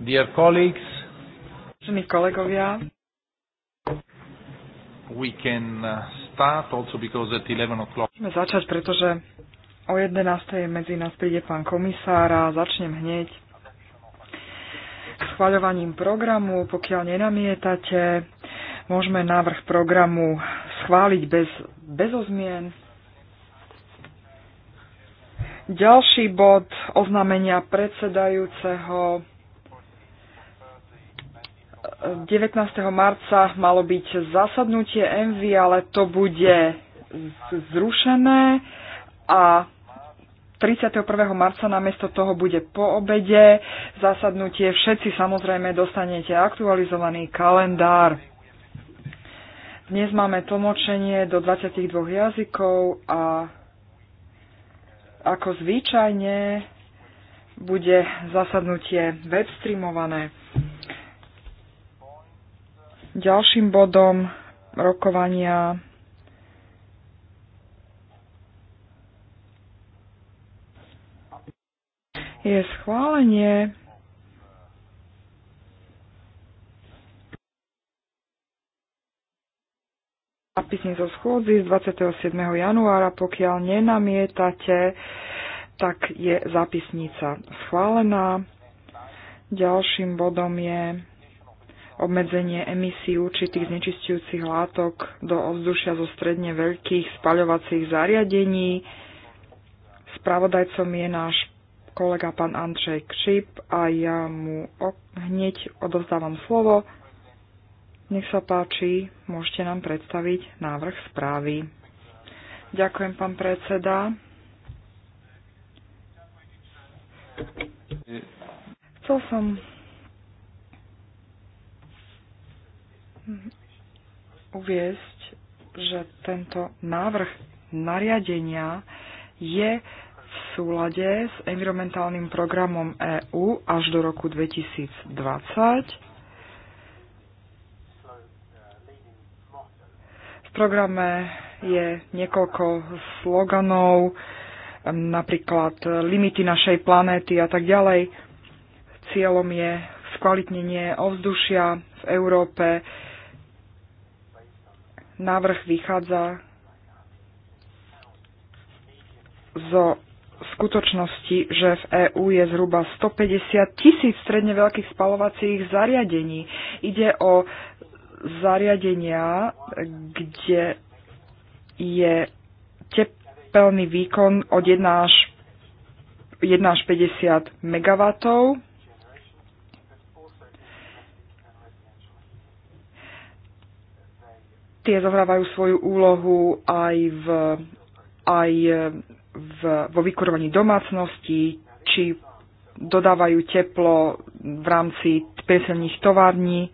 Dear colleagues, Vážení kolegovia, we can uh, start also because at 11 o'clock. Môžeme začať, pretože o 11. medzi nás príde pán komisár a začnem hneď schváľovaním programu. Pokiaľ nenamietate, môžeme návrh programu schváliť bez, bez ozmien. Ďalší bod oznámenia predsedajúceho 19. marca malo byť zasadnutie MV, ale to bude zrušené a 31. marca namiesto toho bude po obede zasadnutie. Všetci samozrejme dostanete aktualizovaný kalendár. Dnes máme tlmočenie do 22 jazykov a ako zvyčajne bude zasadnutie webstreamované. Ďalším bodom rokovania je schválenie zápisní zo schôdzi z 27. januára, pokiaľ nenamietate, tak je zápisnica schválená. Ďalším bodom je obmedzenie emisí určitých znečistujúcich látok do ovzdušia zo stredne veľkých spaľovacích zariadení. Spravodajcom je náš kolega pán Andrej Kšip a ja mu hneď odovzdávam slovo. Nech sa páči, môžete nám predstaviť návrh správy. Ďakujem, pán predseda. Chcel som uviesť, že tento návrh nariadenia je v súlade s environmentálnym programom EÚ až do roku 2020 V programe je niekoľko sloganov, napríklad limity našej planéty a tak ďalej. Cieľom je skvalitnenie ovzdušia v Európe, Návrh vychádza zo skutočnosti, že v EÚ je zhruba 150 tisíc stredne veľkých spalovacích zariadení. Ide o zariadenia, kde je tepelný výkon od 1 až, 1 až 50 MW Tie zohrávajú svoju úlohu aj v, aj v, vo vykurovaní domácnosti, či dodávajú teplo v rámci peselných tovární.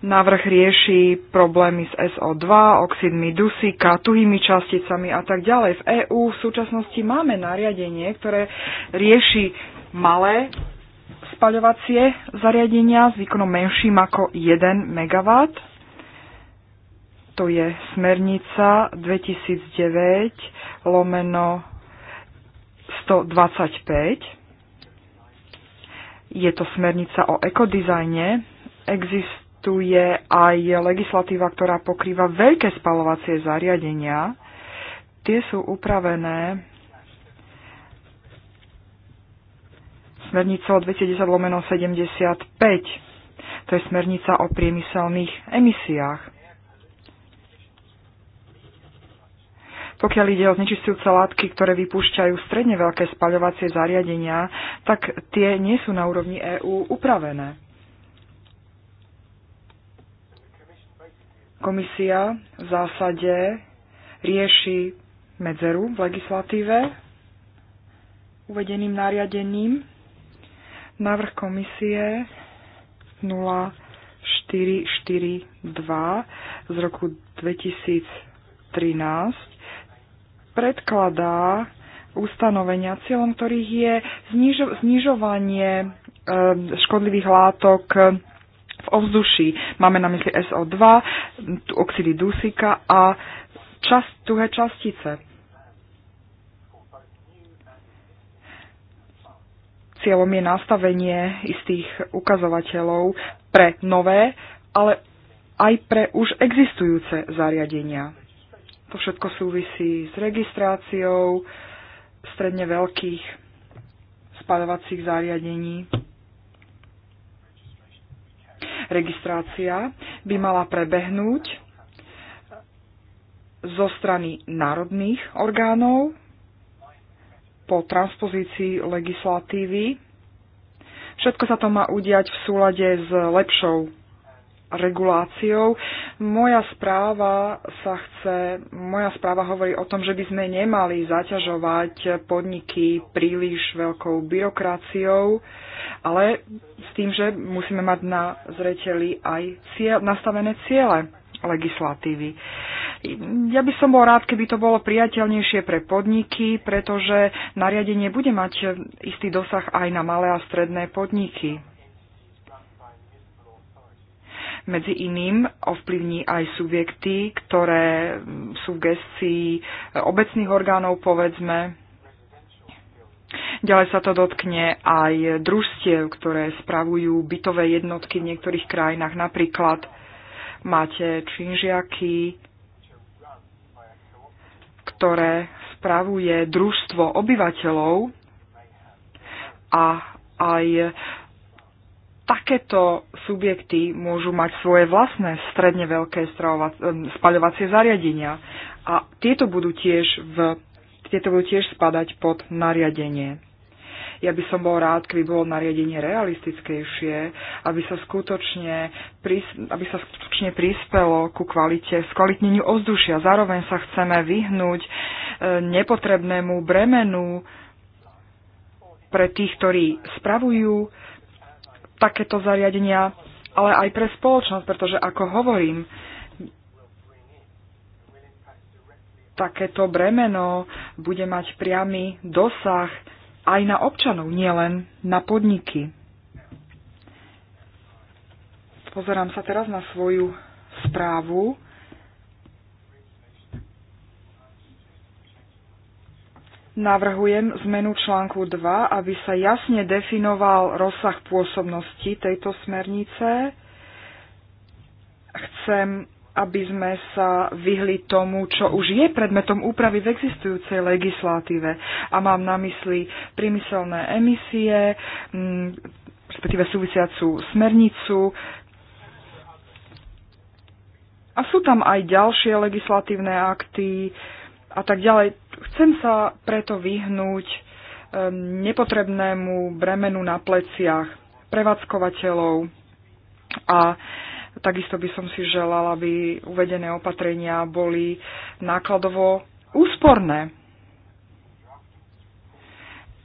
Návrh rieši problémy s SO2, oxidmi dusíka, tuhými časticami a tak ďalej. V EÚ v súčasnosti máme nariadenie, ktoré rieši malé spaľovacie zariadenia s výkonom menším ako 1 MW. To je smernica 2009 lomeno 125. Je to smernica o ekodizajne. Existuje aj legislatíva, ktorá pokrýva veľké spalovacie zariadenia. Tie sú upravené smernicou 2010 lomeno 75. To je smernica o priemyselných emisiách. Pokiaľ ide o znečistujúce látky, ktoré vypúšťajú stredne veľké spaľovacie zariadenia, tak tie nie sú na úrovni EÚ upravené. Komisia v zásade rieši medzeru v legislatíve uvedeným nariadením Návrh komisie 0442 z roku 2013 predkladá ustanovenia, cieľom ktorých je znižo, znižovanie e, škodlivých látok v ovzduší. Máme na mysli SO2, oxidy dusika a čas, tuhé častice. Cieľom je nastavenie istých ukazovateľov pre nové, ale aj pre už existujúce zariadenia. To všetko súvisí s registráciou stredne veľkých spadovacích zariadení. Registrácia by mala prebehnúť zo strany národných orgánov po transpozícii legislatívy. Všetko sa to má udiať v súlade s lepšou reguláciou. Moja správa sa chce, moja správa hovorí o tom, že by sme nemali zaťažovať podniky príliš veľkou byrokraciou, ale s tým, že musíme mať na zreteli aj cieľ, nastavené ciele legislatívy. Ja by som bol rád, keby to bolo priateľnejšie pre podniky, pretože nariadenie bude mať istý dosah aj na malé a stredné podniky. Medzi iným ovplyvní aj subjekty, ktoré sú v gestii obecných orgánov, povedzme. Ďalej sa to dotkne aj družstiev, ktoré spravujú bytové jednotky v niektorých krajinách, napríklad Máte činžiaky, ktoré spravuje družstvo obyvateľov a aj takéto subjekty môžu mať svoje vlastné stredne veľké spaľovacie zariadenia a tieto budú tiež v tieto budú tiež spadať pod nariadenie. Ja by som bol rád, keby bolo nariadenie realistickejšie, aby sa skutočne, aby sa skutočne prispelo ku kvalite, skvalitneniu ovzdušia. Zároveň sa chceme vyhnúť e, nepotrebnému bremenu pre tých, ktorí spravujú takéto zariadenia, ale aj pre spoločnosť, pretože ako hovorím, takéto bremeno bude mať priamy dosah aj na občanov, nielen na podniky. Pozerám sa teraz na svoju správu. Navrhujem zmenu článku 2, aby sa jasne definoval rozsah pôsobnosti tejto smernice. Chcem aby sme sa vyhli tomu, čo už je predmetom úpravy v existujúcej legislatíve. A mám na mysli priemyselné emisie, mm, respektíve súvisiacu smernicu. A sú tam aj ďalšie legislatívne akty a tak ďalej. Chcem sa preto vyhnúť nepotrebnému bremenu na pleciach prevádzkovateľov a Takisto by som si želala, aby uvedené opatrenia boli nákladovo úsporné.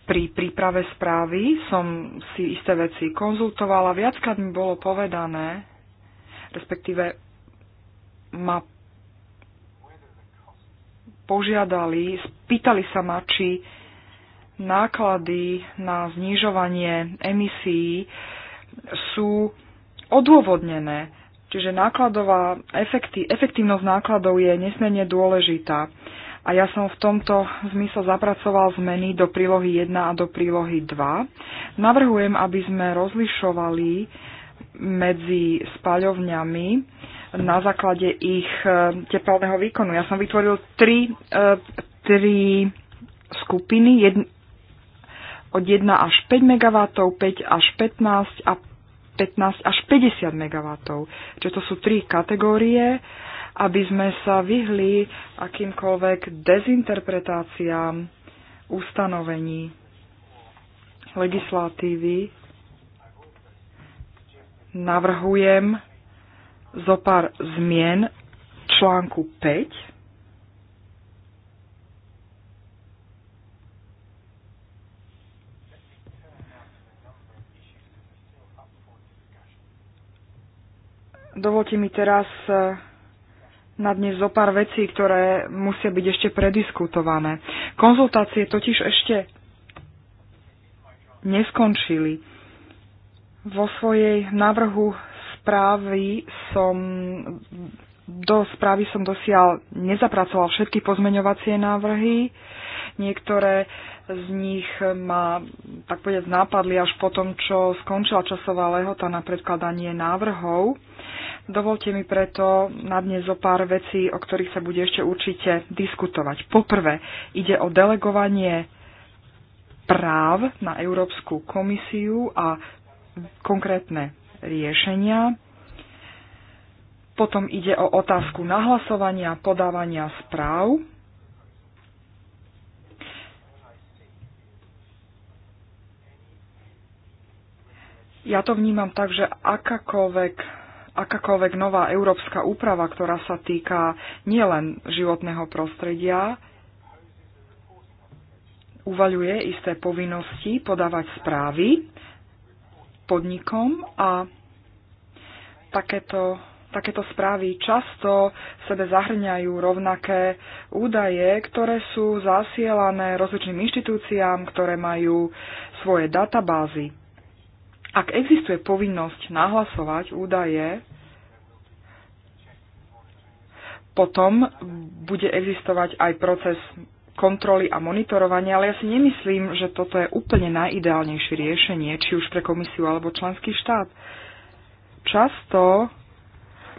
Pri príprave správy som si isté veci konzultovala. Viackrát mi bolo povedané, respektíve ma požiadali, spýtali sa ma, či náklady na znižovanie emisí sú odôvodnené. Čiže nákladová efekty, efektívnosť nákladov je nesmierne dôležitá. A ja som v tomto zmysle zapracoval zmeny do prílohy 1 a do prílohy 2. Navrhujem, aby sme rozlišovali medzi spaľovňami na základe ich e, tepelného výkonu. Ja som vytvoril tri, e, tri skupiny, jedn, od 1 až 5 MW, 5 až 15 a 15 až 50 MW. Čiže to sú tri kategórie, aby sme sa vyhli akýmkoľvek dezinterpretáciám ustanovení legislatívy. Navrhujem zo pár zmien článku 5 Dovolte mi teraz e, na dnes zo pár vecí, ktoré musia byť ešte prediskutované. Konzultácie totiž ešte neskončili. Vo svojej návrhu správy som do správy som dosiaľ nezapracoval všetky pozmeňovacie návrhy. Niektoré z nich ma, tak povedať, nápadli až po tom, čo skončila časová lehota na predkladanie návrhov. Dovolte mi preto na dnes zo pár vecí, o ktorých sa bude ešte určite diskutovať. Poprvé, ide o delegovanie práv na Európsku komisiu a konkrétne riešenia. Potom ide o otázku nahlasovania, podávania správ Ja to vnímam tak, že akákoľvek akákoľvek nová európska úprava, ktorá sa týka nielen životného prostredia, uvaľuje isté povinnosti podávať správy podnikom a takéto, takéto správy často v sebe zahrňajú rovnaké údaje, ktoré sú zasielané rozličným inštitúciám, ktoré majú svoje databázy ak existuje povinnosť nahlasovať údaje, potom bude existovať aj proces kontroly a monitorovania, ale ja si nemyslím, že toto je úplne najideálnejšie riešenie, či už pre komisiu alebo členský štát. Často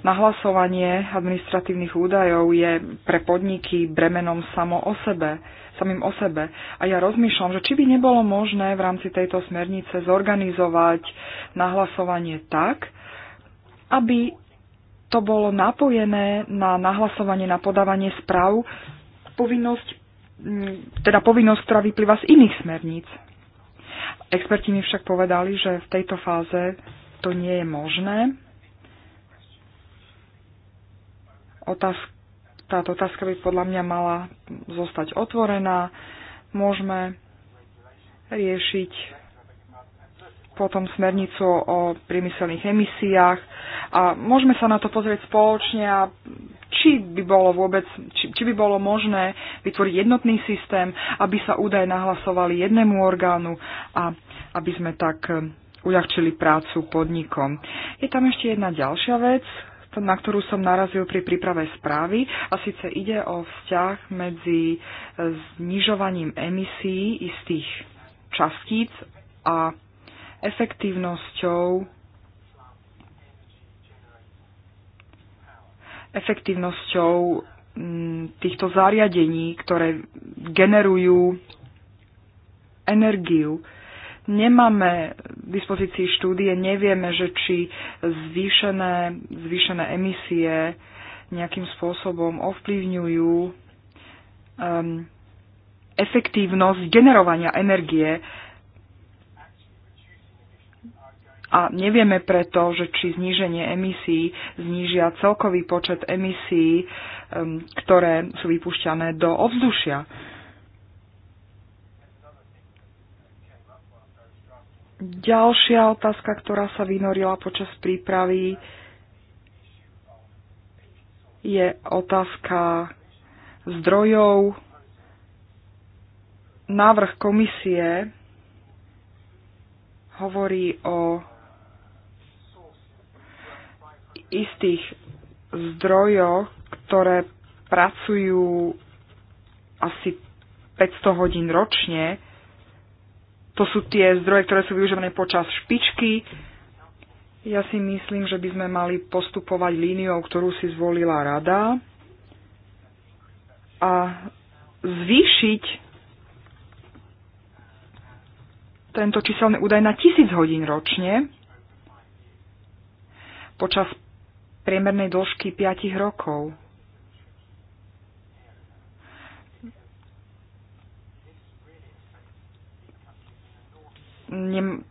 Nahlasovanie administratívnych údajov je pre podniky bremenom samo o sebe, samým o sebe. A ja rozmýšľam, že či by nebolo možné v rámci tejto smernice zorganizovať nahlasovanie tak, aby to bolo napojené na nahlasovanie, na podávanie správ, povinnosť, teda povinnosť, ktorá vyplýva z iných smerníc. Experti mi však povedali, že v tejto fáze to nie je možné, otázka, táto otázka by podľa mňa mala zostať otvorená. Môžeme riešiť potom smernicu o priemyselných emisiách a môžeme sa na to pozrieť spoločne a či by bolo vôbec, či, či by bolo možné vytvoriť jednotný systém, aby sa údaje nahlasovali jednému orgánu a aby sme tak uľahčili prácu podnikom. Je tam ešte jedna ďalšia vec, na ktorú som narazil pri príprave správy a síce ide o vzťah medzi e, znižovaním emisí istých častíc a efektívnosťou efektívnosťou týchto zariadení, ktoré generujú energiu. Nemáme v dispozícii štúdie, nevieme, že či zvýšené, zvýšené emisie nejakým spôsobom ovplyvňujú um, efektívnosť generovania energie a nevieme preto, že či zníženie emisí znížia celkový počet emisí, um, ktoré sú vypušťané do ovzdušia. Ďalšia otázka, ktorá sa vynorila počas prípravy, je otázka zdrojov. Návrh komisie hovorí o istých zdrojoch, ktoré pracujú asi 500 hodín ročne to sú tie zdroje, ktoré sú využívané počas špičky. Ja si myslím, že by sme mali postupovať líniou, ktorú si zvolila rada a zvýšiť tento číselný údaj na tisíc hodín ročne počas priemernej dĺžky 5 rokov.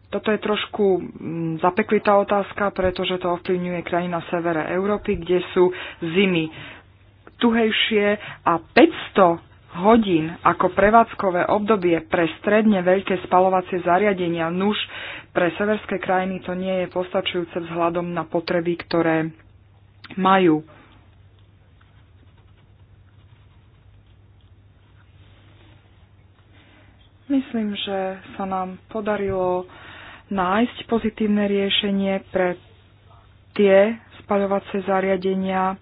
toto je trošku mm, zapeklitá otázka, pretože to ovplyvňuje krajina severa Európy, kde sú zimy tuhejšie a 500 hodín ako prevádzkové obdobie pre stredne veľké spalovacie zariadenia nuž pre severské krajiny to nie je postačujúce vzhľadom na potreby, ktoré majú. Myslím, že sa nám podarilo nájsť pozitívne riešenie pre tie spaľovacie zariadenia,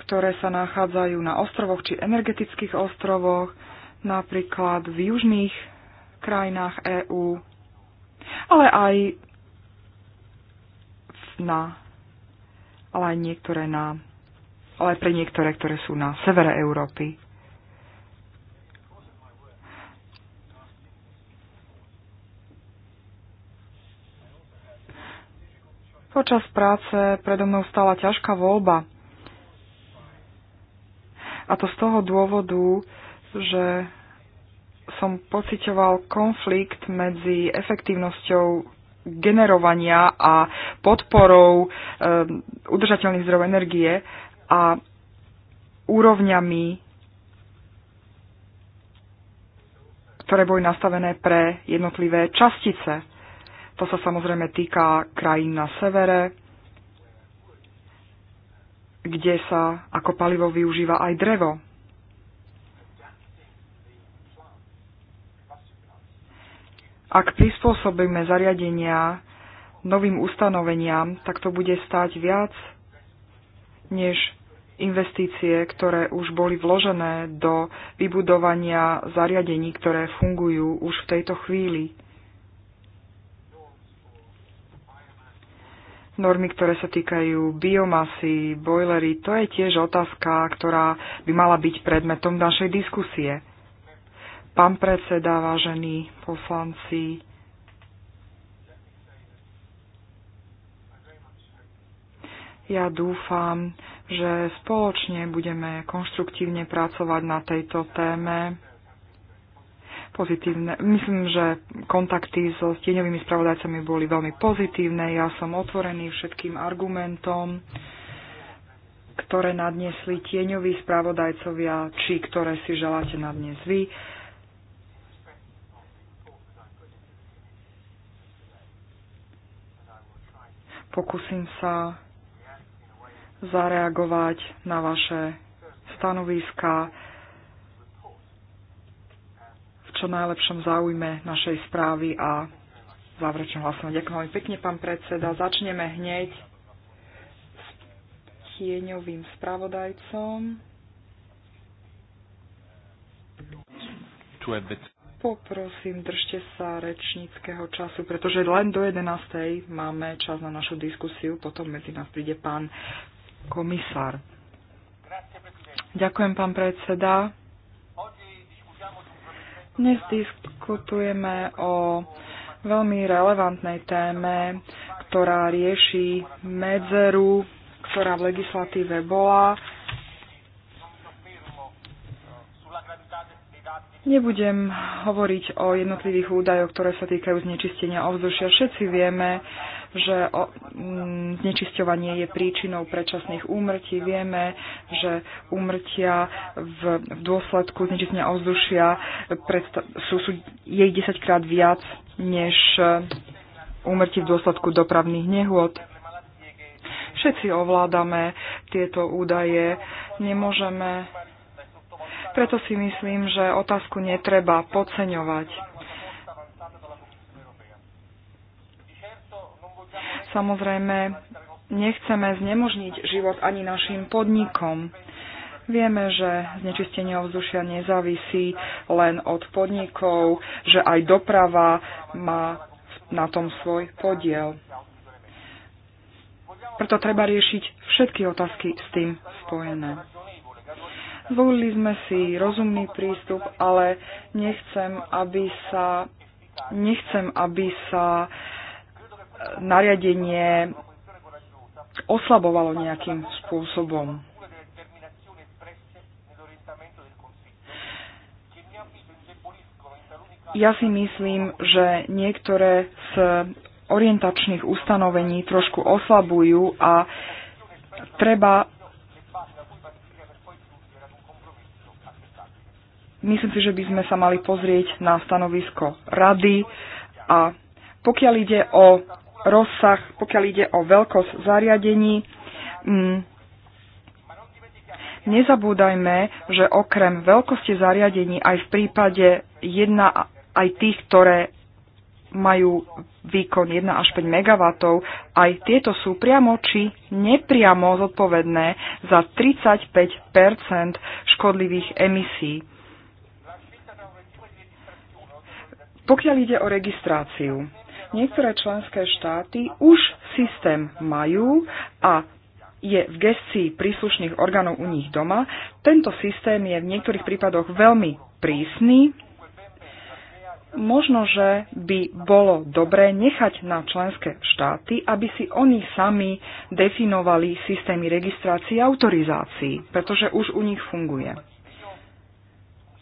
ktoré sa nachádzajú na ostrovoch či energetických ostrovoch, napríklad v južných krajinách EÚ, ale aj na ale aj niektoré na ale aj pre niektoré, ktoré sú na severe Európy. Počas práce predo mnou stala ťažká voľba. A to z toho dôvodu, že som pocitoval konflikt medzi efektívnosťou generovania a podporou e, udržateľných zdrojov energie a úrovňami, ktoré boli nastavené pre jednotlivé častice to sa samozrejme týka krajín na severe, kde sa ako palivo využíva aj drevo. Ak prispôsobíme zariadenia novým ustanoveniam, tak to bude stáť viac než investície, ktoré už boli vložené do vybudovania zariadení, ktoré fungujú už v tejto chvíli. normy, ktoré sa týkajú biomasy, bojlery, to je tiež otázka, ktorá by mala byť predmetom našej diskusie. Pán predseda, vážení poslanci, ja dúfam, že spoločne budeme konštruktívne pracovať na tejto téme pozitívne. Myslím, že kontakty so stieňovými spravodajcami boli veľmi pozitívne. Ja som otvorený všetkým argumentom, ktoré nadnesli tieňoví spravodajcovia, či ktoré si želáte nadnes vy. Pokúsim sa zareagovať na vaše stanoviská čo najlepšom záujme našej správy a záverečnom hlasovaní. Ďakujem veľmi pekne, pán predseda. Začneme hneď s tieňovým spravodajcom. Poprosím, držte sa rečníckého času, pretože len do 11. máme čas na našu diskusiu, potom medzi nás príde pán komisár. Ďakujem, pán predseda. Dnes diskutujeme o veľmi relevantnej téme, ktorá rieši medzeru, ktorá v legislatíve bola. Nebudem hovoriť o jednotlivých údajoch, ktoré sa týkajú znečistenia ovzdušia. Všetci vieme, že o, m, mm, znečisťovanie je príčinou predčasných úmrtí. Vieme, že úmrtia v, v dôsledku znečistenia ovzdušia sú, sú jej 10 krát viac než eh, úmrtí v dôsledku dopravných nehôd. Všetci ovládame tieto údaje. Nemôžeme preto si myslím, že otázku netreba podceňovať. Samozrejme, nechceme znemožniť život ani našim podnikom. Vieme, že znečistenie ovzdušia nezávisí len od podnikov, že aj doprava má na tom svoj podiel. Preto treba riešiť všetky otázky s tým spojené. Zvolili sme si rozumný prístup, ale nechcem, aby sa, nechcem, aby sa uh, nariadenie oslabovalo nejakým spôsobom. Ja si myslím, že niektoré z orientačných ustanovení trošku oslabujú a treba myslím si, že by sme sa mali pozrieť na stanovisko rady a pokiaľ ide o rozsah, pokiaľ ide o veľkosť zariadení. Mm. Nezabúdajme, že okrem veľkosti zariadení aj v prípade jedna aj tých, ktoré majú výkon 1 až 5 MW, aj tieto sú priamo či nepriamo zodpovedné za 35 škodlivých emisí. Pokiaľ ide o registráciu, Niektoré členské štáty už systém majú a je v gestii príslušných orgánov u nich doma. Tento systém je v niektorých prípadoch veľmi prísny. Možno, že by bolo dobré nechať na členské štáty, aby si oni sami definovali systémy registrácií a autorizácií, pretože už u nich funguje.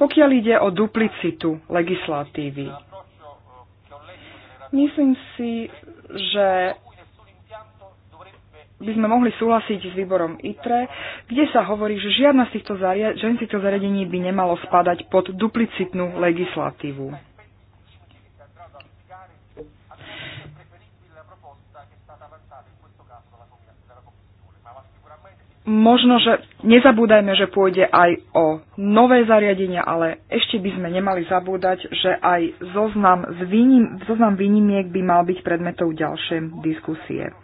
Pokiaľ ide o duplicitu legislatívy, Myslím si, že by sme mohli súhlasiť s výborom ITRE, kde sa hovorí, že žiadna z týchto, zariadení by nemalo spadať pod duplicitnú legislatívu. možno, že nezabúdajme, že pôjde aj o nové zariadenia, ale ešte by sme nemali zabúdať, že aj zoznam, z výnim, zoznam výnimiek by mal byť predmetou ďalšej diskusie.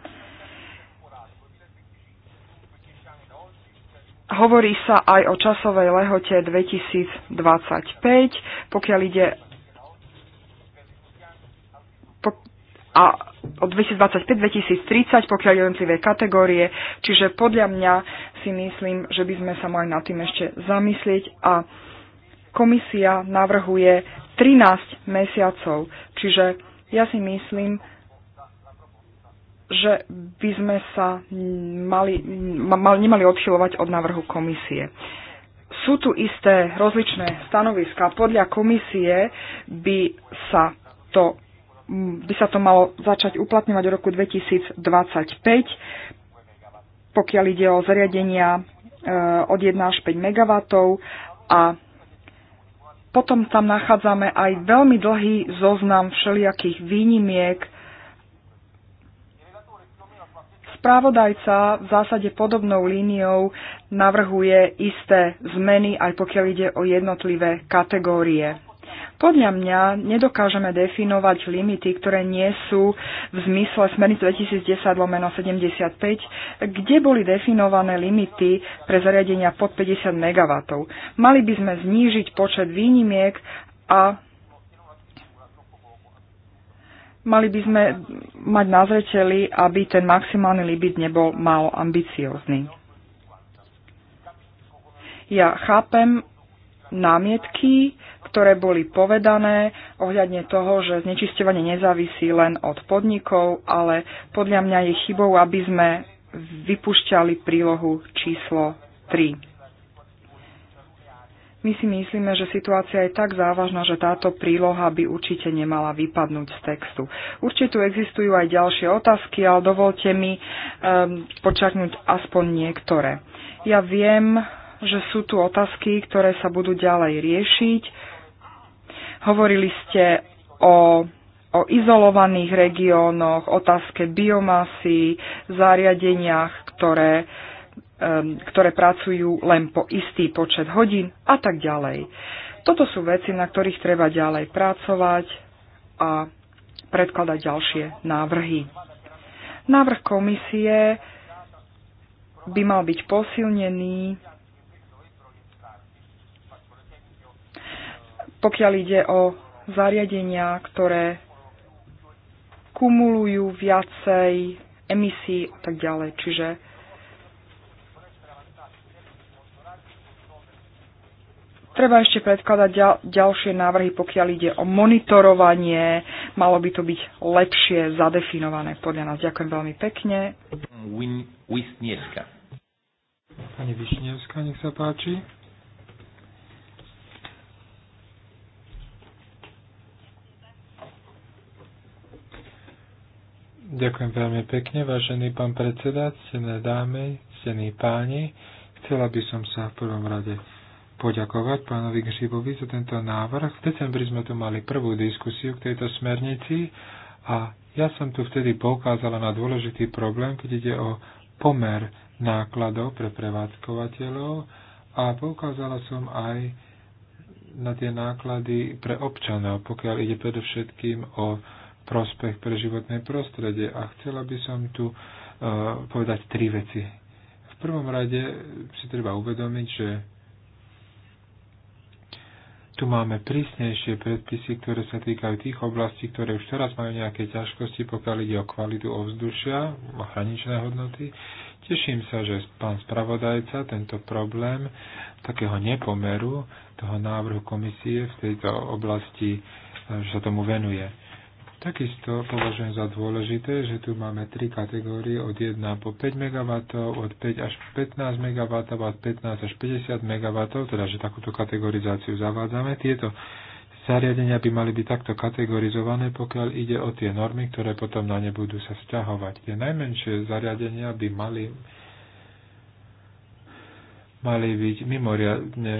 Hovorí sa aj o časovej lehote 2025, pokiaľ ide a od 2025-2030, pokiaľ jednotlivé kategórie. Čiže podľa mňa si myslím, že by sme sa mali nad tým ešte zamyslieť a komisia navrhuje 13 mesiacov. Čiže ja si myslím, že by sme sa mali, mal, nemali odchylovať od návrhu komisie. Sú tu isté rozličné stanoviska. Podľa komisie by sa to Mm, by sa to malo začať uplatňovať v roku 2025, pokiaľ ide o zariadenia e, od 1 až 5 MW a potom tam nachádzame aj veľmi dlhý zoznam všelijakých výnimiek. Správodajca v zásade podobnou líniou navrhuje isté zmeny, aj pokiaľ ide o jednotlivé kategórie. Podľa mňa nedokážeme definovať limity, ktoré nie sú v zmysle smernic 2010-75, kde boli definované limity pre zariadenia pod 50 MW. Mali by sme znížiť počet výnimiek a mali by sme mať na zreteli, aby ten maximálny limit nebol málo ambiciózny. Ja chápem námietky, ktoré boli povedané ohľadne toho, že znečisťovanie nezávisí len od podnikov, ale podľa mňa je chybou, aby sme vypušťali prílohu číslo 3. My si myslíme, že situácia je tak závažná, že táto príloha by určite nemala vypadnúť z textu. Určite tu existujú aj ďalšie otázky, ale dovolte mi um, počaknúť aspoň niektoré. Ja viem, že sú tu otázky, ktoré sa budú ďalej riešiť Hovorili ste o, o izolovaných regiónoch, otázke biomasy, zariadeniach, ktoré, um, ktoré pracujú len po istý počet hodín a tak ďalej. Toto sú veci, na ktorých treba ďalej pracovať a predkladať ďalšie návrhy. Návrh komisie by mal byť posilnený pokiaľ ide o zariadenia, ktoré kumulujú viacej emisí a tak ďalej. Čiže treba ešte predkladať ďal, ďalšie návrhy, pokiaľ ide o monitorovanie. Malo by to byť lepšie zadefinované podľa nás. Ďakujem veľmi pekne. Pani Višnevská, nech sa páči. Ďakujem veľmi pekne, vážený pán predseda, cené dámy, cení páni. Chcela by som sa v prvom rade poďakovať pánovi Gřibovi za tento návrh. V decembri sme tu mali prvú diskusiu k tejto smernici a ja som tu vtedy poukázala na dôležitý problém, keď ide o pomer nákladov pre prevádzkovateľov a poukázala som aj na tie náklady pre občanov, pokiaľ ide predovšetkým o prospech pre životné prostredie. A chcela by som tu e, povedať tri veci. V prvom rade si treba uvedomiť, že tu máme prísnejšie predpisy, ktoré sa týkajú tých oblastí, ktoré už teraz majú nejaké ťažkosti, pokiaľ ide o kvalitu ovzdušia, o hraničné hodnoty. Teším sa, že pán spravodajca tento problém takého nepomeru toho návrhu komisie v tejto oblasti, e, že sa tomu venuje. Takisto považujem za dôležité, že tu máme tri kategórie od 1 po 5 MW, od 5 až 15 MW, od 15 až 50 MW, teda že takúto kategorizáciu zavádzame. Tieto zariadenia by mali byť takto kategorizované, pokiaľ ide o tie normy, ktoré potom na ne budú sa vzťahovať. Tie najmenšie zariadenia by mali mali byť mimoriadne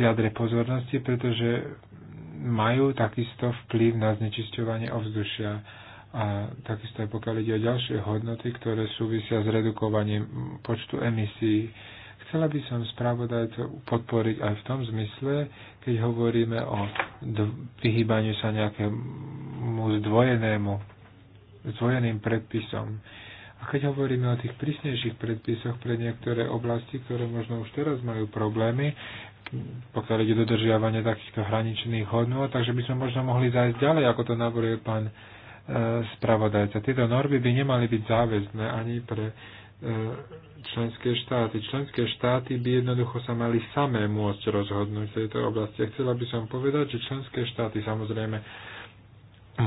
v jadre pozornosti, pretože majú takisto vplyv na znečisťovanie ovzdušia. A takisto aj pokiaľ ide o ďalšie hodnoty, ktoré súvisia s redukovaním počtu emisí. Chcela by som spravodajcu podporiť aj v tom zmysle, keď hovoríme o vyhýbaniu sa nejakému zdvojenému, zdvojeným predpisom. A keď hovoríme o tých prísnejších predpisoch pre niektoré oblasti, ktoré možno už teraz majú problémy, pokiaľ ide dodržiavanie takýchto hraničných hodnôt, takže by sme možno mohli zájsť ďalej, ako to navrhuje pán e, spravodajca. Tieto normy by nemali byť záväzné ani pre e, členské štáty. Členské štáty by jednoducho sa mali samé môcť rozhodnúť v tejto oblasti. A chcela by som povedať, že členské štáty samozrejme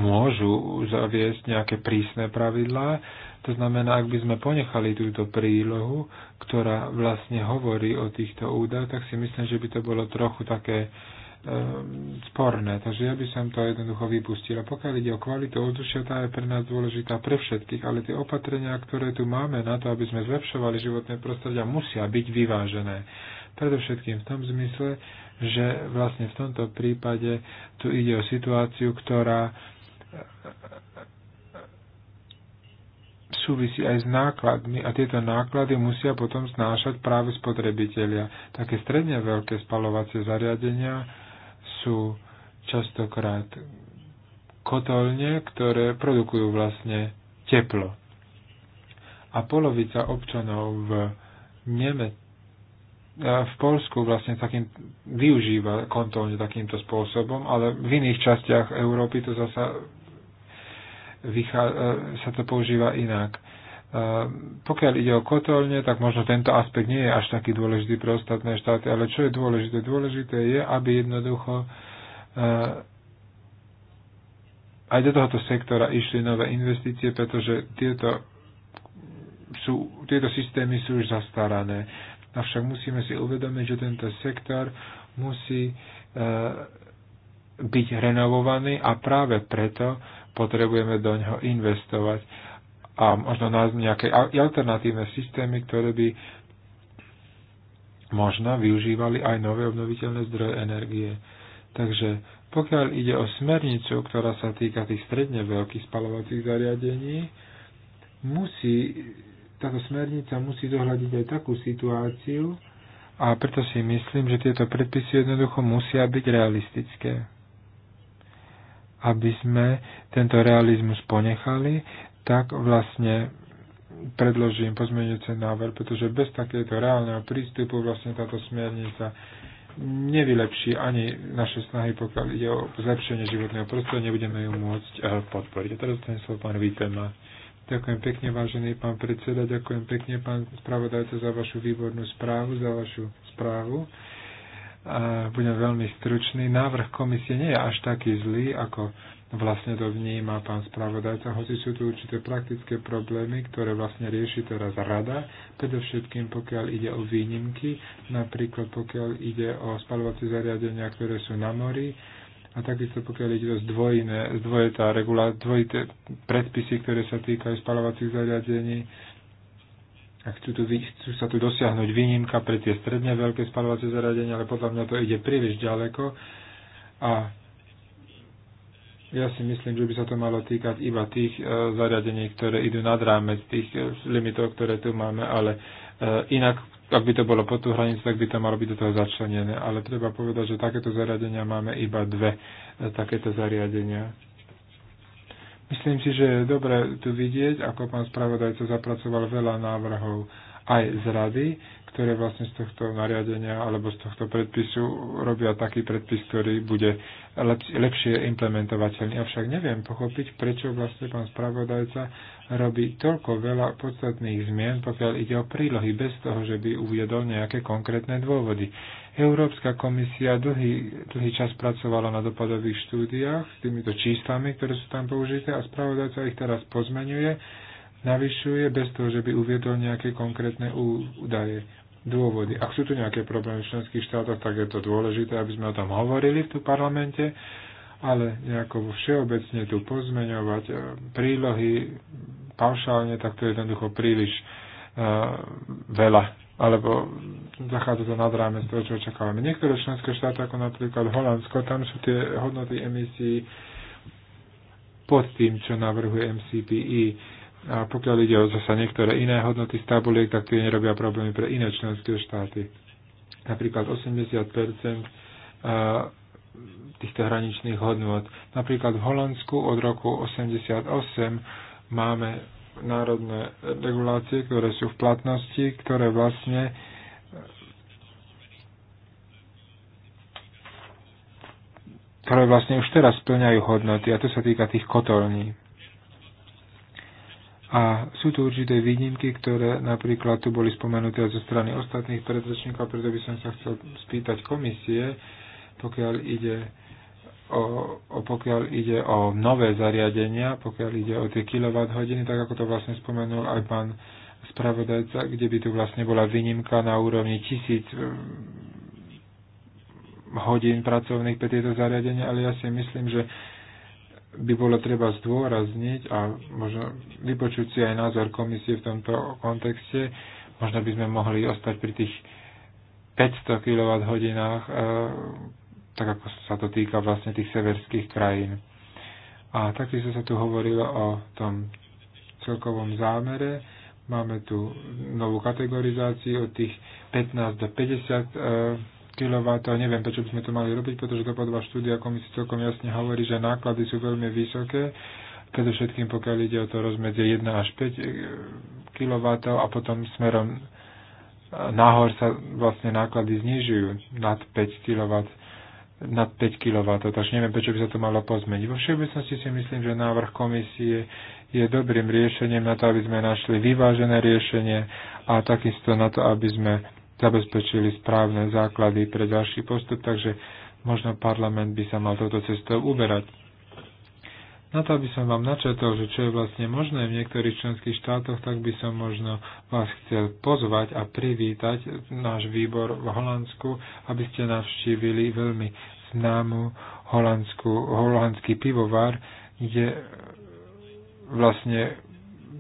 môžu zaviesť nejaké prísne pravidlá, to znamená, ak by sme ponechali túto prílohu, ktorá vlastne hovorí o týchto údajoch, tak si myslím, že by to bolo trochu také ehm, sporné. Takže ja by som to jednoducho vypustila. Pokiaľ ide o kvalitu ovzdušia, tá je pre nás dôležitá pre všetkých, ale tie opatrenia, ktoré tu máme na to, aby sme zlepšovali životné prostredia, musia byť vyvážené. Predovšetkým v tom zmysle, že vlastne v tomto prípade tu ide o situáciu, ktorá súvisí aj s nákladmi a tieto náklady musia potom znášať práve spotrebitelia. Také stredne veľké spalovacie zariadenia sú častokrát kotolne, ktoré produkujú vlastne teplo. A polovica občanov v Nemecku v Polsku vlastne takým využíva kontolne takýmto spôsobom, ale v iných častiach Európy to zasa E, sa to používa inak. E, pokiaľ ide o kotolne, tak možno tento aspekt nie je až taký dôležitý pre ostatné štáty, ale čo je dôležité? Dôležité je, aby jednoducho e, aj do tohoto sektora išli nové investície, pretože tieto, sú, tieto systémy sú už zastarané. Avšak musíme si uvedomiť, že tento sektor musí e, byť renovovaný a práve preto potrebujeme do ňoho investovať a možno nájsť nejaké alternatívne systémy, ktoré by možno využívali aj nové obnoviteľné zdroje energie. Takže pokiaľ ide o smernicu, ktorá sa týka tých stredne veľkých spalovacích zariadení, musí, táto smernica musí zohľadiť aj takú situáciu a preto si myslím, že tieto predpisy jednoducho musia byť realistické aby sme tento realizmus ponechali, tak vlastne predložím pozmeňujúce návrh, pretože bez takéto reálneho prístupu vlastne táto smernica nevylepší ani naše snahy, pokiaľ ide o zlepšenie životného prostredia, nebudeme ju môcť eh, podporiť. A teraz ten slovo pán Vítema. Ďakujem pekne, vážený pán predseda, ďakujem pekne, pán spravodajca, za vašu výbornú správu, za vašu správu budem veľmi stručný. Návrh komisie nie je až taký zlý, ako vlastne to vníma pán spravodajca, hoci sú tu určité praktické problémy, ktoré vlastne rieši teraz rada, predovšetkým pokiaľ ide o výnimky, napríklad pokiaľ ide o spalovacie zariadenia, ktoré sú na mori, a takisto pokiaľ ide o zdvojité, dvojité predpisy, ktoré sa týkajú spalovacích zariadení, ak chcú, tu, chcú sa tu dosiahnuť výnimka pre tie stredne veľké spalovacie zariadenia, ale podľa mňa to ide príliš ďaleko a ja si myslím, že by sa to malo týkať iba tých e, zariadení, ktoré idú nad rámec tých e, limitov, ktoré tu máme, ale e, inak, ak by to bolo pod tú hranicu, tak by to malo byť do toho začlenené. Ale treba povedať, že takéto zariadenia máme iba dve e, takéto zariadenia. Myslím si, že je dobré tu vidieť, ako pán spravodajca zapracoval veľa návrhov aj z rady, ktoré vlastne z tohto nariadenia alebo z tohto predpisu robia taký predpis, ktorý bude lepšie implementovateľný. Avšak neviem pochopiť, prečo vlastne pán spravodajca robí toľko veľa podstatných zmien, pokiaľ ide o prílohy, bez toho, že by uviedol nejaké konkrétne dôvody. Európska komisia dlhý, dlhý čas pracovala na dopadových štúdiách s týmito číslami, ktoré sú tam použité a spravodajca ich teraz pozmenuje, navyšuje bez toho, že by uviedol nejaké konkrétne údaje, dôvody. Ak sú tu nejaké problémy v členských štátoch, tak je to dôležité, aby sme o tom hovorili v tu parlamente, ale nejako všeobecne tu pozmeňovať eh, prílohy paušálne, tak to je jednoducho príliš uh, veľa alebo zachádza to nad rámec toho, čo očakávame. Niektoré členské štáty, ako napríklad Holandsko, tam sú tie hodnoty emisí pod tým, čo navrhuje MCPI. E. A pokiaľ ide o zase niektoré iné hodnoty z tabuliek, tak tie nerobia problémy pre iné členské štáty. Napríklad 80 týchto hraničných hodnot. Napríklad v Holandsku od roku 88 máme národné regulácie, ktoré sú v platnosti, ktoré vlastne ktoré vlastne už teraz splňajú hodnoty a to sa týka tých kotolní. A sú tu určité výnimky, ktoré napríklad tu boli spomenuté zo strany ostatných predrečníkov, preto by som sa chcel spýtať komisie, pokiaľ ide o, o pokiaľ ide o nové zariadenia, pokiaľ ide o tie kWh, tak ako to vlastne spomenul aj pán spravodajca, kde by tu vlastne bola výnimka na úrovni tisíc e, hodín pracovných pre tieto zariadenia, ale ja si myslím, že by bolo treba zdôrazniť a možno vypočuť si aj názor komisie v tomto kontexte. Možno by sme mohli ostať pri tých 500 kWh, tak ako sa to týka vlastne tých severských krajín. A takisto sa tu hovorilo o tom celkovom zámere. Máme tu novú kategorizáciu od tých 15 do 50 e, kW. Neviem, prečo by sme to mali robiť, pretože dopadová štúdia komisie celkom jasne hovorí, že náklady sú veľmi vysoké predovšetkým pokiaľ ide o to rozmedzie 1 až 5 e, kW a potom smerom nahor sa vlastne náklady znižujú nad 5 kW nad 5 kW, takže neviem, prečo by sa to malo pozmeniť. Vo všeobecnosti si myslím, že návrh komisie je dobrým riešením na to, aby sme našli vyvážené riešenie a takisto na to, aby sme zabezpečili správne základy pre ďalší postup, takže možno parlament by sa mal toto cestou uberať. Na to, aby som vám načetol, že čo je vlastne možné v niektorých členských štátoch, tak by som možno vás chcel pozvať a privítať náš výbor v Holandsku, aby ste navštívili veľmi známu holandskú, holandský pivovar, kde vlastne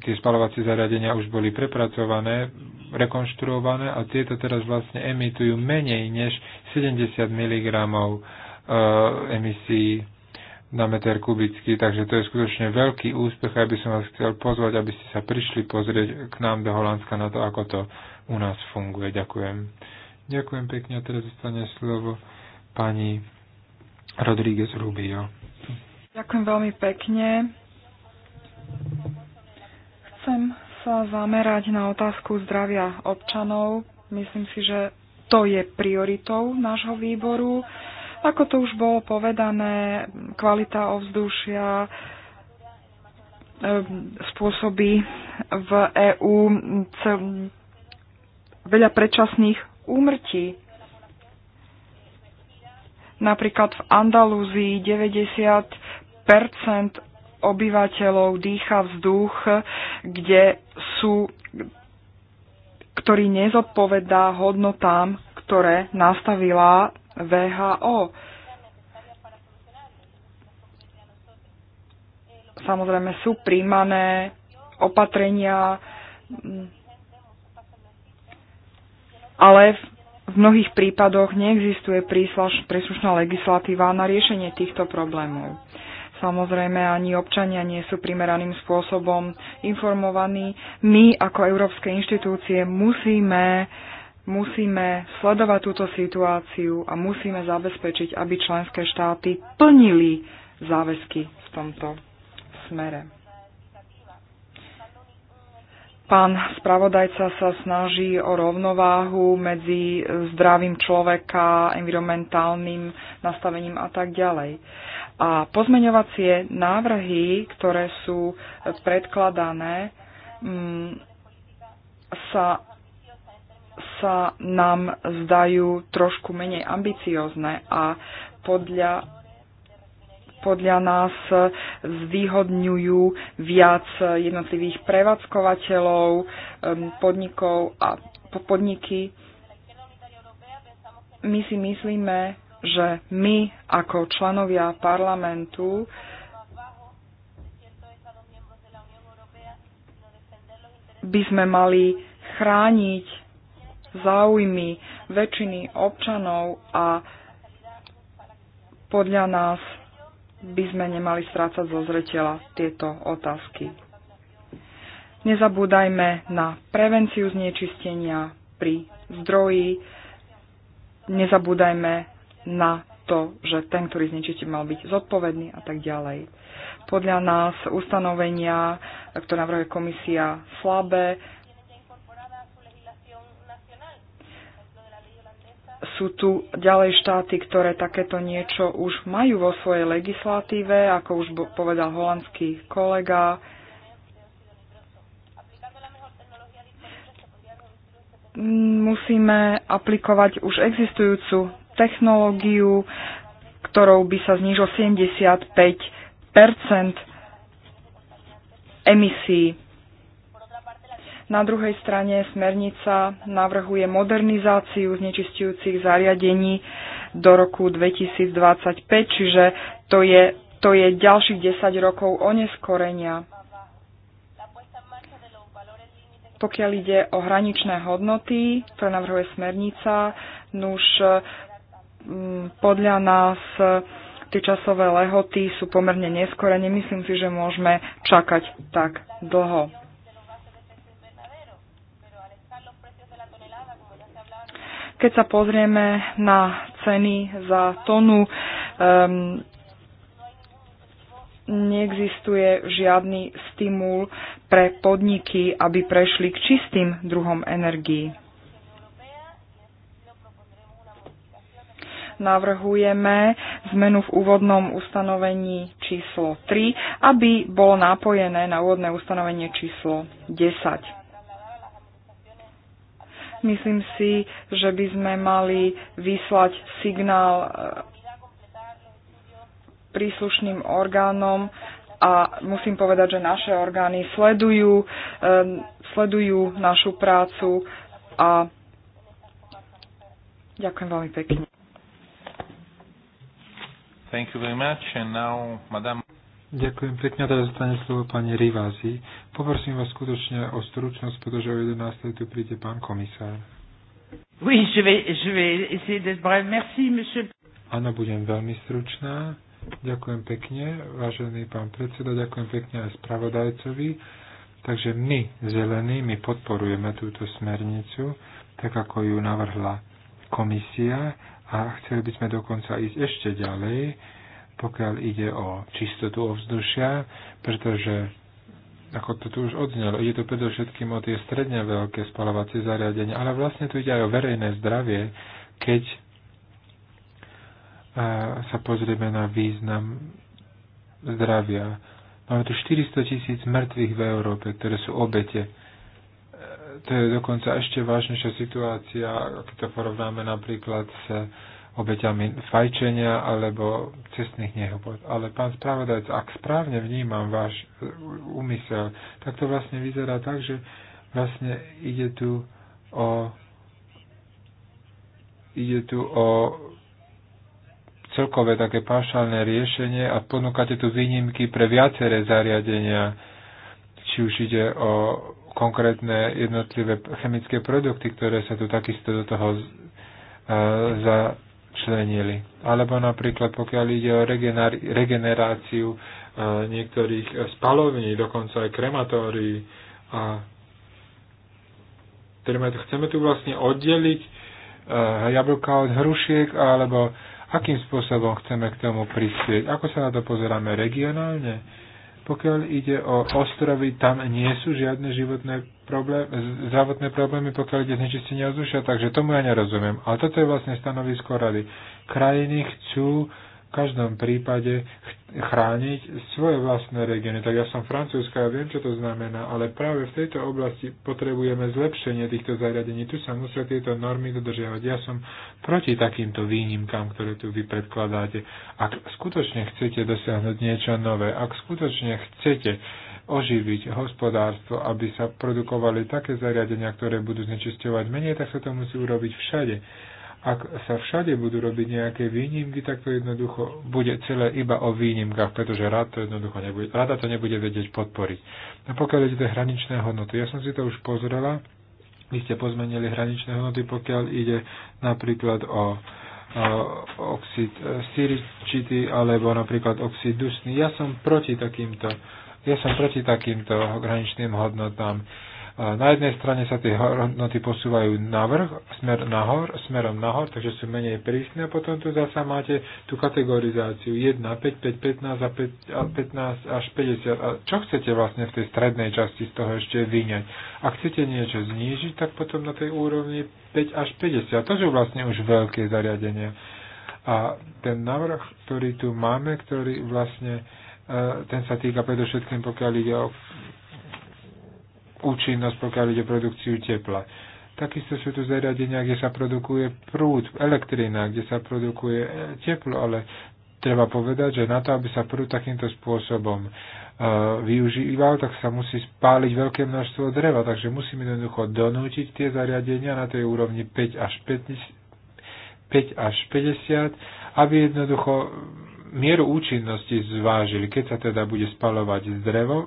tie spalovacie zariadenia už boli prepracované, rekonštruované a tieto teraz vlastne emitujú menej než 70 mg eh, emisí na meter kubický, takže to je skutočne veľký úspech, aby som vás chcel pozvať, aby ste sa prišli pozrieť k nám do Holandska na to, ako to u nás funguje. Ďakujem. Ďakujem pekne a teraz zostane slovo pani Rodríguez Rubio. Ďakujem veľmi pekne. Chcem sa zamerať na otázku zdravia občanov. Myslím si, že to je prioritou nášho výboru. Ako to už bolo povedané, kvalita ovzdušia, ehm, spôsobí v EÚ veľa predčasných úmrtí. Napríklad v Andalúzii 90 obyvateľov dýcha vzduch, kde sú, ktorý nezodpovedá hodnotám, ktoré nastavila VHO. Samozrejme sú príjmané opatrenia, ale v v mnohých prípadoch neexistuje príslušná legislatíva na riešenie týchto problémov. Samozrejme, ani občania nie sú primeraným spôsobom informovaní. My ako európske inštitúcie musíme musíme sledovať túto situáciu a musíme zabezpečiť, aby členské štáty plnili záväzky v tomto smere. Pán spravodajca sa snaží o rovnováhu medzi zdravím človeka, environmentálnym nastavením a tak ďalej. A pozmeňovacie návrhy, ktoré sú predkladané, mm, sa sa nám zdajú trošku menej ambiciozne a podľa podľa nás zvýhodňujú viac jednotlivých prevádzkovateľov, podnikov a podniky. My si myslíme, že my ako členovia parlamentu by sme mali chrániť záujmy väčšiny občanov a podľa nás by sme nemali strácať zo zretela tieto otázky. Nezabúdajme na prevenciu znečistenia pri zdroji. Nezabúdajme na to, že ten, ktorý znečistí, mal byť zodpovedný a tak ďalej. Podľa nás ustanovenia, ktoré navrhuje komisia, slabé, sú tu ďalej štáty, ktoré takéto niečo už majú vo svojej legislatíve, ako už povedal holandský kolega. Musíme aplikovať už existujúcu technológiu, ktorou by sa znižilo 75 emisí na druhej strane smernica navrhuje modernizáciu znečistujúcich zariadení do roku 2025, čiže to je, to je ďalších 10 rokov oneskorenia. Pokiaľ ide o hraničné hodnoty, ktoré navrhuje smernica, nuž mm, podľa nás tie časové lehoty sú pomerne neskore. Nemyslím si, že môžeme čakať tak dlho. Keď sa pozrieme na ceny za tonu, um, neexistuje žiadny stimul pre podniky, aby prešli k čistým druhom energií. Navrhujeme zmenu v úvodnom ustanovení číslo 3, aby bolo napojené na úvodné ustanovenie číslo 10. Myslím si, že by sme mali vyslať signál e, príslušným orgánom a musím povedať, že naše orgány sledujú, e, sledujú našu prácu a ďakujem veľmi pekne. Thank you very much. And now, Madame... Ďakujem pekne, teraz zostane slovo pani Rivázi. Poprosím vás skutočne o stručnosť, pretože o 11. tu príde pán komisár. Oui, je vais, je vais essayer d'être Merci, monsieur. Áno, budem veľmi stručná. Ďakujem pekne, vážený pán predseda, ďakujem pekne aj spravodajcovi. Takže my, zelení, my podporujeme túto smernicu, tak ako ju navrhla komisia a chceli by sme dokonca ísť ešte ďalej pokiaľ ide o čistotu ovzdušia, pretože ako to tu už odznelo, ide tu predovšetkým o tie stredne veľké spalovacie zariadenia, ale vlastne tu ide aj o verejné zdravie, keď sa pozrieme na význam zdravia. Máme tu 400 tisíc mŕtvych v Európe, ktoré sú obete. E, to je dokonca ešte vážnejšia situácia, keď to porovnáme napríklad s obeťami fajčenia alebo cestných nehôd. Ale pán spravodajca, ak správne vnímam váš e, úmysel, tak to vlastne vyzerá tak, že vlastne ide tu o ide tu o celkové také paušálne riešenie a ponúkate tu výnimky pre viaceré zariadenia, či už ide o konkrétne jednotlivé chemické produkty, ktoré sa tu takisto do toho e, za, členili. Alebo napríklad pokiaľ ide o regeneráciu e, niektorých spalovní, dokonca aj krematórií. A chceme tu vlastne oddeliť e, jablka od hrušiek, alebo akým spôsobom chceme k tomu prispieť. Ako sa na to pozeráme regionálne? Pokiaľ ide o ostrovy, tam nie sú žiadne životné problémy, zdravotné problémy, pokiaľ ide znečistenie ozdušia, takže tomu ja nerozumiem. Ale toto je vlastne stanovisko rady. Krajiny chcú každom prípade chrániť svoje vlastné regióny. Tak ja som francúzska, ja viem, čo to znamená, ale práve v tejto oblasti potrebujeme zlepšenie týchto zariadení. Tu sa musia tieto normy dodržiavať. Ja som proti takýmto výnimkám, ktoré tu vy predkladáte. Ak skutočne chcete dosiahnuť niečo nové, ak skutočne chcete oživiť hospodárstvo, aby sa produkovali také zariadenia, ktoré budú znečisťovať menej, tak sa to musí urobiť všade ak sa všade budú robiť nejaké výnimky, tak to jednoducho bude celé iba o výnimkách, pretože rád to jednoducho nebude, rada to nebude vedieť podporiť. A pokiaľ ide hraničné hodnoty, ja som si to už pozrela, vy ste pozmenili hraničné hodnoty, pokiaľ ide napríklad o, o oxid siričity alebo napríklad oxid dusný. Ja som proti takýmto, ja som proti takýmto hraničným hodnotám. Na jednej strane sa tie hodnoty posúvajú navrh, smer nahor, smerom nahor, takže sú menej prísne a potom tu zasa máte tú kategorizáciu 1, 5, 5, 15 a 5, 15 až 50. A čo chcete vlastne v tej strednej časti z toho ešte vyňať? Ak chcete niečo znížiť, tak potom na tej úrovni 5 až 50. To sú vlastne už veľké zariadenia. A ten návrh, ktorý tu máme, ktorý vlastne e, ten sa týka predovšetkým, pokiaľ ide o účinnosť, pokiaľ ide produkciu tepla. Takisto sú tu zariadenia, kde sa produkuje prúd, elektrina, kde sa produkuje e, teplo, ale treba povedať, že na to, aby sa prúd takýmto spôsobom e, využíval, tak sa musí spáliť veľké množstvo dreva, takže musíme jednoducho donútiť tie zariadenia na tej úrovni 5 až 50, 5 až 50 aby jednoducho mieru účinnosti zvážili, keď sa teda bude spalovať drevo,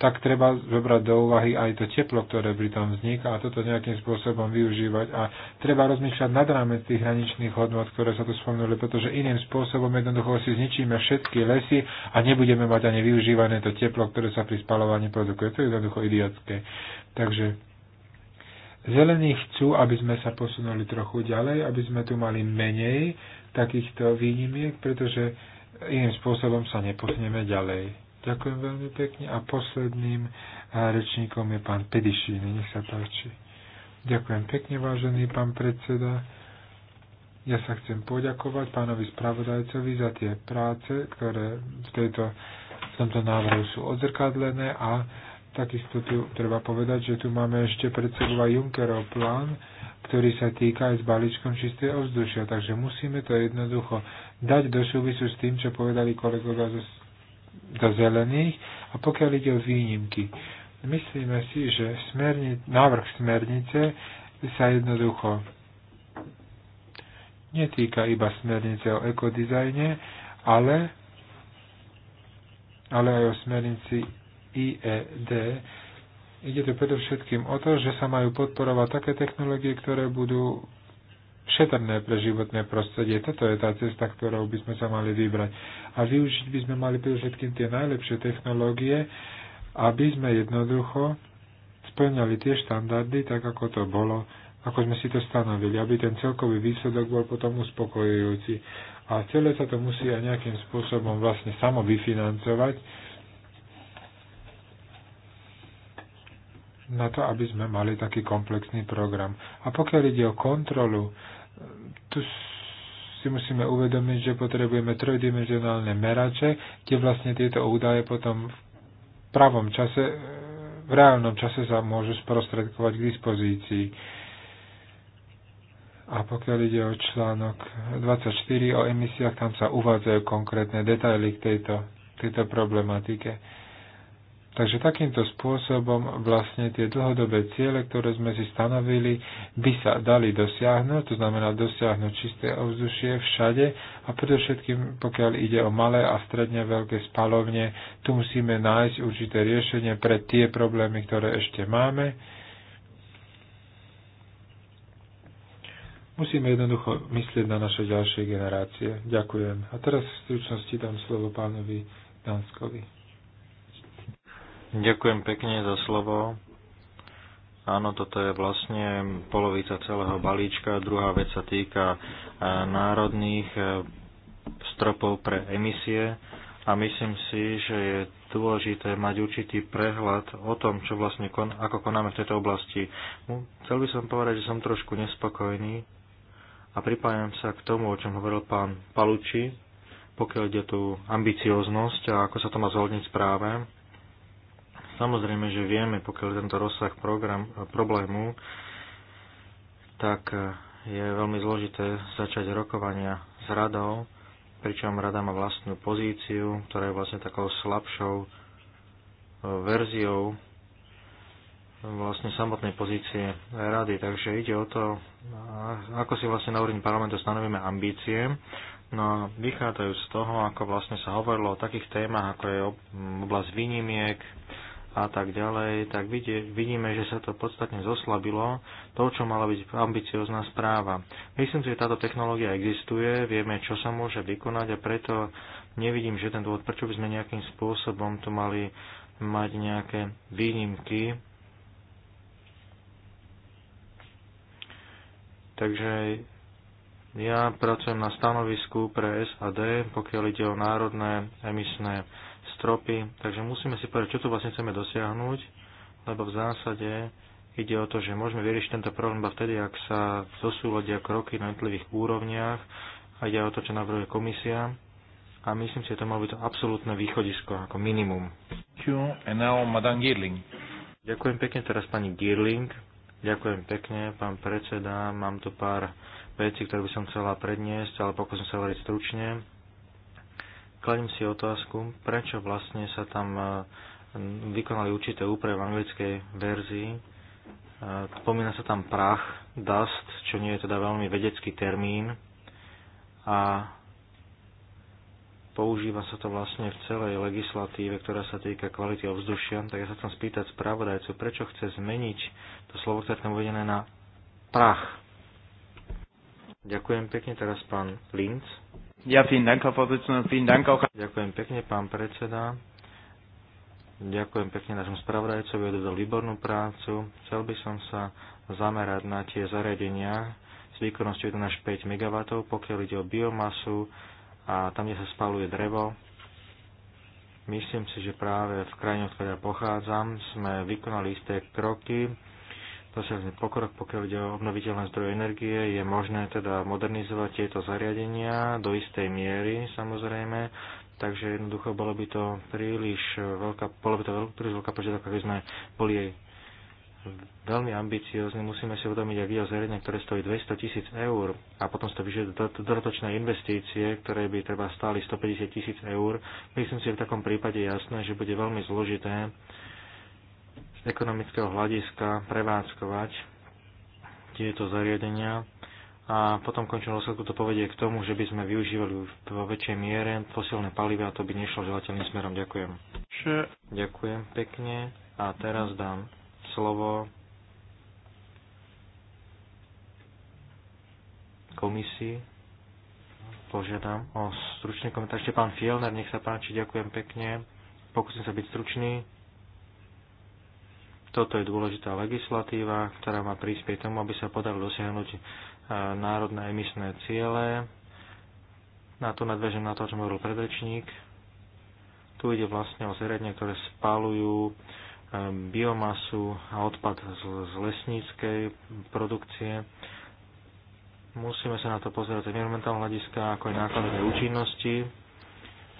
tak treba zobrať do úvahy aj to teplo, ktoré pri tom vzniká a toto nejakým spôsobom využívať. A treba rozmýšľať nad rámec tých hraničných hodnot, ktoré sa tu spomenuli, pretože iným spôsobom jednoducho si zničíme všetky lesy a nebudeme mať ani využívané to teplo, ktoré sa pri spalovaní produkuje. To je jednoducho idiotské. Takže Zelení chcú, aby sme sa posunuli trochu ďalej, aby sme tu mali menej takýchto výnimiek, pretože iným spôsobom sa neposneme ďalej. Ďakujem veľmi pekne. A posledným rečníkom je pán Pedišíny. Nech sa páči. Ďakujem pekne, vážený pán predseda. Ja sa chcem poďakovať pánovi spravodajcovi za tie práce, ktoré v, tejto, v tomto návrhu sú odzrkadlené a takisto tu treba povedať, že tu máme ešte pred sebou aj Junckerov plán, ktorý sa týka aj s balíčkom čistej ovzdušia. Takže musíme to jednoducho dať do súvisu s tým, čo povedali kolegovia zo do zelených. A pokiaľ ide o výnimky, myslíme si, že smerni, návrh smernice sa jednoducho netýka iba smernice o ekodizajne, ale, ale aj o smernici IED. Ide to predovšetkým o to, že sa majú podporovať také technológie, ktoré budú šetrné pre životné prostredie. Toto je tá cesta, ktorou by sme sa mali vybrať. A využiť by sme mali všetkým tie najlepšie technológie, aby sme jednoducho splňali tie štandardy, tak ako to bolo, ako sme si to stanovili, aby ten celkový výsledok bol potom uspokojujúci. A celé sa to musí aj nejakým spôsobom vlastne samo vyfinancovať na to, aby sme mali taký komplexný program. A pokiaľ ide o kontrolu, tu si musíme uvedomiť, že potrebujeme trojdimenzionálne merače, kde vlastne tieto údaje potom v pravom čase, v reálnom čase sa môžu sprostredkovať k dispozícii. A pokiaľ ide o článok 24 o emisiách, tam sa uvádzajú konkrétne detaily k tejto, tejto problematike. Takže takýmto spôsobom vlastne tie dlhodobé ciele, ktoré sme si stanovili, by sa dali dosiahnuť, to znamená dosiahnuť čisté ovzdušie všade a predovšetkým, pokiaľ ide o malé a stredne veľké spalovne, tu musíme nájsť určité riešenie pre tie problémy, ktoré ešte máme. Musíme jednoducho myslieť na naše ďalšie generácie. Ďakujem. A teraz v stručnosti dám slovo pánovi Danskovi. Ďakujem pekne za slovo. Áno, toto je vlastne polovica celého balíčka. Druhá vec sa týka e, národných e, stropov pre emisie a myslím si, že je dôležité mať určitý prehľad o tom, čo vlastne kon, ako konáme v tejto oblasti. Chcel by som povedať, že som trošku nespokojný a pripájam sa k tomu, o čom hovoril pán Paluči, pokiaľ ide tú ambicioznosť a ako sa to má zhodniť právem. Samozrejme, že vieme, pokiaľ tento rozsah program, problému, tak eh, je veľmi zložité začať rokovania s radou, pričom rada má vlastnú pozíciu, ktorá je vlastne takou slabšou eh, verziou eh, vlastne samotnej pozície rady. Takže ide o to, ako si vlastne na úrovni parlamentu stanovíme ambície. No a vychádzajú z toho, ako vlastne sa hovorilo o takých témach, ako je oblasť výnimiek, a tak ďalej, tak vidie, vidíme, že sa to podstatne zoslabilo, to, čo mala byť ambiciozná správa. Myslím si, že táto technológia existuje, vieme, čo sa môže vykonať a preto nevidím, že ten dôvod, prečo by sme nejakým spôsobom tu mali mať nejaké výnimky. Takže ja pracujem na stanovisku pre SAD, pokiaľ ide o národné emisné stropy, takže musíme si povedať, čo tu vlastne chceme dosiahnuť, lebo v zásade ide o to, že môžeme vyriešiť tento problém iba vtedy, ak sa zosúľadia kroky na jednotlivých úrovniach a ide o to, čo navrhuje komisia. A myslím si, že to malo byť to absolútne východisko, ako minimum. Ďakujem pekne teraz pani Girling. Ďakujem pekne, pán predseda. Mám tu pár vecí, ktoré by som chcela predniesť, ale pokúsim sa hovoriť stručne kladím si otázku, prečo vlastne sa tam e, vykonali určité úpravy v anglickej verzii. E, spomína sa tam prach, dust, čo nie je teda veľmi vedecký termín a používa sa to vlastne v celej legislatíve, ktorá sa týka kvality ovzdušia. Tak ja sa chcem spýtať spravodajcu, prečo chce zmeniť to slovo, ktoré tam uvedené na prach. Ďakujem pekne teraz pán Linz. Ja, vielen Dank, Herr Vorsitzender, vielen Dank auch. Ďakujem pekne, pán predseda. Ďakujem pekne našom spravodajcovi, odvedol výbornú prácu. Chcel by som sa zamerať na tie zariadenia s výkonnosťou 1 až 5 MW, pokiaľ ide o biomasu a tam, kde sa spaluje drevo. Myslím si, že práve v krajine, od ktorej pochádzam, sme vykonali isté kroky, dosiahnuť pokrok, pokiaľ ide o obnoviteľné zdroje energie. Je možné teda modernizovať tieto zariadenia do istej miery, samozrejme. Takže jednoducho bolo by to príliš veľká, bolo by to veľká, príliš veľká požiadavka, keby sme boli jej veľmi ambiciózni. Musíme si uvedomiť, ak ide o zariadenie, ktoré stojí 200 tisíc eur a potom to vyžaduje dodatočné investície, ktoré by treba stáli 150 tisíc eur. Myslím si, že v takom prípade je jasné, že bude veľmi zložité ekonomického hľadiska prevádzkovať tieto zariadenia a potom končnom dôsledku to povedie k tomu, že by sme využívali vo väčšej miere fosilné palivy a to by nešlo želateľným smerom. Ďakujem. Sure. Ďakujem pekne a teraz dám slovo komisii. Požiadam o stručný komentár. Ešte pán Fielner, nech sa páči, ďakujem pekne. Pokúsim sa byť stručný toto je dôležitá legislatíva, ktorá má prispieť tomu, aby sa podarilo dosiahnuť e, národné emisné ciele. Na to nadvežem na to, čo hovoril predrečník. Tu ide vlastne o zariadenia, ktoré spalujú e, biomasu a odpad z lesníckej produkcie. Musíme sa na to pozerať z environmentálneho hľadiska, ako aj nákladové účinnosti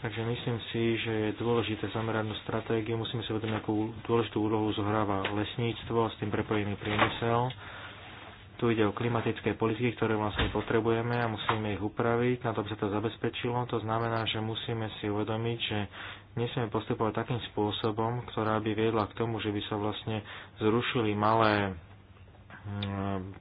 Takže myslím si, že je dôležité zamerať na stratégiu, musíme si vedomiť, akú dôležitú úlohu zohráva lesníctvo a s tým prepojený priemysel. Tu ide o klimatické politiky, ktoré vlastne potrebujeme a musíme ich upraviť, na to by sa to zabezpečilo. To znamená, že musíme si uvedomiť, že nesmieme postupovať takým spôsobom, ktorá by viedla k tomu, že by sa vlastne zrušili malé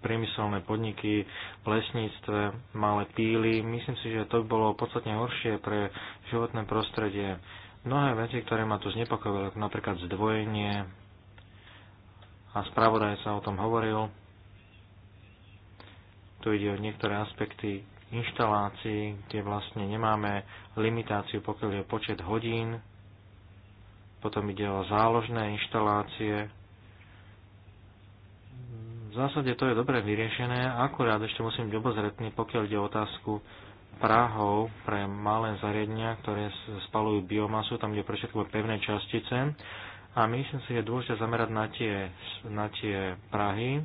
priemyselné podniky v lesníctve, malé píly. Myslím si, že to bolo podstatne horšie pre životné prostredie. Mnohé veci, ktoré ma tu znepokojili, ako napríklad zdvojenie, a spravodaj sa o tom hovoril, tu ide o niektoré aspekty inštalácií, kde vlastne nemáme limitáciu, pokiaľ je počet hodín, potom ide o záložné inštalácie, v zásade to je dobre vyriešené, akurát ešte musím byť obozretný, pokiaľ ide o otázku Prahov pre malé zariadenia, ktoré spalujú biomasu, tam ide pre všetko pevné častice. A myslím si, že je dôležité zamerať na tie, na tie Prahy,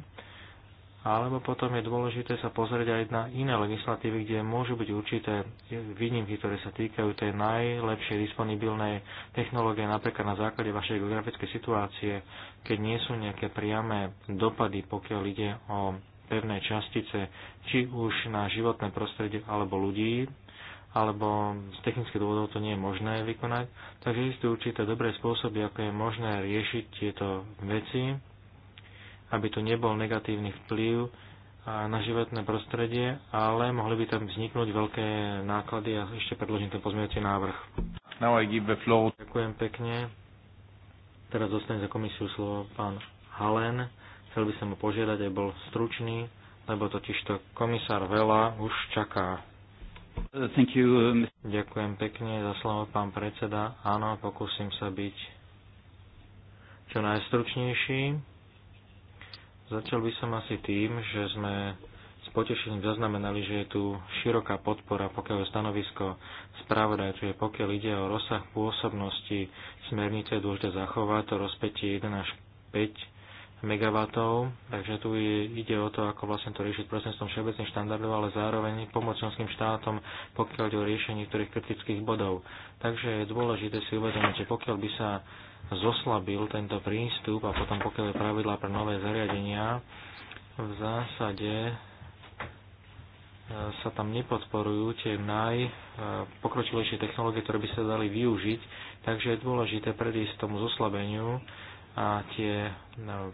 alebo potom je dôležité sa pozrieť aj na iné legislatívy, kde môžu byť určité výnimky, ktoré sa týkajú tej najlepšej disponibilnej technológie, napríklad na základe vašej geografickej situácie, keď nie sú nejaké priame dopady, pokiaľ ide o pevné častice, či už na životné prostredie alebo ľudí, alebo z technických dôvodov to nie je možné vykonať. Takže existujú určité dobré spôsoby, ako je možné riešiť tieto veci aby tu nebol negatívny vplyv na životné prostredie, ale mohli by tam vzniknúť veľké náklady a ešte predložím ten pozmeňujúci návrh. Ďakujem pekne. Teraz dostane za komisiu slovo pán Halen. Chcel by som mu požiadať, aby bol stručný, lebo totižto komisár Vela už čaká. Uh, Ďakujem pekne za slovo, pán predseda. Áno, pokúsim sa byť čo najstručnejší Začal by som asi tým, že sme s potešením zaznamenali, že je tu široká podpora, pokiaľ je stanovisko spravodajcu, čiže pokiaľ ide o rozsah pôsobnosti smernice, je dôležité zachovať to rozpätie 1 až 5 MW, takže tu ide o to, ako vlastne to riešiť prostredníctvom všeobecných štandardov, ale zároveň pomôcť štátom, pokiaľ ide o riešenie niektorých kritických bodov. Takže je dôležité si uvedomiť, že pokiaľ by sa zoslabil tento prístup a potom pokiaľ je pravidlá pre nové zariadenia, v zásade e, sa tam nepodporujú tie najpokročilejšie e, technológie, ktoré by sa dali využiť, takže je dôležité predísť tomu zoslabeniu a tie no,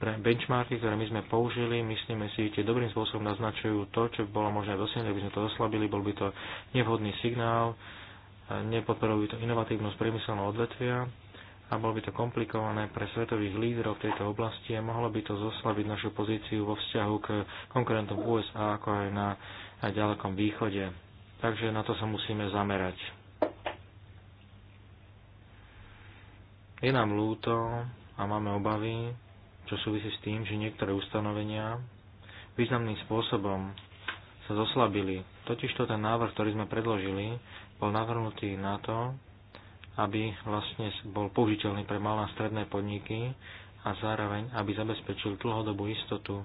benchmarky, ktoré my sme použili, myslíme si, tie dobrým spôsobom naznačujú to, čo by bolo možné dosiahnuť, aby sme to oslabili, bol by to nevhodný signál, e, nepodporujú by to inovatívnosť priemyselného odvetvia a bolo by to komplikované pre svetových lídrov v tejto oblasti a mohlo by to zoslabiť našu pozíciu vo vzťahu k konkurentom USA ako aj na aj ďalekom východe. Takže na to sa musíme zamerať. Je nám lúto a máme obavy, čo súvisí s tým, že niektoré ustanovenia významným spôsobom sa zoslabili. Totižto ten návrh, ktorý sme predložili, bol navrhnutý na to, aby vlastne bol použiteľný pre malé a stredné podniky a zároveň, aby zabezpečil dlhodobú istotu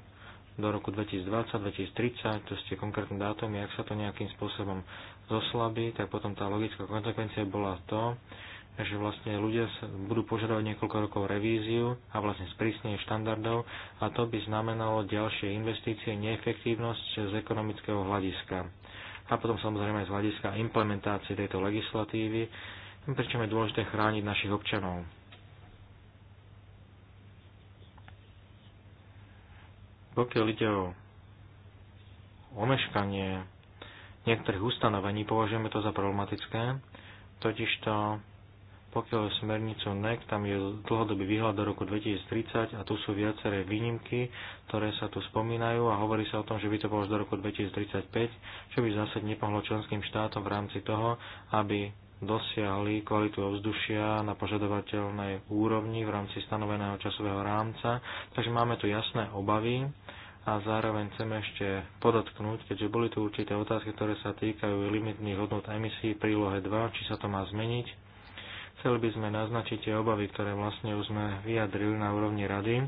do roku 2020-2030, to ste konkrétne dátumy, ak sa to nejakým spôsobom zoslabí, tak potom tá logická konsekvencia bola to, že vlastne ľudia budú požadovať niekoľko rokov revíziu a vlastne sprísnenie štandardov a to by znamenalo ďalšie investície, neefektívnosť z ekonomického hľadiska. A potom samozrejme aj z hľadiska implementácie tejto legislatívy, Prečo je dôležité chrániť našich občanov. Pokiaľ ide o omeškanie niektorých ustanovení, považujeme to za problematické, totižto pokiaľ je smernicu NEC, tam je dlhodobý výhľad do roku 2030 a tu sú viaceré výnimky, ktoré sa tu spomínajú a hovorí sa o tom, že by to bolo až do roku 2035, čo by zase nepohlo členským štátom v rámci toho, aby dosiahli kvalitu ovzdušia na požadovateľnej úrovni v rámci stanoveného časového rámca. Takže máme tu jasné obavy a zároveň chceme ešte podotknúť, keďže boli tu určité otázky, ktoré sa týkajú limitných hodnot emisí v prílohe 2, či sa to má zmeniť. Chceli by sme naznačiť tie obavy, ktoré vlastne už sme vyjadrili na úrovni rady.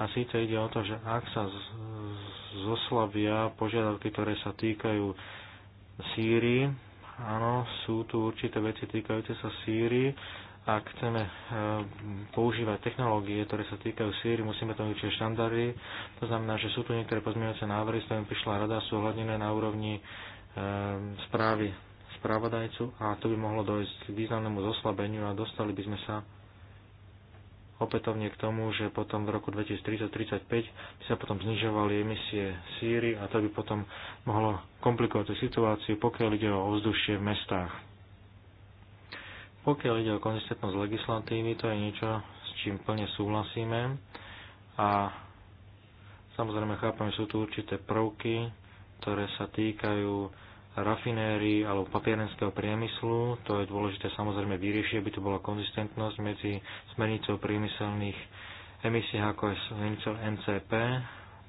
A síce ide o to, že ak sa zoslavia požiadavky, ktoré sa týkajú Sýrii, Áno, sú tu určité veci týkajúce sa Sýrii. Ak chceme eh, používať technológie, ktoré sa týkajú Sýrii, musíme tam určite štandardy. To znamená, že sú tu niektoré pozmeňujúce návrhy, s ktorým prišla rada, sú ohľadnené na úrovni eh, správy spravodajcu a to by mohlo dojsť k významnému zoslabeniu a dostali by sme sa opätovne k tomu, že potom v roku 2030-35 by sa potom znižovali emisie síry a to by potom mohlo komplikovať tú situáciu, pokiaľ ide o ovzdušie v mestách. Pokiaľ ide o konzistentnosť legislatívy, to je niečo, s čím plne súhlasíme a samozrejme chápame, sú tu určité prvky, ktoré sa týkajú rafinérií alebo papierenského priemyslu. To je dôležité samozrejme vyriešiť, aby tu bola konzistentnosť medzi smernicou priemyselných emisiách ako je smernicou NCP.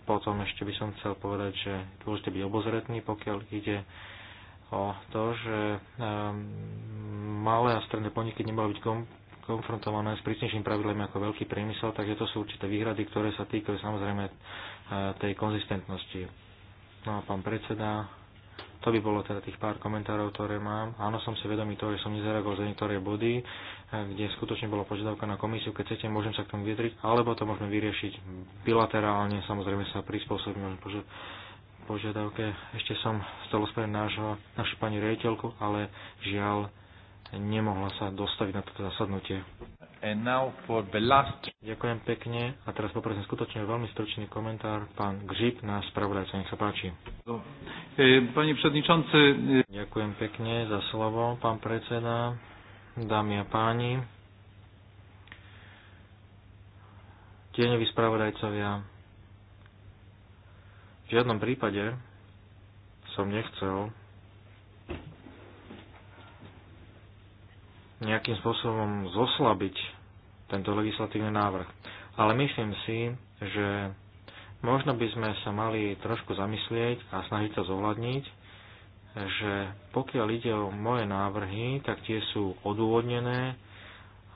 Potom ešte by som chcel povedať, že je dôležité byť obozretný, pokiaľ ide o to, že ehm, malé a stredné podniky nemali byť konfrontované s prísnejším pravidlom ako veľký priemysel, takže to sú určité výhrady, ktoré sa týkajú samozrejme eh, tej konzistentnosti. No a pán predseda, to by bolo teda tých pár komentárov, ktoré mám. Áno, som si vedomý toho, že som nezareagoval za niektoré body, eh, kde skutočne bola požiadavka na komisiu. Keď chcete, môžem sa k tomu vyjadriť, alebo to môžeme vyriešiť bilaterálne. Samozrejme sa prispôsobím požiadavke. Ešte som chcel spraviť nášho, našu pani rejiteľku, ale žiaľ nemohla sa dostaviť na toto zasadnutie. And now for the last... Ďakujem pekne a teraz poprosím skutočne veľmi stručný komentár pán Gžip, náš spravodajca, nech sa páči. No, e, pani predničanci... E, Ďakujem pekne za slovo, pán predseda, dámy a páni, tieňoví spravodajcovia. V žiadnom prípade som nechcel nejakým spôsobom zoslabiť tento legislatívny návrh. Ale myslím si, že možno by sme sa mali trošku zamyslieť a snažiť sa zohľadniť, že pokiaľ ide o moje návrhy, tak tie sú odôvodnené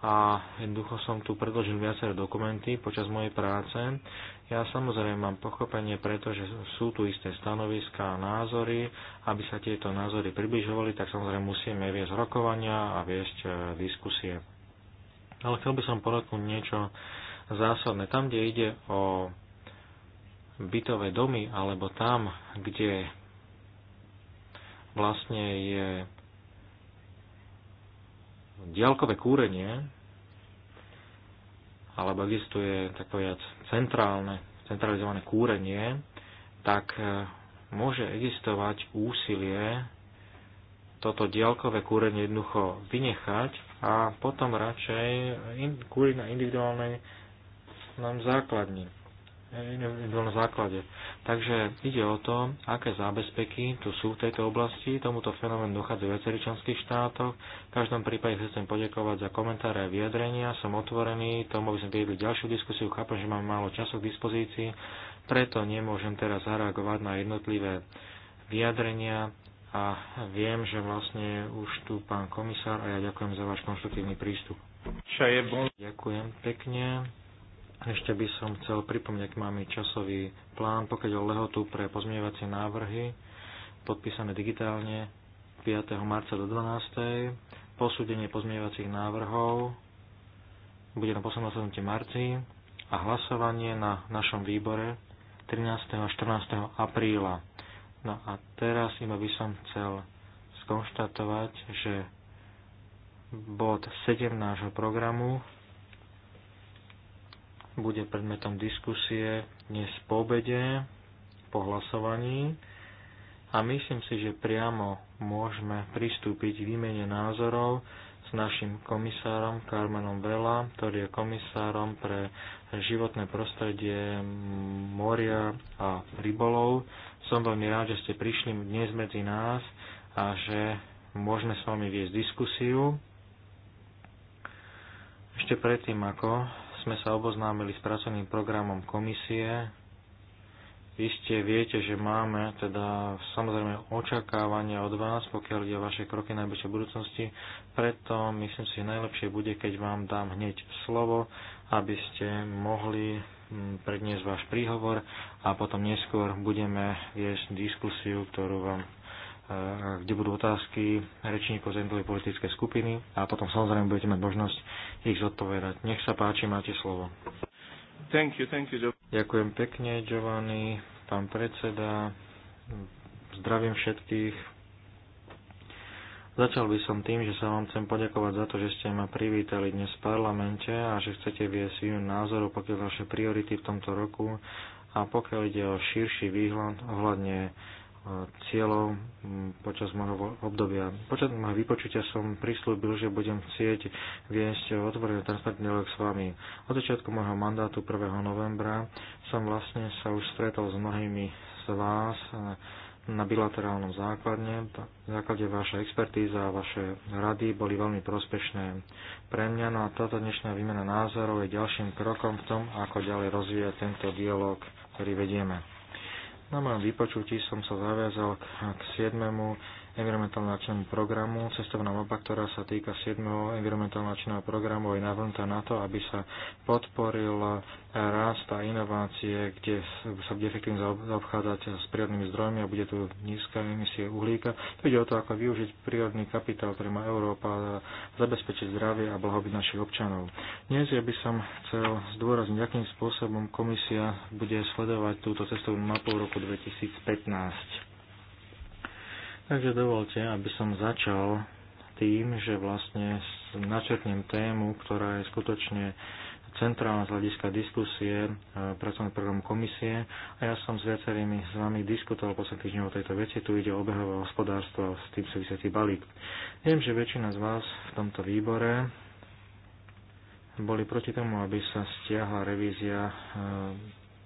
a jednoducho som tu predložil viaceré dokumenty počas mojej práce, ja samozrejme mám pochopenie, pretože sú tu isté stanoviská a názory. Aby sa tieto názory približovali, tak samozrejme musíme viesť rokovania a viesť e, diskusie. Ale chcel by som podotknúť niečo zásadné. Tam, kde ide o bytové domy, alebo tam, kde vlastne je diaľkové kúrenie, alebo existuje také viac centrálne, centralizované kúrenie, tak e, môže existovať úsilie toto diaľkové kúrenie jednoducho vynechať a potom radšej kúriť na individuálnej nám základni individuálnom základe. Takže ide o to, aké zábezpeky tu sú v tejto oblasti. Tomuto fenomén dochádza v viacerých členských štátoch. V každom prípade chcem poďakovať za komentáre a vyjadrenia. Som otvorený tomu, aby sme viedli ďalšiu diskusiu. Chápem, že mám málo času k dispozícii, preto nemôžem teraz zareagovať na jednotlivé vyjadrenia a viem, že vlastne už tu pán komisár a ja ďakujem za váš konštruktívny prístup. Ďakujem pekne. Ešte by som chcel pripomnieť, máme časový plán, pokiaľ o lehotu pre pozmievacie návrhy, podpísané digitálne 5. marca do 12. Posúdenie pozmeňovacích návrhov bude na poslednom zasadnutí marci a hlasovanie na našom výbore 13. a 14. apríla. No a teraz iba by som chcel skonštatovať, že bod 7 nášho programu bude predmetom diskusie dnes po obede, po hlasovaní a myslím si, že priamo môžeme pristúpiť k výmene názorov s našim komisárom Carmenom Vela, ktorý je komisárom pre životné prostredie moria a rybolov. Som veľmi rád, že ste prišli dnes medzi nás a že môžeme s vami viesť diskusiu. Ešte predtým, ako sme sa oboznámili s pracovným programom komisie. Iste viete, že máme teda samozrejme očakávania od vás, pokiaľ ide o vaše kroky najbližšej budúcnosti. Preto myslím si, že najlepšie bude, keď vám dám hneď slovo, aby ste mohli mm, predniesť váš príhovor a potom neskôr budeme viesť diskusiu, ktorú vám Eh, kde budú otázky rečníkov z jednotlivých politické skupiny a potom samozrejme budete mať možnosť ich zodpovedať. Nech sa páči, máte slovo. Thank you, thank you, Ďakujem pekne, Giovanni, pán predseda. Zdravím všetkých. Začal by som tým, že sa vám chcem poďakovať za to, že ste ma privítali dnes v parlamente a že chcete viesť svým názorov, pokiaľ vaše priority v tomto roku a pokiaľ ide o širší výhľad ohľadne cieľov mm, počas môjho obdobia. Počas môjho vypočutia som prislúbil, že budem chcieť viesť otvorený transparentný dialog s vami. Od začiatku môjho mandátu 1. novembra som vlastne sa už stretol s mnohými z vás na bilaterálnom základne. V základe vaša expertíza a vaše rady boli veľmi prospešné pre mňa. No a táto dnešná výmena názorov je ďalším krokom v tom, ako ďalej rozvíjať tento dialog, ktorý vedieme. Na mojom vypočutí som sa zaviazal k 7 environmentálneho akčného programu, cestovná mapa, ktorá sa týka 7. environmentálne akčného programu, je navrhnutá na to, aby sa podporil rast a inovácie, kde sa bude efektívne zaobchádzať s prírodnými zdrojmi a bude tu nízka emisie uhlíka. To ide o to, ako využiť prírodný kapitál, ktorý má Európa a zabezpečiť zdravie a blahobyt našich občanov. Dnes ja by som chcel zdôrazniť, akým spôsobom komisia bude sledovať túto cestovnú mapu v roku 2015. Takže dovolte, aby som začal tým, že vlastne načrtnem tému, ktorá je skutočne centrálna z hľadiska diskusie e, pracovného programu komisie a ja som s viacerými s vami diskutoval posledný týždň o tejto veci. Tu ide o obehové hospodárstvo s tým súvisiaci balík. Viem, že väčšina z vás v tomto výbore boli proti tomu, aby sa stiahla revízia e,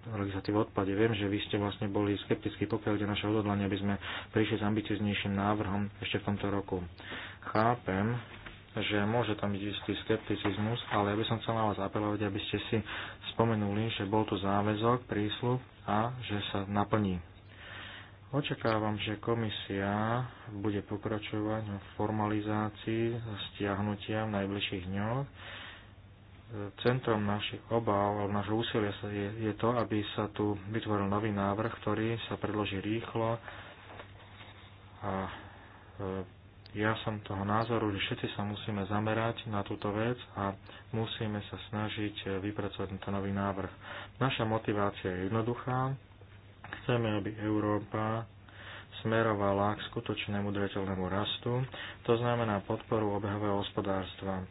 legislatíva odpade. Viem, že vy ste vlastne boli skeptickí, pokiaľ ide naše odhodlanie, aby sme prišli s ambicioznejším návrhom ešte v tomto roku. Chápem, že môže tam byť istý skepticizmus, ale ja by som chcel na vás apelovať, aby ste si spomenuli, že bol tu záväzok, prísľub a že sa naplní. Očakávam, že komisia bude pokračovať v formalizácii stiahnutia v najbližších dňoch centrom našich obáv alebo našho úsilia je, je to, aby sa tu vytvoril nový návrh, ktorý sa predloží rýchlo. A e, ja som toho názoru, že všetci sa musíme zamerať na túto vec a musíme sa snažiť e, vypracovať tento nový návrh. Naša motivácia je jednoduchá. Chceme, aby Európa smerovala k skutočnému udržateľnému rastu, to znamená podporu obehového hospodárstva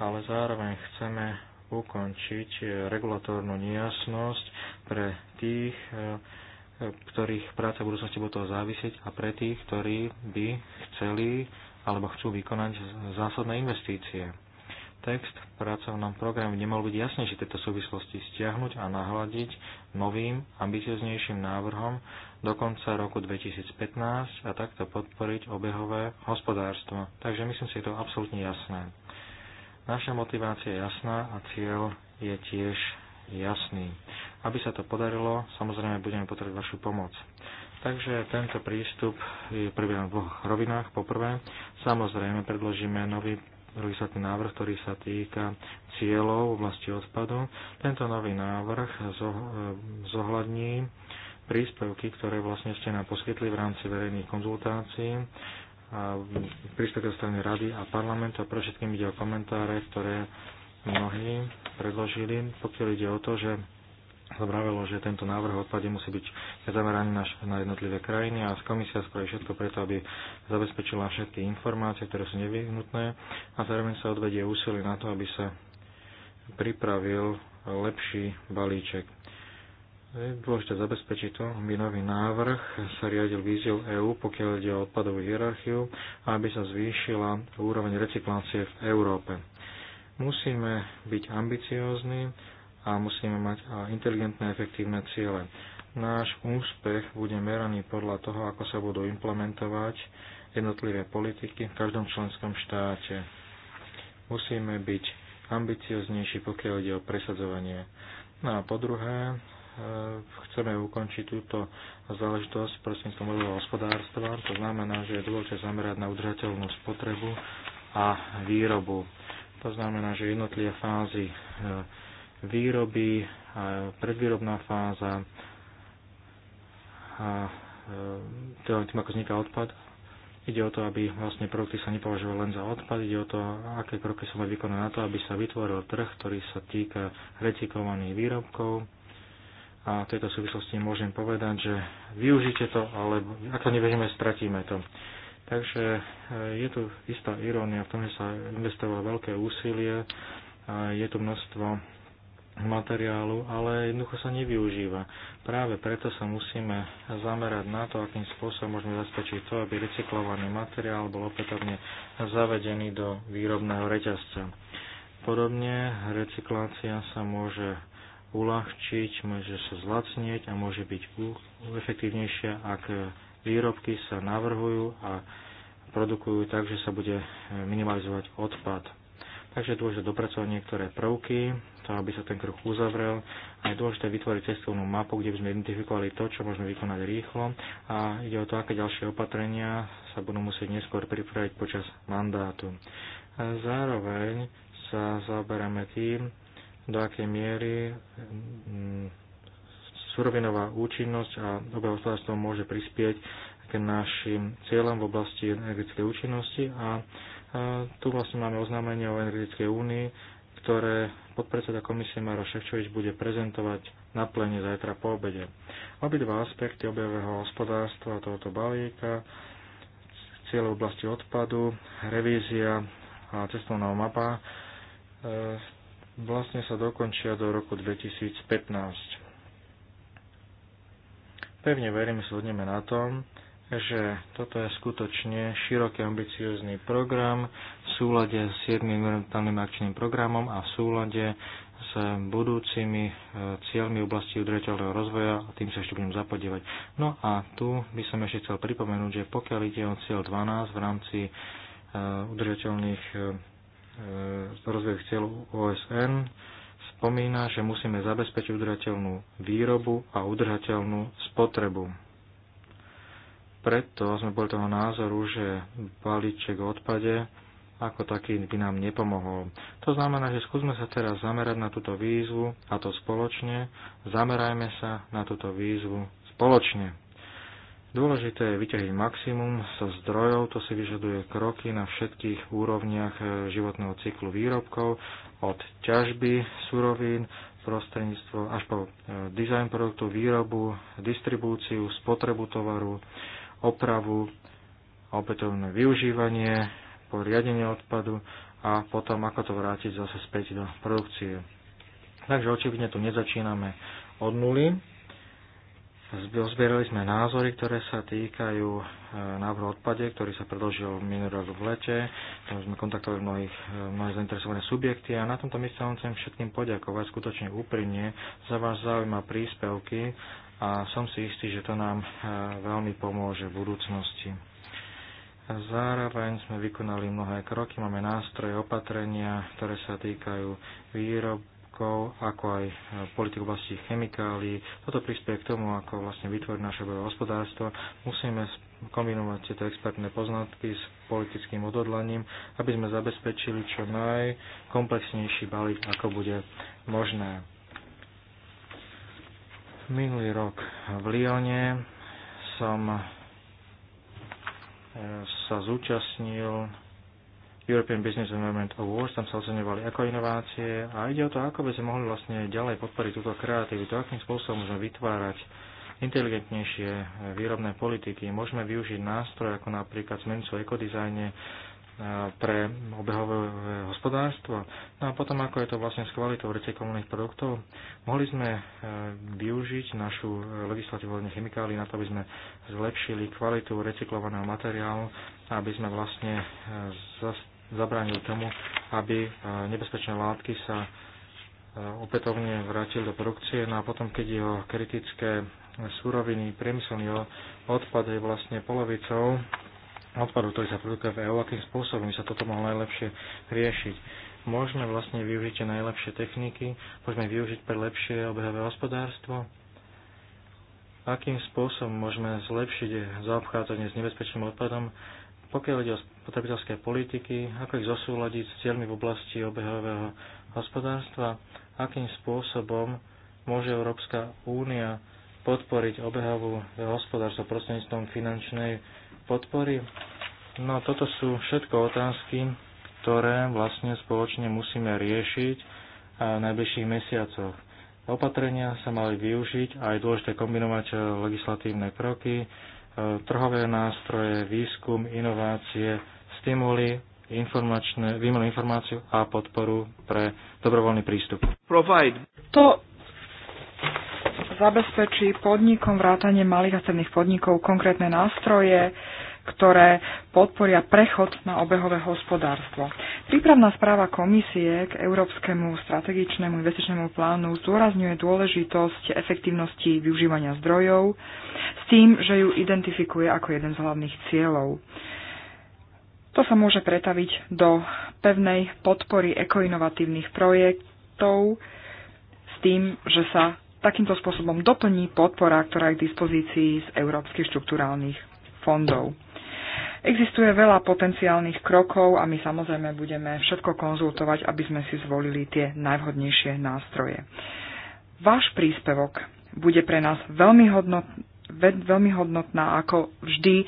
ale zároveň chceme ukončiť eh, regulatórnu nejasnosť pre tých, eh, ktorých práca v budúcnosti bude toho závisieť a pre tých, ktorí by chceli alebo chcú vykonať zásadné investície. Text v pracovnom programe nemal byť jasnejšie tieto súvislosti stiahnuť a nahladiť novým, ambicioznejším návrhom do konca roku 2015 a takto podporiť obehové hospodárstvo. Takže myslím si, je to absolútne jasné. Naša motivácia je jasná a cieľ je tiež jasný. Aby sa to podarilo, samozrejme budeme potrebovať vašu pomoc. Takže tento prístup je prvý na dvoch rovinách. Poprvé, samozrejme predložíme nový legislatívny návrh, ktorý sa týka cieľov v oblasti odpadu. Tento nový návrh zohľadní príspevky, ktoré vlastne ste nám poskytli v rámci verejných konzultácií príspevky zo strany Rady a parlamentu a pre všetkým ide o komentáre, ktoré mnohí predložili, pokiaľ ide o to, že zobravilo, že tento návrh o odpade musí byť zameraný na, na jednotlivé krajiny a komisia spraví všetko preto, aby zabezpečila všetky informácie, ktoré sú nevyhnutné a zároveň sa odvedie úsilie na to, aby sa pripravil lepší balíček. Je dôležité zabezpečiť to, aby nový návrh sa riadil víziou EÚ, pokiaľ ide o odpadovú hierarchiu, aby sa zvýšila úroveň recyklácie v Európe. Musíme byť ambiciózni a musíme mať inteligentné, efektívne ciele. Náš úspech bude meraný podľa toho, ako sa budú implementovať jednotlivé politiky v každom členskom štáte. Musíme byť ambicioznejší, pokiaľ ide o presadzovanie. No a po druhé, Eh, chceme ukončiť túto záležitosť prosím modového hospodárstva. To znamená, že je dôležité zamerať na udržateľnú spotrebu a výrobu. To znamená, že jednotlivé fázy eh, výroby, predvýrobná fáza, a eh, teda tým ako vzniká odpad, Ide o to, aby vlastne produkty sa nepovažovali len za odpad, ide o to, aké kroky sa majú vykonať na to, aby sa vytvoril trh, ktorý sa týka recyklovaných výrobkov, a v tejto súvislosti môžem povedať, že využite to, alebo ak to nevieme, stratíme to. Takže e, je tu istá irónia v tom, že sa investovalo veľké úsilie, a je tu množstvo materiálu, ale jednoducho sa nevyužíva. Práve preto sa musíme zamerať na to, akým spôsobom môžeme zabezpečiť to, aby recyklovaný materiál bol opätovne zavedený do výrobného reťazca. Podobne recyklácia sa môže uľahčiť, môže sa zlacnieť a môže byť efektívnejšia, ak výrobky sa navrhujú a produkujú tak, že sa bude minimalizovať odpad. Takže je dôležité dopracovať niektoré prvky, to, aby sa ten kruh uzavrel. A je dôležité vytvoriť cestovnú mapu, kde by sme identifikovali to, čo môžeme vykonať rýchlo. A ide o to, aké ďalšie opatrenia sa budú musieť neskôr pripraviť počas mandátu. A zároveň sa zaoberáme tým, do akej miery mm, surovinová účinnosť a dobré hospodárstvo môže prispieť k našim cieľom v oblasti energetickej účinnosti a tu vlastne máme oznámenie o energetickej únii, ktoré podpredseda komisie Maro Ševčovič bude prezentovať na plene zajtra po obede. Obidva aspekty objavého hospodárstva tohoto balíka, cieľov v oblasti odpadu, revízia a cestovná mapa e, vlastne sa dokončia do roku 2015. Pevne verím, zhodneme na tom, že toto je skutočne široký ambiciózny program v súlade s 7. environmentálnym akčným programom a v súlade s budúcimi e, cieľmi oblasti udržateľného rozvoja a tým sa ešte budem zapodievať. No a tu by som ešte chcel pripomenúť, že pokiaľ ide o cieľ 12 v rámci e, udržateľných e, E, rozvoj cieľov OSN spomína, že musíme zabezpečiť udržateľnú výrobu a udržateľnú spotrebu. Preto sme boli toho názoru, že balíček o odpade ako taký by nám nepomohol. To znamená, že skúsme sa teraz zamerať na túto výzvu, a to spoločne, zamerajme sa na túto výzvu spoločne. Dôležité je vyťažiť maximum zo so zdrojov, to si vyžaduje kroky na všetkých úrovniach eh, životného cyklu výrobkov, od ťažby surovín, prostredníctvo až po eh, dizajn produktu, výrobu, distribúciu, spotrebu tovaru, opravu, opätovné využívanie, poriadenie odpadu a potom ako to vrátiť zase späť do produkcie. Takže očividne tu nezačíname od nuly, Zbierali sme názory, ktoré sa týkajú e, návrhu odpade, ktorý sa predložil minulý rok v lete. Tam sme kontaktovali mnohých, e, mnohé zainteresované subjekty a na tomto mieste chcem všetkým poďakovať skutočne úprimne za váš záujem a príspevky a som si istý, že to nám e, veľmi pomôže v budúcnosti. Zároveň sme vykonali mnohé kroky, máme nástroje, opatrenia, ktoré sa týkajú výrob, výrobkov, ako aj eh, politik oblasti chemikálií. Toto prispieje k tomu, ako vlastne vytvoriť naše hospodárstvo. Musíme kombinovať tieto expertné poznatky s politickým odhodlaním, aby sme zabezpečili čo najkomplexnejší balík, ako bude možné. Minulý rok v Lione som eh, sa zúčastnil European Business Environment Awards, tam sa oceňovali ako inovácie a ide o to, ako by sme mohli vlastne ďalej podporiť túto kreativitu, akým spôsobom môžeme vytvárať inteligentnejšie eh, výrobné politiky. Môžeme využiť nástroje ako napríklad zmenicu ekodizajne eh, pre obehové eh, hospodárstvo. No a potom, ako je to vlastne s kvalitou recyklovaných produktov, mohli sme využiť našu legislatívu chemikálií na to, aby sme zlepšili kvalitu recyklovaného materiálu, aby sme vlastne zast zabránil tomu, aby e, nebezpečné látky sa e, opätovne vrátili do produkcie. No a potom, keď jeho kritické súroviny, priemyselný odpad je vlastne polovicou odpadu, ktorý sa produkuje v EU, akým spôsobom sa toto mohlo najlepšie riešiť. Môžeme vlastne využiť tie najlepšie techniky, môžeme využiť pre lepšie obehové hospodárstvo, akým spôsobom môžeme zlepšiť zaobchádzanie s nebezpečným odpadom, pokiaľ ide o spotrebiteľské politiky, ako ich zosúľadiť s cieľmi v oblasti obehového hospodárstva, akým spôsobom môže Európska únia podporiť obehovú hospodárstvo prostredníctvom finančnej podpory. No toto sú všetko otázky, ktoré vlastne spoločne musíme riešiť v najbližších mesiacoch. Opatrenia sa mali využiť a je dôležité kombinovať legislatívne kroky trhové nástroje, výskum, inovácie, stimuli, informačné, výmenu informáciu a podporu pre dobrovoľný prístup. Provide. To zabezpečí podnikom vrátanie malých a stredných podnikov konkrétne nástroje, ktoré podporia prechod na obehové hospodárstvo. Prípravná správa komisie k Európskemu strategičnému investičnému plánu zdôrazňuje dôležitosť efektívnosti využívania zdrojov s tým, že ju identifikuje ako jeden z hlavných cieľov. To sa môže pretaviť do pevnej podpory ekoinovatívnych projektov s tým, že sa takýmto spôsobom doplní podpora, ktorá je k dispozícii z európskych štruktúrálnych fondov. Existuje veľa potenciálnych krokov a my samozrejme budeme všetko konzultovať, aby sme si zvolili tie najvhodnejšie nástroje. Váš príspevok bude pre nás veľmi, hodnot, veľmi hodnotná, ako vždy.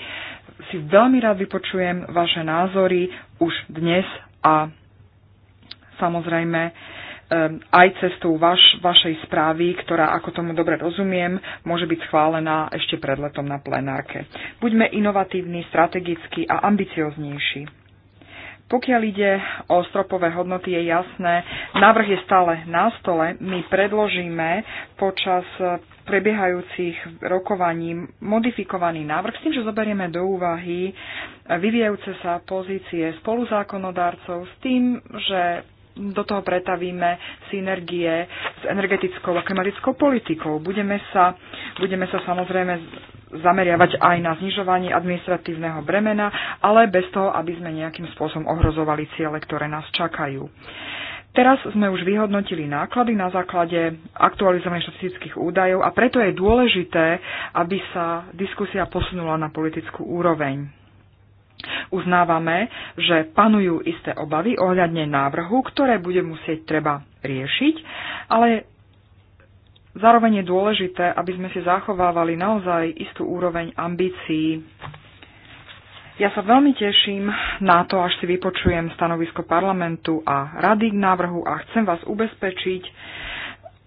Si veľmi rád vypočujem vaše názory už dnes a samozrejme Ehm, aj cestou vaš, vašej správy, ktorá, ako tomu dobre rozumiem, môže byť schválená ešte pred letom na plenárke. Buďme inovatívni, strategickí a ambicioznejší. Pokiaľ ide o stropové hodnoty, je jasné, návrh je stále na stole. My predložíme počas prebiehajúcich rokovaní modifikovaný návrh s tým, že zoberieme do úvahy vyvíjajúce sa pozície spoluzákonodárcov s tým, že do toho pretavíme synergie s energetickou a klimatickou politikou. Budeme sa, budeme sa samozrejme zameriavať aj na znižovanie administratívneho bremena, ale bez toho, aby sme nejakým spôsobom ohrozovali ciele, ktoré nás čakajú. Teraz sme už vyhodnotili náklady na základe aktualizovaných štatistických údajov a preto je dôležité, aby sa diskusia posunula na politickú úroveň. Uznávame, že panujú isté obavy ohľadne návrhu, ktoré bude musieť treba riešiť, ale zároveň je dôležité, aby sme si zachovávali naozaj istú úroveň ambícií. Ja sa veľmi teším na to, až si vypočujem stanovisko parlamentu a rady k návrhu a chcem vás ubezpečiť,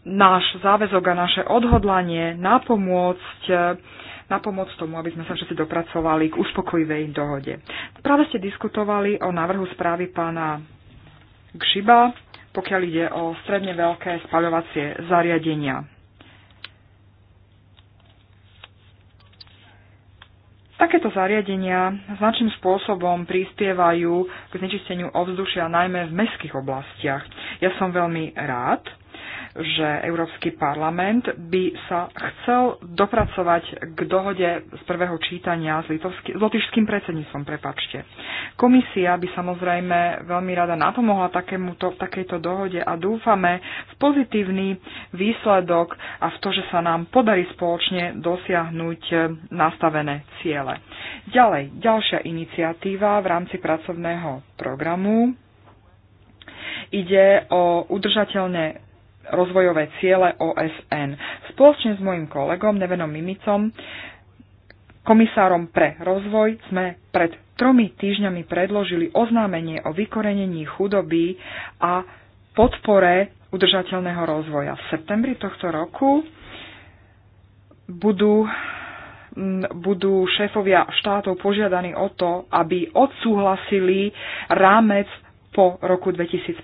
náš záväzok a naše odhodlanie napomôcť na pomoc tomu, aby sme sa všetci dopracovali k uspokojivej dohode. Práve ste diskutovali o návrhu správy pána Gšiba, pokiaľ ide o stredne veľké spaľovacie zariadenia. Takéto zariadenia značným spôsobom prispievajú k znečisteniu ovzdušia najmä v mestských oblastiach. Ja som veľmi rád, že Európsky parlament by sa chcel dopracovať k dohode z prvého čítania s, litovský, s lotišským predsedníctvom. Prepačte. Komisia by samozrejme veľmi rada napomohla takémuto, takejto dohode a dúfame v pozitívny výsledok a v to, že sa nám podarí spoločne dosiahnuť nastavené ciele. Ďalej, ďalšia iniciatíva v rámci pracovného programu ide o udržateľné rozvojové ciele OSN. Spoločne s mojim kolegom Nevenom Mimicom, komisárom pre rozvoj, sme pred tromi týždňami predložili oznámenie o vykorenení chudoby a podpore udržateľného rozvoja. V septembri tohto roku budú budú šéfovia štátov požiadaní o to, aby odsúhlasili rámec po roku 2015,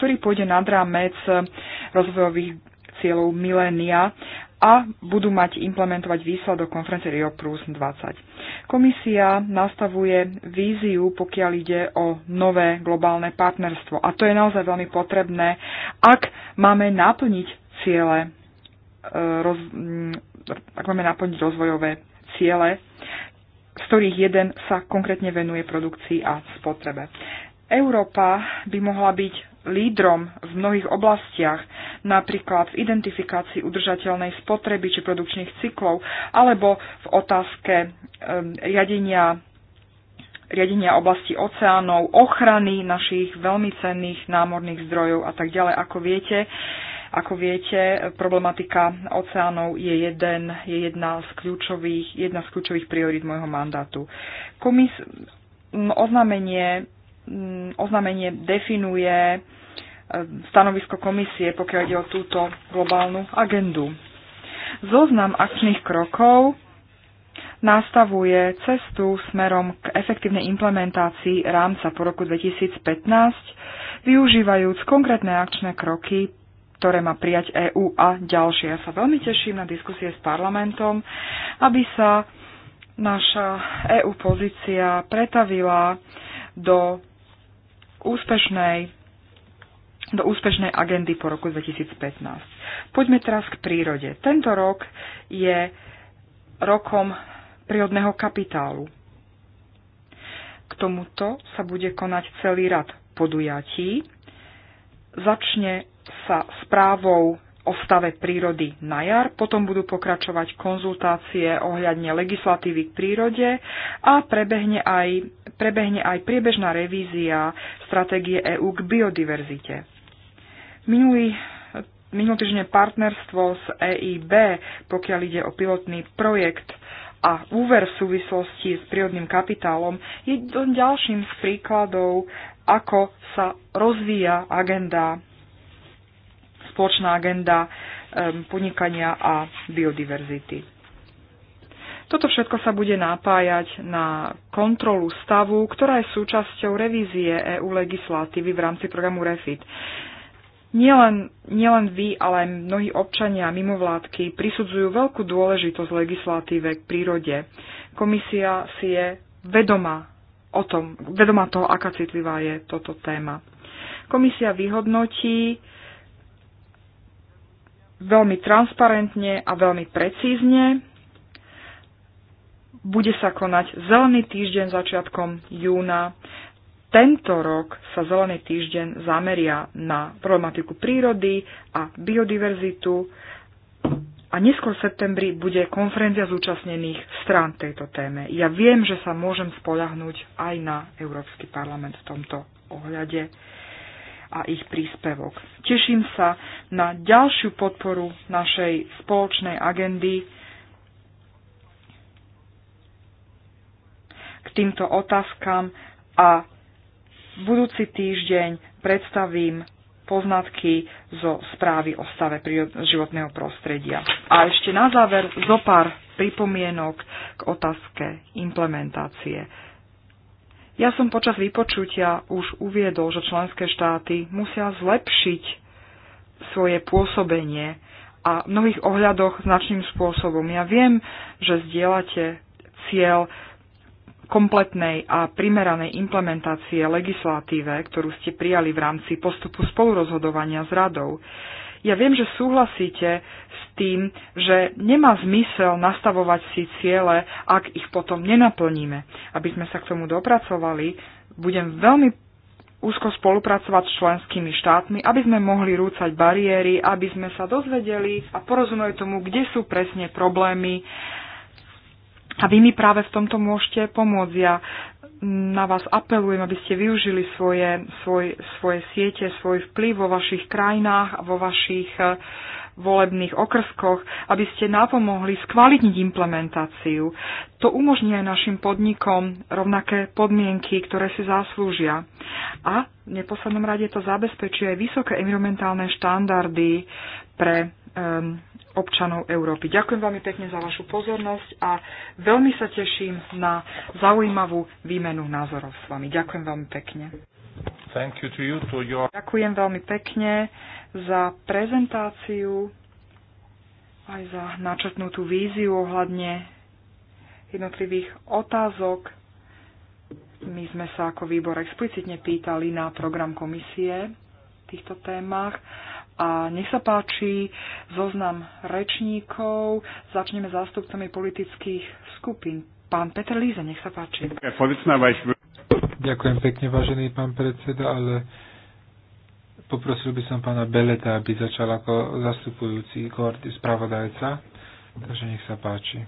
ktorý pôjde nad rámec eh, rozvojových cieľov milénia a budú mať implementovať výsledok konferencie Rio Plus 20. Komisia nastavuje víziu, pokiaľ ide o nové globálne partnerstvo. A to je naozaj veľmi potrebné, ak máme naplniť ciele, eh, roz, mm, ak máme naplniť rozvojové ciele, z ktorých jeden sa konkrétne venuje produkcii a spotrebe. Európa by mohla byť lídrom v mnohých oblastiach, napríklad v identifikácii udržateľnej spotreby či produkčných cyklov, alebo v otázke um, riadenia riadenia oblasti oceánov, ochrany našich veľmi cenných námorných zdrojov a tak ďalej. Ako viete, ako viete, problematika oceánov je, jeden, je jedna, z kľúčových, jedna z kľúčových priorít môjho mandátu. Komis, oznámenie Mm, oznámenie definuje e, stanovisko komisie, pokiaľ ide o túto globálnu agendu. Zoznam akčných krokov nastavuje cestu smerom k efektívnej implementácii rámca po roku 2015, využívajúc konkrétne akčné kroky, ktoré má prijať EÚ a ďalšie. Ja sa veľmi teším na diskusie s parlamentom, aby sa naša EÚ pozícia pretavila do úspešnej do úspešnej agendy po roku 2015. Poďme teraz k prírode. Tento rok je rokom prírodného kapitálu. K tomuto sa bude konať celý rad podujatí. Začne sa správou o stave prírody na jar, potom budú pokračovať konzultácie ohľadne legislatívy k prírode a prebehne aj, prebehne aj priebežná revízia stratégie EÚ k biodiverzite. Minulý Minulý partnerstvo s EIB, pokiaľ ide o pilotný projekt a úver v súvislosti s prírodným kapitálom, je ďalším z príkladov, ako sa rozvíja agenda spoločná agenda podnikania a biodiverzity. Toto všetko sa bude napájať na kontrolu stavu, ktorá je súčasťou revízie EU legislatívy v rámci programu REFIT. Nielen, nielen vy, ale aj mnohí občania a mimovládky prisudzujú veľkú dôležitosť legislatíve k prírode. Komisia si je vedoma o tom, vedoma toho, aká citlivá je toto téma. Komisia vyhodnotí veľmi transparentne a veľmi precízne. Bude sa konať Zelený týždeň začiatkom júna. Tento rok sa Zelený týždeň zameria na problematiku prírody a biodiverzitu a neskôr v septembri bude konferencia zúčastnených strán tejto téme. Ja viem, že sa môžem spoľahnúť aj na Európsky parlament v tomto ohľade a ich príspevok. Teším sa na ďalšiu podporu našej spoločnej agendy k týmto otázkam a budúci týždeň predstavím poznatky zo správy o stave životného prostredia. A ešte na záver zo pár pripomienok k otázke implementácie. Ja som počas vypočutia už uviedol, že členské štáty musia zlepšiť svoje pôsobenie a v mnohých ohľadoch značným spôsobom. Ja viem, že zdieľate cieľ kompletnej a primeranej implementácie legislatíve, ktorú ste prijali v rámci postupu spolurozhodovania s radou. Ja viem, že súhlasíte s tým, že nemá zmysel nastavovať si ciele, ak ich potom nenaplníme. Aby sme sa k tomu dopracovali, budem veľmi úzko spolupracovať s členskými štátmi, aby sme mohli rúcať bariéry, aby sme sa dozvedeli a porozumeli tomu, kde sú presne problémy. A vy mi práve v tomto môžete pomôcť. Ja na vás apelujem, aby ste využili svoje, svoj, svoje siete, svoj vplyv vo vašich krajinách vo vašich e, volebných okrskoch, aby ste napomohli skvalitniť implementáciu. To umožní aj našim podnikom rovnaké podmienky, ktoré si zaslúžia. A v neposlednom rade to zabezpečuje aj vysoké environmentálne štandardy pre um, občanov Európy. Ďakujem veľmi pekne za vašu pozornosť a veľmi sa teším na zaujímavú výmenu názorov s vami. Ďakujem veľmi pekne. Thank you to you, to your... Ďakujem veľmi pekne za prezentáciu aj za načrtnutú víziu ohľadne jednotlivých otázok. My sme sa ako výbor explicitne pýtali na program komisie v týchto témach a nech sa páči zoznam rečníkov. Začneme zástupcami politických skupín. Pán Peter Líze, nech sa páči. Ďakujem pekne, vážený pán predseda, ale poprosil by som pána Beleta, aby začal ako zastupujúci spravodajca. Takže nech sa páči.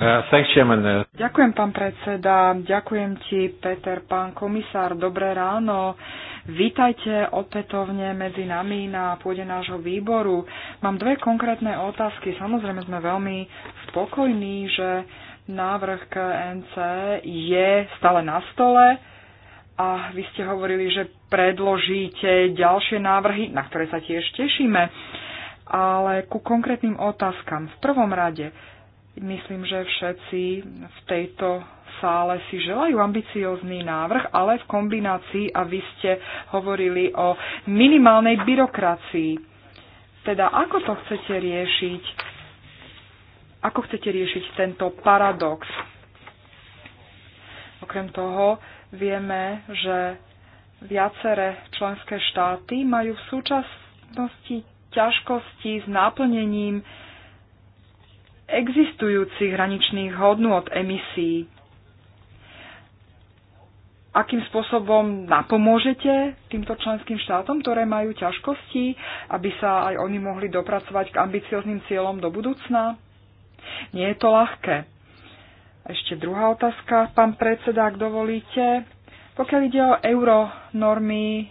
Uh, uh, Ďakujem, pán predseda. Ďakujem ti, Peter, pán komisár. Dobré ráno. Vítajte opätovne medzi nami na pôde nášho výboru. Mám dve konkrétne otázky. Samozrejme sme veľmi spokojní, že návrh KNC je stále na stole a vy ste hovorili, že predložíte ďalšie návrhy, na ktoré sa tiež tešíme. Ale ku konkrétnym otázkam. V prvom rade, Myslím, že všetci v tejto sále si želajú ambiciózny návrh, ale v kombinácii, a vy ste hovorili o minimálnej byrokracii. Teda ako to chcete riešiť? Ako chcete riešiť tento paradox? Okrem toho vieme, že viaceré členské štáty majú v súčasnosti ťažkosti s náplnením existujúcich hraničných hodnôt emisí. Akým spôsobom napomôžete týmto členským štátom, ktoré majú ťažkosti, aby sa aj oni mohli dopracovať k ambiciozným cieľom do budúcna? Nie je to ľahké. Ešte druhá otázka, pán predseda, ak dovolíte. Pokiaľ ide o euronormy,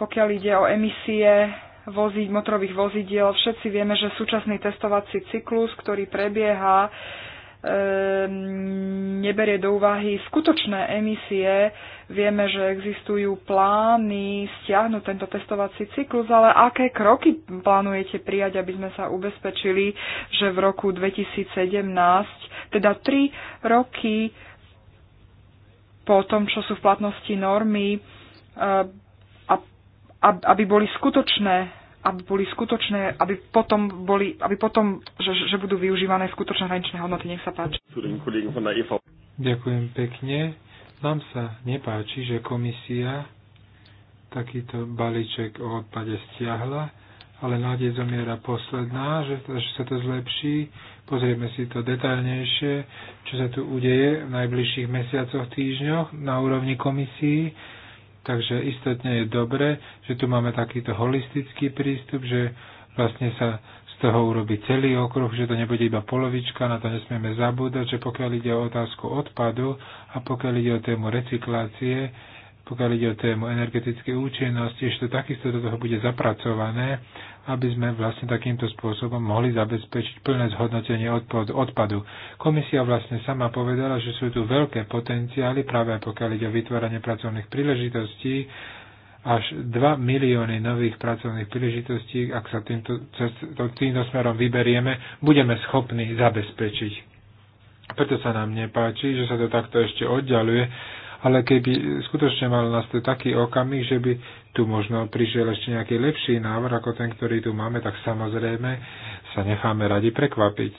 pokiaľ ide o emisie vozí, motorových vozidiel. Všetci vieme, že súčasný testovací cyklus, ktorý prebieha, e, neberie do úvahy skutočné emisie. Vieme, že existujú plány stiahnuť tento testovací cyklus, ale aké kroky plánujete prijať, aby sme sa ubezpečili, že v roku 2017, teda tri roky po tom, čo sú v platnosti normy, e, aby boli skutočné aby boli skutočné, aby potom, boli, aby potom že, že budú využívané skutočné hraničné hodnoty. Nech sa páči. Ďakujem pekne. Nám sa nepáči, že komisia takýto balíček o odpade stiahla, ale nádej zomiera posledná, že, že sa to zlepší. Pozrieme si to detailnejšie, čo sa tu udeje v najbližších mesiacoch, týždňoch na úrovni komisií Takže istotne je dobré, že tu máme takýto holistický prístup, že vlastne sa z toho urobí celý okruh, že to nebude iba polovička, na to nesmieme zabúdať, že pokiaľ ide o otázku odpadu a pokiaľ ide o tému recyklácie, pokiaľ ide o tému energetickej účinnosti, že to takisto do toho bude zapracované aby sme vlastne takýmto spôsobom mohli zabezpečiť plné zhodnotenie odpad, odpadu. Komisia vlastne sama povedala, že sú tu veľké potenciály, práve pokiaľ ide o vytváranie pracovných príležitostí, až 2 milióny nových pracovných príležitostí, ak sa týmto, týmto smerom vyberieme, budeme schopní zabezpečiť. Preto sa nám nepáči, že sa to takto ešte oddialuje, ale keby skutočne mal nás tu taký okamih, že by tu možno prišiel ešte nejaký lepší návrh ako ten, ktorý tu máme, tak samozrejme sa necháme radi prekvapiť.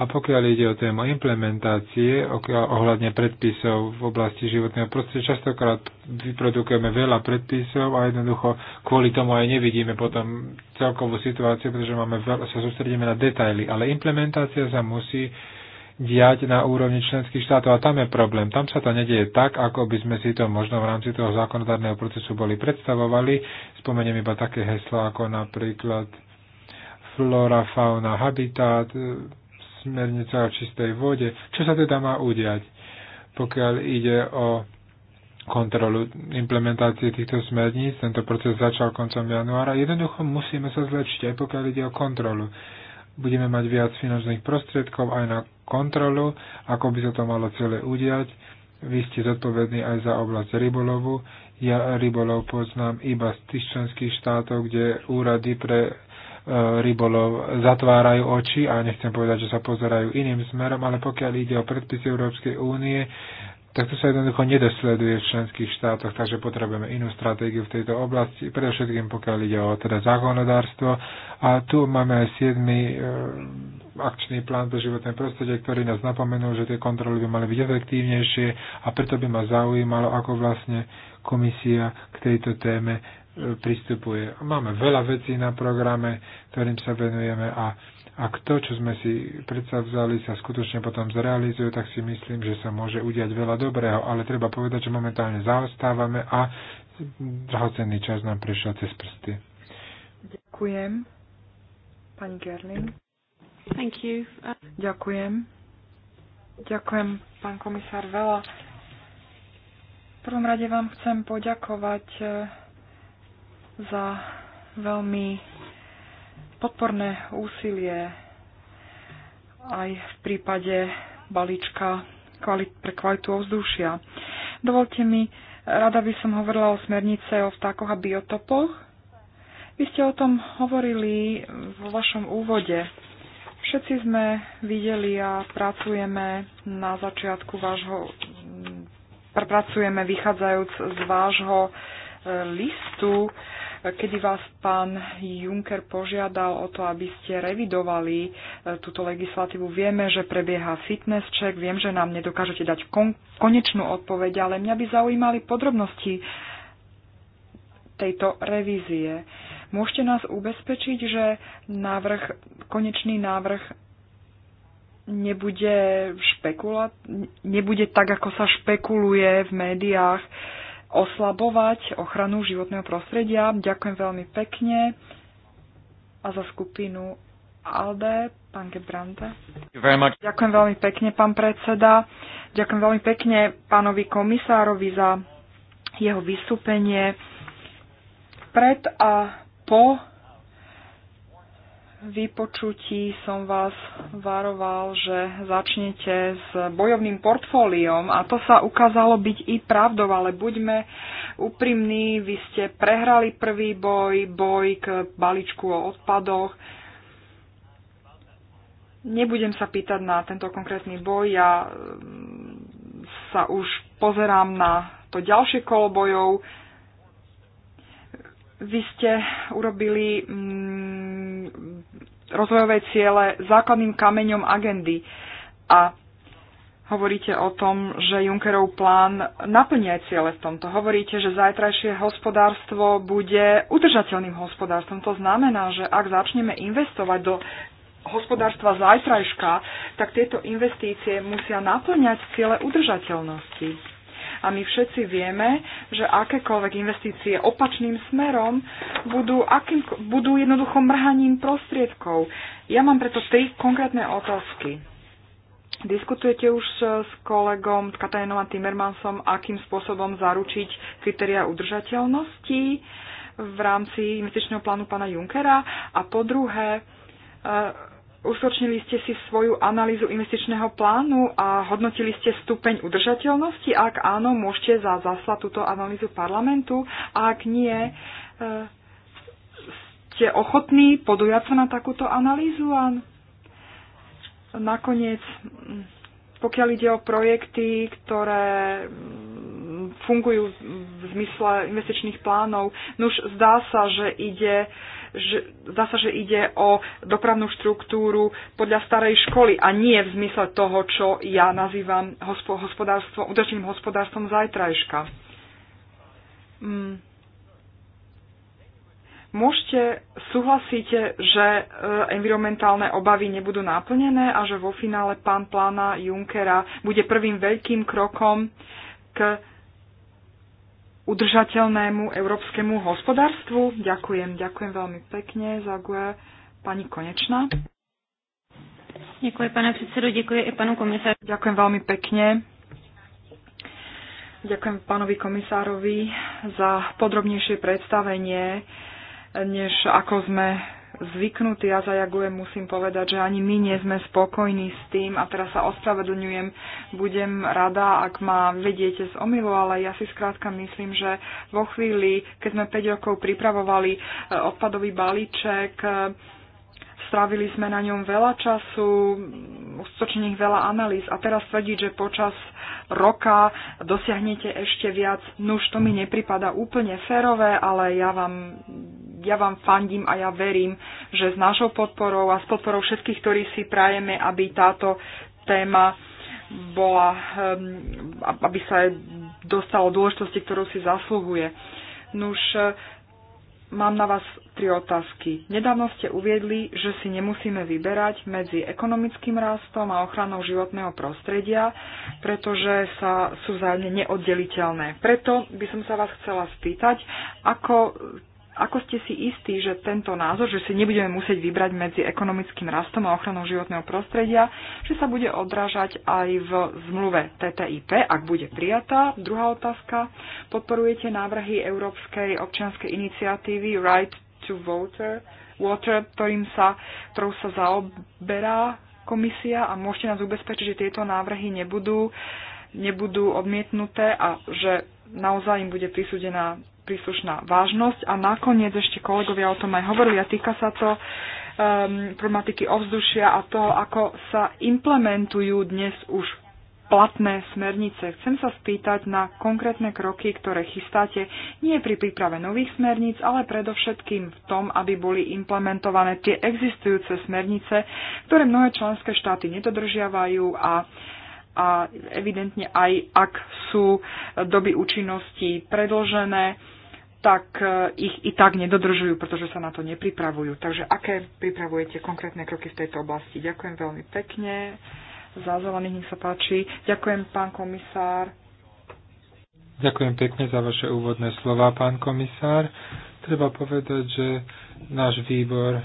A pokiaľ ide o tému implementácie ohľadne predpisov v oblasti životného prostredia, častokrát vyprodukujeme veľa predpisov a jednoducho kvôli tomu aj nevidíme potom celkovú situáciu, pretože máme veľa, sa sústredíme na detaily. Ale implementácia sa musí uh, diať na úrovni členských štátov. A tam je problém. Tam sa to nedieje tak, ako by sme si to možno v rámci toho zákonodárneho procesu boli predstavovali. Spomeniem iba také heslo ako napríklad flora, fauna, habitat, e, smernica o čistej vode. Čo sa teda má udiať, pokiaľ ide o kontrolu implementácie týchto smerníc. Tento proces začal koncom januára. Jednoducho musíme sa zlepšiť, aj pokiaľ ide o kontrolu. Budeme mať viac finančných prostriedkov aj na kontrolu, ako by sa to malo celé udiať. Vy ste zodpovední aj za oblasť rybolovu. Ja rybolov poznám iba z tých členských štátov, kde úrady pre e, rybolov zatvárajú oči a nechcem povedať, že sa pozerajú iným smerom, ale pokiaľ ide o predpisy Európskej únie, tak to sa jednoducho nedosleduje v členských štátoch, takže potrebujeme inú stratégiu v tejto oblasti, predovšetkým pokiaľ ide o teda zákonodárstvo. A tu máme aj 7. E, akčný plán pre životné prostredie, ktorý nás napomenul, že tie kontroly by mali byť efektívnejšie a preto by ma zaujímalo, ako vlastne komisia k tejto téme e, pristupuje. Máme veľa vecí na programe, ktorým sa venujeme a ak to, čo sme si predsa vzali, sa skutočne potom zrealizuje, tak si myslím, že sa môže udiať veľa dobrého, ale treba povedať, že momentálne zaostávame a drahocenný čas nám prešiel cez prsty. Ďakujem. Pani Gerling. Thank you. Ďakujem. Ďakujem, pán komisár, veľa. V prvom rade vám chcem poďakovať eh, za veľmi podporné úsilie aj v prípade balíčka pre kvalitu ovzdušia. Dovolte mi, rada by som hovorila o smernice o vtákoch a biotopoch. Vy ste o tom hovorili vo vašom úvode. Všetci sme videli a pracujeme na začiatku vášho mm, pracujeme vychádzajúc z vášho e, listu kedy vás pán Juncker požiadal o to, aby ste revidovali e, túto legislatívu. Vieme, že prebieha fitness check, viem, že nám nedokážete dať kon- konečnú odpoveď, ale mňa by zaujímali podrobnosti tejto revízie. Môžete nás ubezpečiť, že návrh, konečný návrh nebude, špekula- nebude tak, ako sa špekuluje v médiách, oslabovať ochranu životného prostredia. Ďakujem veľmi pekne a za skupinu Alde, pán Gebrante. Ďakujem veľmi pekne, pán predseda. Ďakujem veľmi pekne pánovi komisárovi za jeho vystúpenie pred a po vypočutí som vás varoval, že začnete s bojovným portfóliom a to sa ukázalo byť i pravdou, ale buďme úprimní, vy ste prehrali prvý boj, boj k balíčku o odpadoch. Nebudem sa pýtať na tento konkrétny boj, ja mm, sa už pozerám na to ďalšie kolo bojov vy ste urobili mm, rozvojové ciele základným kameňom agendy a hovoríte o tom, že Junckerov plán naplní aj ciele v tomto. Hovoríte, že zajtrajšie hospodárstvo bude udržateľným hospodárstvom. To znamená, že ak začneme investovať do hospodárstva zajtrajška, tak tieto investície musia naplňať ciele udržateľnosti. A my všetci vieme, že akékoľvek investície opačným smerom budú, akým, budú jednoducho mrhaním prostriedkov. Ja mám preto tri konkrétne otázky. Diskutujete už s kolegom Katajenom a Timmermansom, akým spôsobom zaručiť kritéria udržateľnosti v rámci investičného plánu pána Junkera? A po druhé, eh, usočnili ste si svoju analýzu investičného plánu a hodnotili ste stupeň udržateľnosti? Ak áno, môžete za zaslať túto analýzu parlamentu. A ak nie, e, ste ochotní podujať sa na takúto analýzu? A nakoniec, hm, pokiaľ ide o projekty, ktoré hm, fungujú v zmysle investičných plánov, nuž zdá sa, že ide že, zasa, že ide o dopravnú štruktúru podľa starej školy a nie v zmysle toho, čo ja nazývam hospo, hospodárstvo, udržným hospodárstvom zajtrajška. Mm. Môžete, súhlasíte, že e, environmentálne obavy nebudú naplnené a že vo finále pán plána Junckera bude prvým veľkým krokom k udržateľnému európskemu hospodárstvu. Ďakujem, ďakujem veľmi pekne za GUE. Pani Konečná. Ďakujem, pane predsedu, ďakujem i panu komisáru. Ďakujem veľmi pekne. Ďakujem pánovi komisárovi za podrobnejšie predstavenie, než ako sme zvyknutí a zajagujem, musím povedať, že ani my nie sme spokojní s tým a teraz sa ospravedlňujem, budem rada, ak ma vediete z omilu, ale ja si skrátka myslím, že vo chvíli, keď sme 5 rokov pripravovali e, odpadový balíček, e, strávili sme na ňom veľa času, uskutočnených veľa analýz a teraz tvrdiť, že počas roka dosiahnete ešte viac, nuž to mi nepripada úplne férové, ale ja vám ja vám fandím a ja verím, že s našou podporou a s podporou všetkých, ktorí si prajeme, aby táto téma bola, ehm, aby sa aj dostalo dôležitosti, ktorú si zasluhuje. Nuž, e, mám na vás tri otázky. Nedávno ste uviedli, že si nemusíme vyberať medzi ekonomickým rastom a ochranou životného prostredia, pretože sa sú vzájomne neoddeliteľné. Preto by som sa vás chcela spýtať, ako ako ste si istí, že tento názor, že si nebudeme musieť vybrať medzi ekonomickým rastom a ochranou životného prostredia, že sa bude odrážať aj v zmluve TTIP, ak bude prijatá? Druhá otázka. Podporujete návrhy Európskej občianskej iniciatívy Right to Water, water ktorým sa, ktorou sa zaoberá komisia a môžete nás ubezpečiť, že tieto návrhy nebudú, nebudú odmietnuté a že naozaj im bude prisúdená príslušná vážnosť. A nakoniec ešte kolegovia o tom aj hovorili a týka sa to um, problematiky ovzdušia a toho, ako sa implementujú dnes už platné smernice. Chcem sa spýtať na konkrétne kroky, ktoré chystáte nie pri príprave nových smerníc, ale predovšetkým v tom, aby boli implementované tie existujúce smernice, ktoré mnohé členské štáty nedodržiavajú a a evidentne aj ak sú doby účinnosti predložené, tak e, ich i tak nedodržujú, pretože sa na to nepripravujú. Takže aké pripravujete konkrétne kroky v tejto oblasti? Ďakujem veľmi pekne. Za zelených nech sa páči. Ďakujem, pán komisár. Ďakujem pekne za vaše úvodné slova, pán komisár. Treba povedať, že náš výbor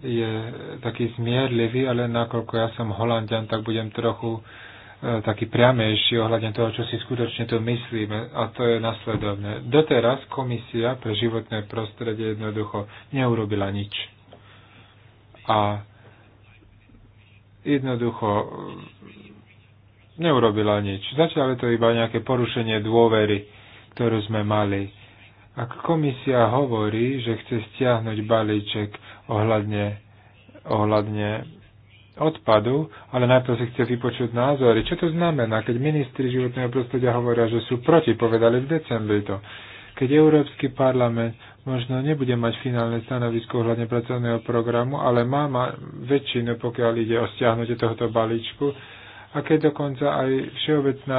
je taký zmierlivý, ale nakoľko ja som holandian, tak budem trochu taký priamejší ohľadne toho, čo si skutočne to myslíme. A to je nasledovné. Doteraz komisia pre životné prostredie jednoducho neurobila nič. A jednoducho mm, neurobila nič. Zatiaľ je to iba nejaké porušenie dôvery, ktorú sme mali. Ak komisia hovorí, že chce stiahnuť balíček ohľadne, ohľadne odpadu, ale najprv si chce vypočuť názory. Čo to znamená, keď ministri životného prostredia hovoria, že sú proti, povedali v decembri to. Keď Európsky parlament možno nebude mať finálne stanovisko ohľadne pracovného programu, ale má, má väčšinu, pokiaľ ide o stiahnutie tohoto balíčku, a keď dokonca aj Všeobecná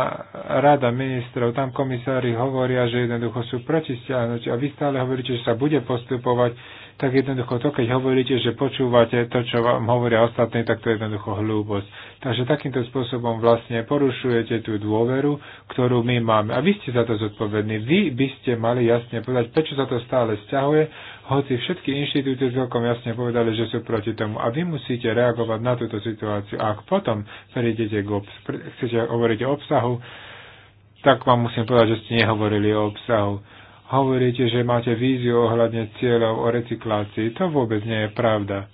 rada ministrov, tam komisári hovoria, že jednoducho sú proti stiahnuť a vy stále hovoríte, že sa bude postupovať tak jednoducho to, keď hovoríte, že počúvate to, čo vám hovoria ostatní, tak to je jednoducho hlúbosť. Takže takýmto spôsobom vlastne porušujete tú dôveru, ktorú my máme. A vy ste za to zodpovední. Vy by ste mali jasne povedať, prečo sa to stále stiahuje, hoci všetky inštitúty celkom jasne povedali, že sú proti tomu. A vy musíte reagovať na túto situáciu. A ak potom prídete k obs- chcete hovoriť o obsahu, tak vám musím povedať, že ste nehovorili o obsahu. Hovoríte, že máte víziu ohľadne cieľov o recyklácii. To vôbec nie je pravda.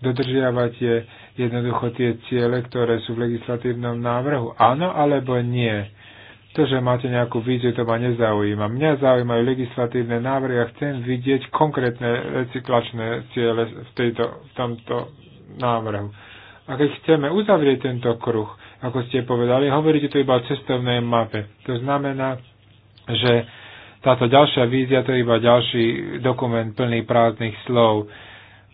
Dodržiavate jednoducho tie ciele, ktoré sú v legislatívnom návrhu. Áno alebo nie. To, že máte nejakú víziu, to ma nezaujíma. Mňa zaujímajú legislatívne návrhy a chcem vidieť konkrétne recyklačné ciele v, tejto, v tomto návrhu. A keď chceme uzavrieť tento kruh, ako ste povedali, hovoríte to iba o cestovnej mape. To znamená, že táto ďalšia vízia to je iba ďalší dokument plný prázdnych slov.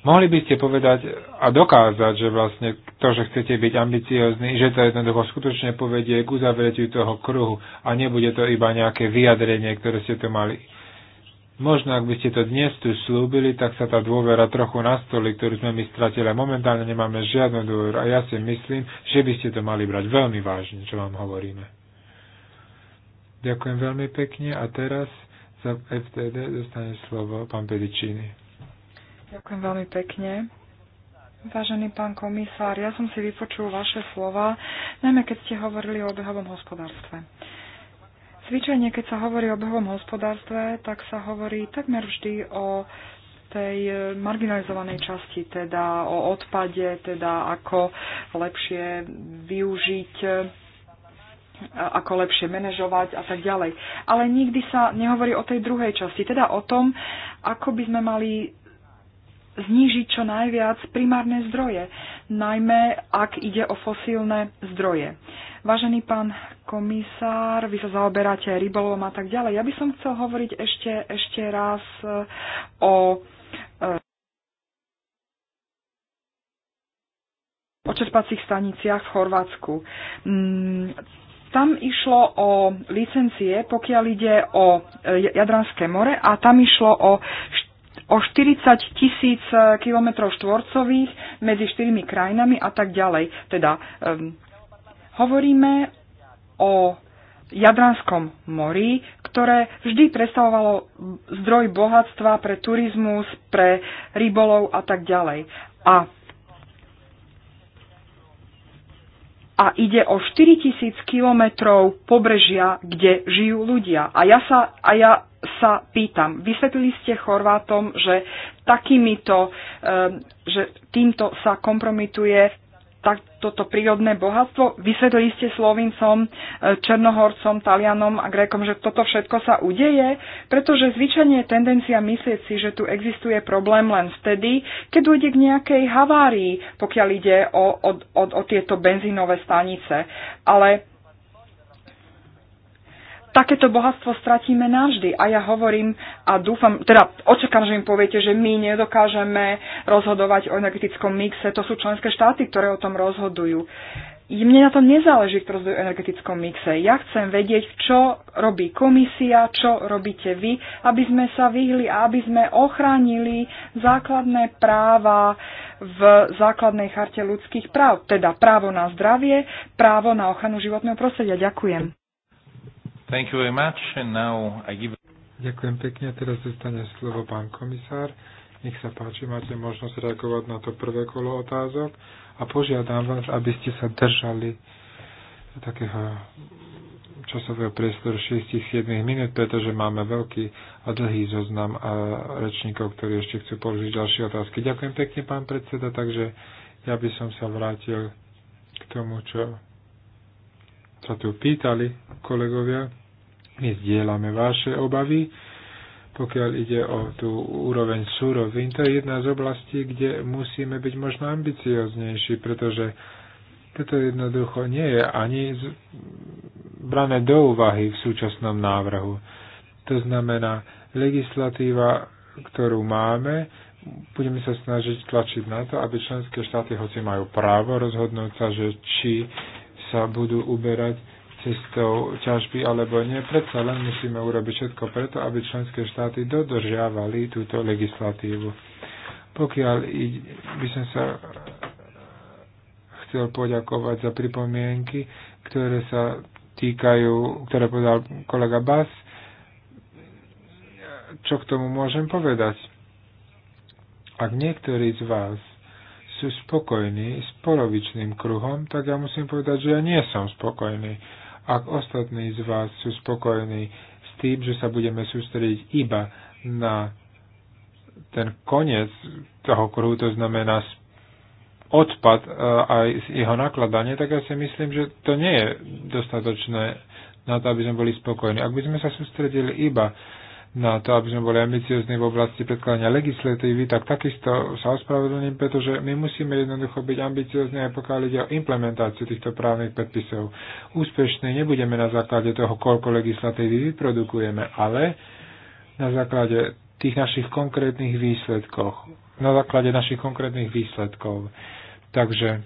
Mohli by ste povedať a dokázať, že vlastne to, že chcete byť ambiciózni, že to jednoducho skutočne povedie k uzavretiu toho kruhu a nebude to iba nejaké vyjadrenie, ktoré ste to mali. Možno, ak by ste to dnes tu slúbili, tak sa tá dôvera trochu nastoli, ktorú sme my stratili. Momentálne nemáme žiadnu dôveru a ja si myslím, že by ste to mali brať veľmi vážne, čo vám hovoríme. Ďakujem veľmi pekne a teraz za FTD dostane slovo pán Pedičíny. Ďakujem veľmi pekne. Vážený pán komisár, ja som si vypočul vaše slova, najmä keď ste hovorili o obehovom hospodárstve. Zvyčajne, keď sa hovorí o obehovom hospodárstve, tak sa hovorí takmer vždy o tej marginalizovanej časti, teda o odpade, teda ako lepšie využiť ako lepšie manažovať a tak ďalej. Ale nikdy sa nehovorí o tej druhej časti, teda o tom, ako by sme mali znížiť čo najviac primárne zdroje, najmä ak ide o fosílne zdroje. Vážený pán komisár, vy sa zaoberáte rybolom a tak ďalej. Ja by som chcel hovoriť ešte, ešte raz e, o e, o čerpacích staniciach v Chorvátsku. Mm, tam išlo o licencie, pokiaľ ide o e, Jadranské more a tam išlo o o 40 tisíc e, kilometrov štvorcových medzi štyrmi krajinami a tak ďalej. Teda um, hovoríme o Jadranskom mori, ktoré vždy predstavovalo zdroj bohatstva pre turizmus, pre rybolov a tak ďalej. A a ide o 4000 kilometrov pobrežia, kde žijú ľudia. A ja sa, a ja sa pýtam, vysvetlili ste Chorvátom, že takýmito, ehm, že týmto sa kompromituje tak, toto prírodné bohatstvo. Vysvetlili ste Slovincom, e, Černohorcom, Talianom a Grékom, že toto všetko sa udeje, pretože zvyčajne je tendencia myslieť si, že tu existuje problém len vtedy, keď dôjde k nejakej havárii, pokiaľ ide o, o, o, o tieto benzínové stanice. Ale takéto bohatstvo stratíme navždy. A ja hovorím a dúfam, teda očakám, že im poviete, že my nedokážeme rozhodovať o energetickom mixe. To sú členské štáty, ktoré o tom rozhodujú. Mne na tom nezáleží, kto rozhoduje o energetickom mixe. Ja chcem vedieť, čo robí komisia, čo robíte vy, aby sme sa vyhli a aby sme ochránili základné práva v základnej charte ľudských práv, teda právo na zdravie, právo na ochranu životného prostredia. Ďakujem. Thank you very much. And now I give... Ďakujem pekne. Teraz zostane slovo pán komisár. Nech sa páči, máte možnosť reagovať na to prvé kolo otázok a požiadam vás, aby ste sa držali takého časového priestoru 6-7 minút, pretože máme veľký a dlhý zoznam a rečníkov, ktorí ešte chcú položiť ďalšie otázky. Ďakujem pekne, pán predseda, takže ja by som sa vrátil k tomu, čo sa tu pýtali kolegovia. My zdieľame vaše obavy, pokiaľ ide o tú úroveň súrovín. To je jedna z oblastí, kde musíme byť možno ambicioznejší, pretože toto jednoducho nie je ani brané do úvahy v súčasnom návrhu. To znamená, legislatíva, ktorú máme, budeme sa snažiť tlačiť na to, aby členské štáty, hoci majú právo rozhodnúť sa, že či sa budú uberať cestou ťažby alebo nie. Predsa len musíme urobiť všetko preto, aby členské štáty dodržiavali túto legislatívu. Pokiaľ by som sa chcel poďakovať za pripomienky, ktoré sa týkajú, ktoré povedal kolega Bas, čo k tomu môžem povedať? Ak niektorí z vás sú spokojní s polovičným kruhom, tak ja musím povedať, že ja nie som spokojný ak ostatní z vás sú spokojní s tým, že sa budeme sústrediť iba na ten koniec toho kruhu, to znamená odpad e, aj jeho nakladanie, tak ja si myslím, že to nie je dostatočné na to, aby sme boli spokojní. Ak by sme sa sústredili iba na to, aby sme boli ambiciozní v oblasti predkladania legislatívy, tak takisto sa ospravedlním, pretože my musíme jednoducho byť ambiciozni aj pokiaľ ide o implementáciu týchto právnych predpisov. Úspešní nebudeme na základe toho, koľko legislatívy vyprodukujeme, ale na základe tých našich konkrétnych výsledkov. Na základe našich konkrétnych výsledkov. Takže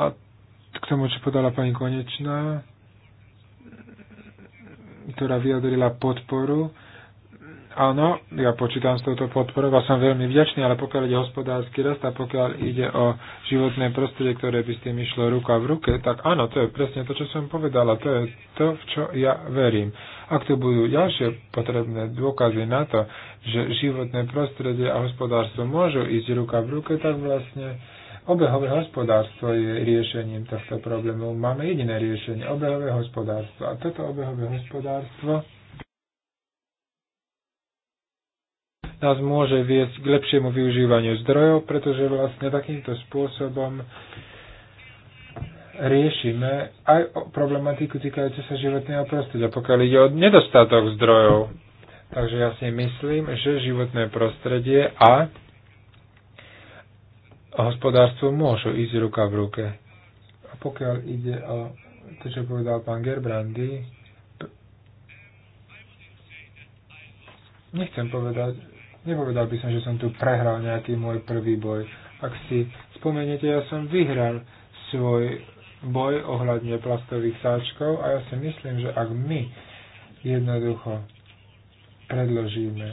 a tomu, čo podala pani Konečná, ktorá vyjadrila podporu. Áno, ja počítam s touto podporou a som veľmi vďačný, ale pokiaľ ide hospodársky rast a pokiaľ ide o životné prostredie, ktoré by s tým išlo ruka v ruke, tak áno, to je presne to, čo som povedala. To je to, v čo ja verím. Ak tu budú ďalšie potrebné dôkazy na to, že životné prostredie a hospodárstvo môžu ísť ruka v ruke, tak vlastne Obehové hospodárstvo je riešením tohto problému. Máme jediné riešenie, obehové hospodárstvo. A toto obehové hospodárstvo nás môže viesť k lepšiemu využívaniu zdrojov, pretože vlastne takýmto spôsobom riešime aj problematiku týkajúce sa životného prostredia, pokiaľ ide o nedostatok zdrojov. Takže ja si myslím, že životné prostredie a a hospodárstvo môžu ísť ruka v ruke. A pokiaľ ide o to, čo povedal pán Gerbrandy, nechcem povedať, nepovedal by som, že som tu prehral nejaký môj prvý boj. Ak si spomeniete, ja som vyhral svoj boj ohľadne plastových sáčkov a ja si myslím, že ak my jednoducho predložíme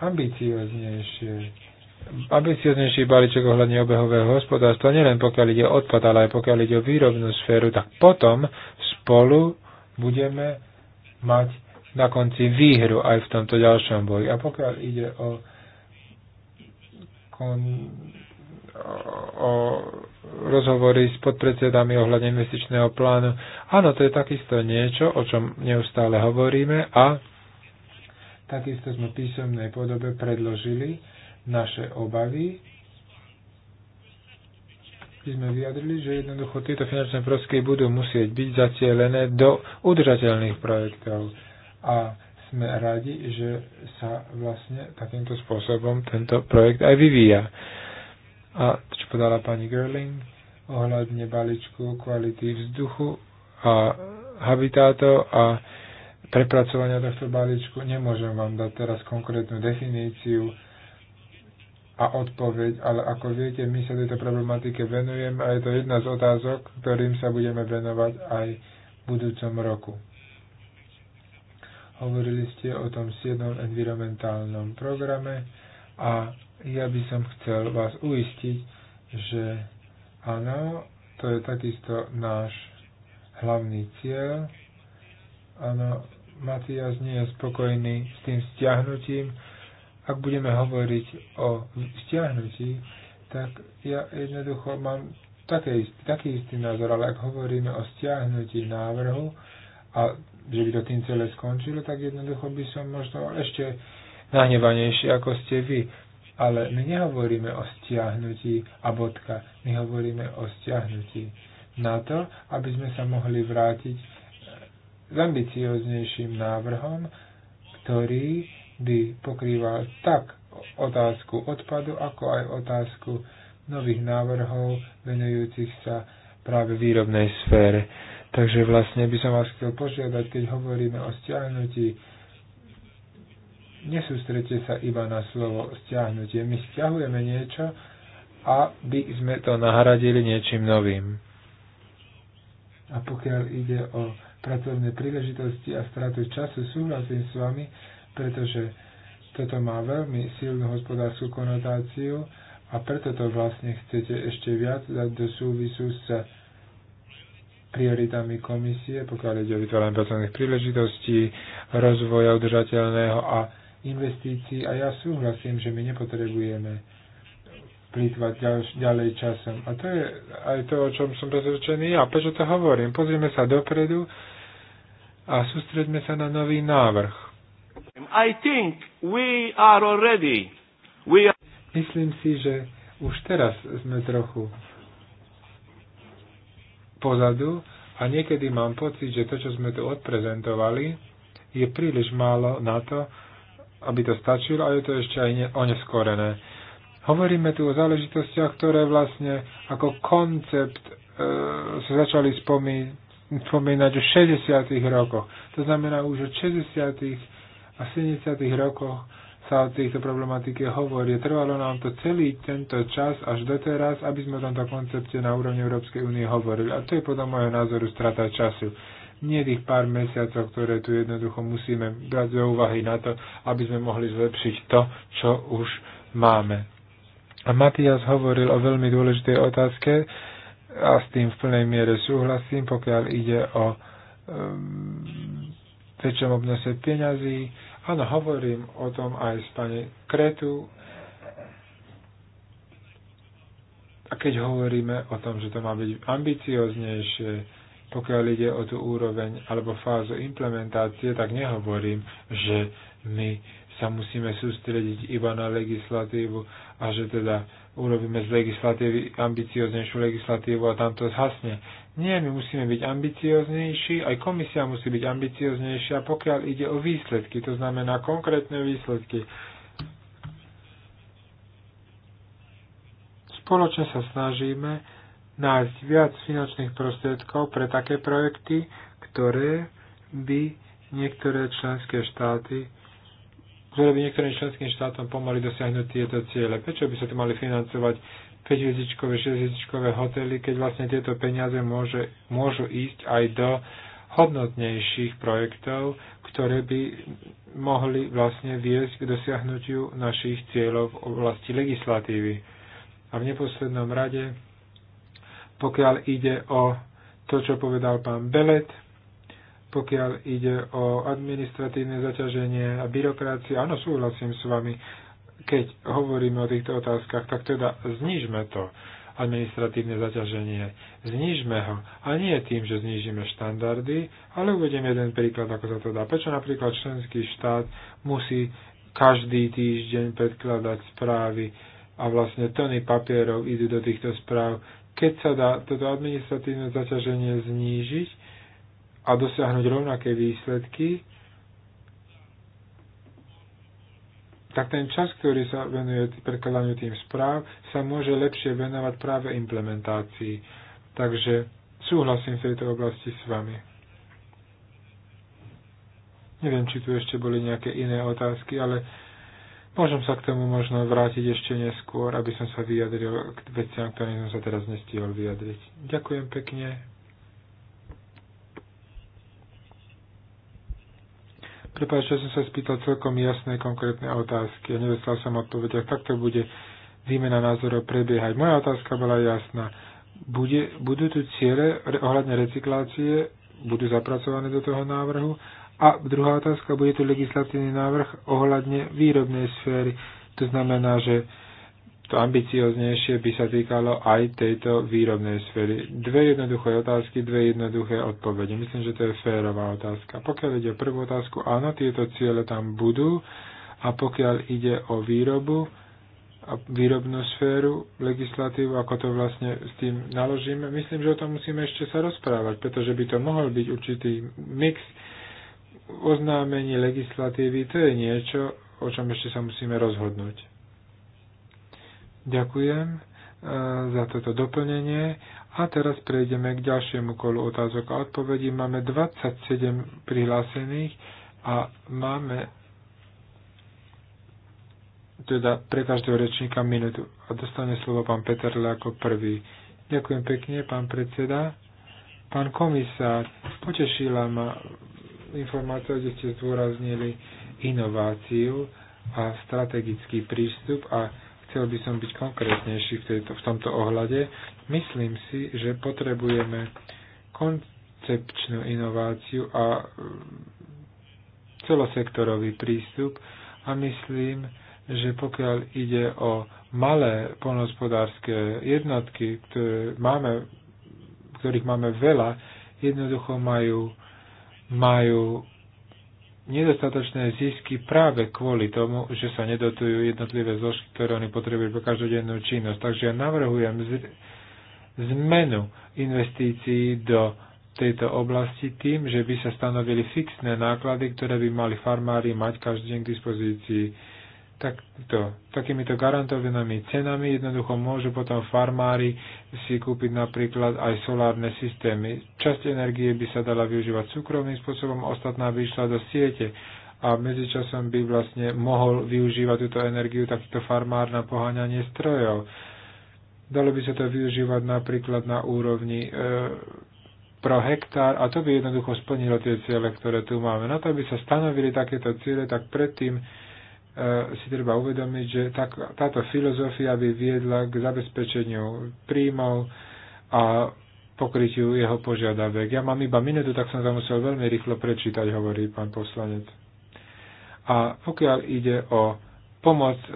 ambicioznejšie ambicioznejší balíček ohľadne obehového hospodárstva, nielen pokiaľ ide o odpad, ale aj pokiaľ ide o výrobnú sféru, tak potom spolu budeme mať na konci výhru aj v tomto ďalšom boji. A pokiaľ ide o, kon, o, o rozhovory s podpredsedami ohľadne investičného plánu, áno, to je takisto niečo, o čom neustále hovoríme a takisto sme písomnej podobe predložili naše obavy, by sme vyjadrili, že jednoducho tieto finančné prostky budú musieť byť zacielené do udržateľných projektov. A sme radi, že sa vlastne takýmto spôsobom tento projekt aj vyvíja. A čo podala pani Gerling ohľadne balíčku kvality vzduchu a habitátov a prepracovania tohto balíčku, nemôžem vám dať teraz konkrétnu definíciu, a odpoveď, ale ako viete, my sa tejto problematike venujeme a je to jedna z otázok, ktorým sa budeme venovať aj v budúcom roku. Hovorili ste o tom 7. environmentálnom programe a ja by som chcel vás uistiť, že áno, to je takisto náš hlavný cieľ. Áno, Matias nie je spokojný s tým stiahnutím, ak budeme hovoriť o stiahnutí, tak ja jednoducho mám také, taký istý názor, ale ak hovoríme o stiahnutí návrhu a že by to tým celé skončilo, tak jednoducho by som možno ešte nahnevanejší ako ste vy. Ale my nehovoríme o stiahnutí a bodka. My hovoríme o stiahnutí na to, aby sme sa mohli vrátiť s ambicioznejším návrhom, ktorý by pokrýval tak otázku odpadu, ako aj otázku nových návrhov venujúcich sa práve výrobnej sfére. Takže vlastne by som vás chcel požiadať, keď hovoríme o stiahnutí, nesústrete sa iba na slovo stiahnutie. My stiahujeme niečo, aby sme to nahradili niečím novým. A pokiaľ ide o pracovné príležitosti a stratu času, súhlasím s vami, pretože toto má veľmi silnú hospodárskú konotáciu a preto to vlastne chcete ešte viac dať do súvisu s prioritami komisie, pokiaľ ide o vytváranie pracovných príležitostí, rozvoja udržateľného a investícií. A ja súhlasím, že my nepotrebujeme plýtvať ďalej časom. A to je aj to, o čom som presvedčený ja. Prečo to hovorím? pozrieme sa dopredu a sústredme sa na nový návrh. I think we are already, we are... Myslím si, že už teraz sme trochu pozadu a niekedy mám pocit, že to, čo sme tu odprezentovali, je príliš málo na to, aby to stačilo a je to ešte aj oneskorené. Hovoríme tu o záležitostiach, ktoré vlastne ako koncept e, sa začali spomínať, spomínať už v 60. rokoch. To znamená už od 60 a 70. rokoch sa o tejto problematike hovorí. Trvalo nám to celý tento čas až doteraz, aby sme o tomto koncepte na úrovni Európskej únie hovorili. A to je podľa môjho názoru strata času. Nie tých pár mesiacov, ktoré tu jednoducho musíme brať do úvahy na to, aby sme mohli zlepšiť to, čo už máme. A Matias hovoril o veľmi dôležitej otázke a s tým v plnej miere súhlasím, pokiaľ ide o um, väčšom obnose peňazí, Áno, hovorím o tom aj s pani Kretu. A keď hovoríme o tom, že to má byť ambicioznejšie, pokiaľ ide o tú úroveň alebo fázu implementácie, tak nehovorím, že my sa musíme sústrediť iba na legislatívu a že teda urobíme z legislatívy ambicioznejšiu legislatívu a tam to zhasne. Nie, my musíme byť ambicioznejší, aj komisia musí byť ambicioznejšia, pokiaľ ide o výsledky, to znamená konkrétne výsledky. Spoločne sa snažíme nájsť viac finančných prostriedkov pre také projekty, ktoré by niektoré členské štáty ktoré by niektorým členským štátom pomali dosiahnuť tieto ciele. Prečo by sa to mali financovať 5-hviezdičkové, 6-hviezdičkové hotely, keď vlastne tieto peniaze môže, môžu ísť aj do hodnotnejších projektov, ktoré by mohli vlastne viesť k dosiahnutiu našich cieľov v oblasti legislatívy. A v neposlednom rade, pokiaľ ide o to, čo povedal pán Belet, pokiaľ ide o administratívne zaťaženie a byrokracie, áno, súhlasím s vami, keď hovoríme o týchto otázkach, tak teda znižme to administratívne zaťaženie. Znižme ho. A nie tým, že znižíme štandardy, ale uvediem jeden príklad, ako sa to dá. Prečo napríklad členský štát musí každý týždeň predkladať správy a vlastne tony papierov idú do týchto správ. Keď sa dá toto administratívne zaťaženie znížiť a dosiahnuť rovnaké výsledky, tak ten čas, ktorý sa venuje prekladaniu tým správ, sa môže lepšie venovať práve implementácii. Takže súhlasím v tejto oblasti s vami. Neviem, či tu ešte boli nejaké iné otázky, ale môžem sa k tomu možno vrátiť ešte neskôr, aby som sa vyjadril k veciam, ktorým som sa teraz nestihol vyjadriť. Ďakujem pekne, Prepáč, že som sa spýtal celkom jasné, konkrétne otázky a nedostal som odpovede. Takto bude výmena názorov prebiehať. Moja otázka bola jasná. Bude, budú tu ciele ohľadne recyklácie, budú zapracované do toho návrhu? A druhá otázka, bude tu legislatívny návrh ohľadne výrobnej sféry. To znamená, že to ambicioznejšie by sa týkalo aj tejto výrobnej sféry. Dve jednoduché otázky, dve jednoduché odpovede. Myslím, že to je férová otázka. Pokiaľ ide o prvú otázku, áno, tieto ciele tam budú a pokiaľ ide o výrobu, a výrobnú sféru, legislatívu, ako to vlastne s tým naložíme. Myslím, že o tom musíme ešte sa rozprávať, pretože by to mohol byť určitý mix oznámení legislatívy. To je niečo, o čom ešte sa musíme rozhodnúť. Ďakujem e, za toto doplnenie. A teraz prejdeme k ďalšiemu kolu otázok a odpovedí. Máme 27 prihlásených a máme teda pre každého rečníka minútu. A dostane slovo pán Peter ako prvý. Ďakujem pekne, pán predseda. Pán komisár, potešila ma informácia, kde ste zdôraznili inováciu a strategický prístup a chcel by som byť konkrétnejší v, tejto, v tomto ohľade. Myslím si, že potrebujeme koncepčnú inováciu a mm, celosektorový prístup a myslím, že pokiaľ ide o malé polnospodárske jednotky, ktoré máme, ktorých máme veľa, jednoducho majú, majú nedostatočné zisky práve kvôli tomu, že sa nedotujú jednotlivé zložky, ktoré oni potrebujú pre každodennú činnosť. Takže ja navrhujem zmenu investícií do tejto oblasti tým, že by sa stanovili fixné náklady, ktoré by mali farmári mať každý deň k dispozícii takto, takýmito garantovanými cenami jednoducho môžu potom farmári si kúpiť napríklad aj solárne systémy. Časť energie by sa dala využívať súkromným spôsobom, ostatná by išla do siete a medzičasom by vlastne mohol využívať túto energiu takýto farmár na poháňanie strojov. Dalo by sa to využívať napríklad na úrovni e, pro hektár a to by jednoducho splnilo tie ciele, ktoré tu máme. Na to, aby sa stanovili takéto ciele, tak predtým Eh, si treba uvedomiť, že tak, táto filozofia by viedla k zabezpečeniu príjmov a pokrytiu jeho požiadavek. Ja mám iba minútu, tak som to musel veľmi rýchlo prečítať, hovorí pán poslanec. A pokiaľ ide o pomoc e,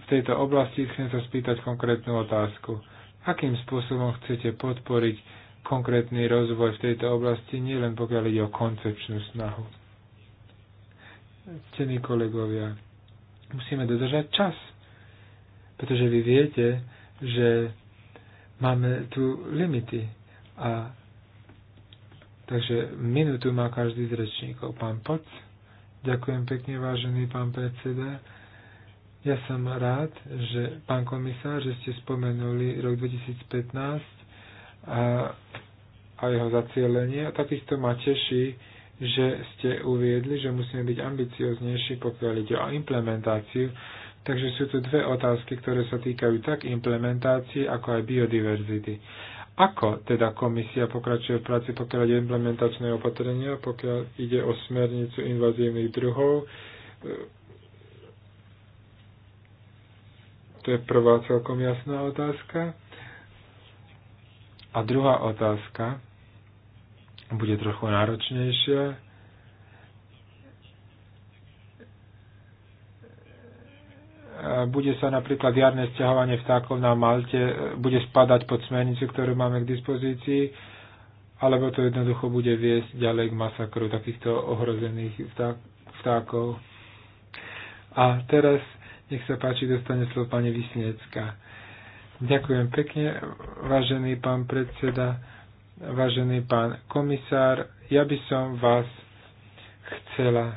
v tejto oblasti, chcem sa spýtať konkrétnu otázku. Akým spôsobom chcete podporiť konkrétny rozvoj v tejto oblasti, nielen pokiaľ ide o koncepčnú snahu? Cení kolegovia, musíme dodržať čas. Pretože vy viete, že máme tu limity. A takže minútu má každý z rečníkov. Pán Poc, ďakujem pekne, vážený pán predseda. Ja som rád, že pán komisár, že ste spomenuli rok 2015 a, a jeho zacielenie. A takisto ma teší, že ste uviedli, že musíme byť ambicioznejší, pokiaľ ide o implementáciu. Takže sú tu dve otázky, ktoré sa týkajú tak implementácie, ako aj biodiverzity. Ako teda komisia pokračuje v práci, pokiaľ ide implementačné opatrenia, pokiaľ ide o smernicu invazívnych druhov? To je prvá celkom jasná otázka. A druhá otázka bude trochu náročnejšia. Bude sa napríklad jarné stiahovanie vtákov na Malte, e, bude spadať pod smernicu, ktorú máme k dispozícii, alebo to jednoducho bude viesť ďalej k masakru takýchto ohrozených vtákov. A teraz nech sa páči, dostane slovo pani Vysniecka. Ďakujem pekne, vážený pán predseda. Vážený pán komisár, ja by som vás chcela e,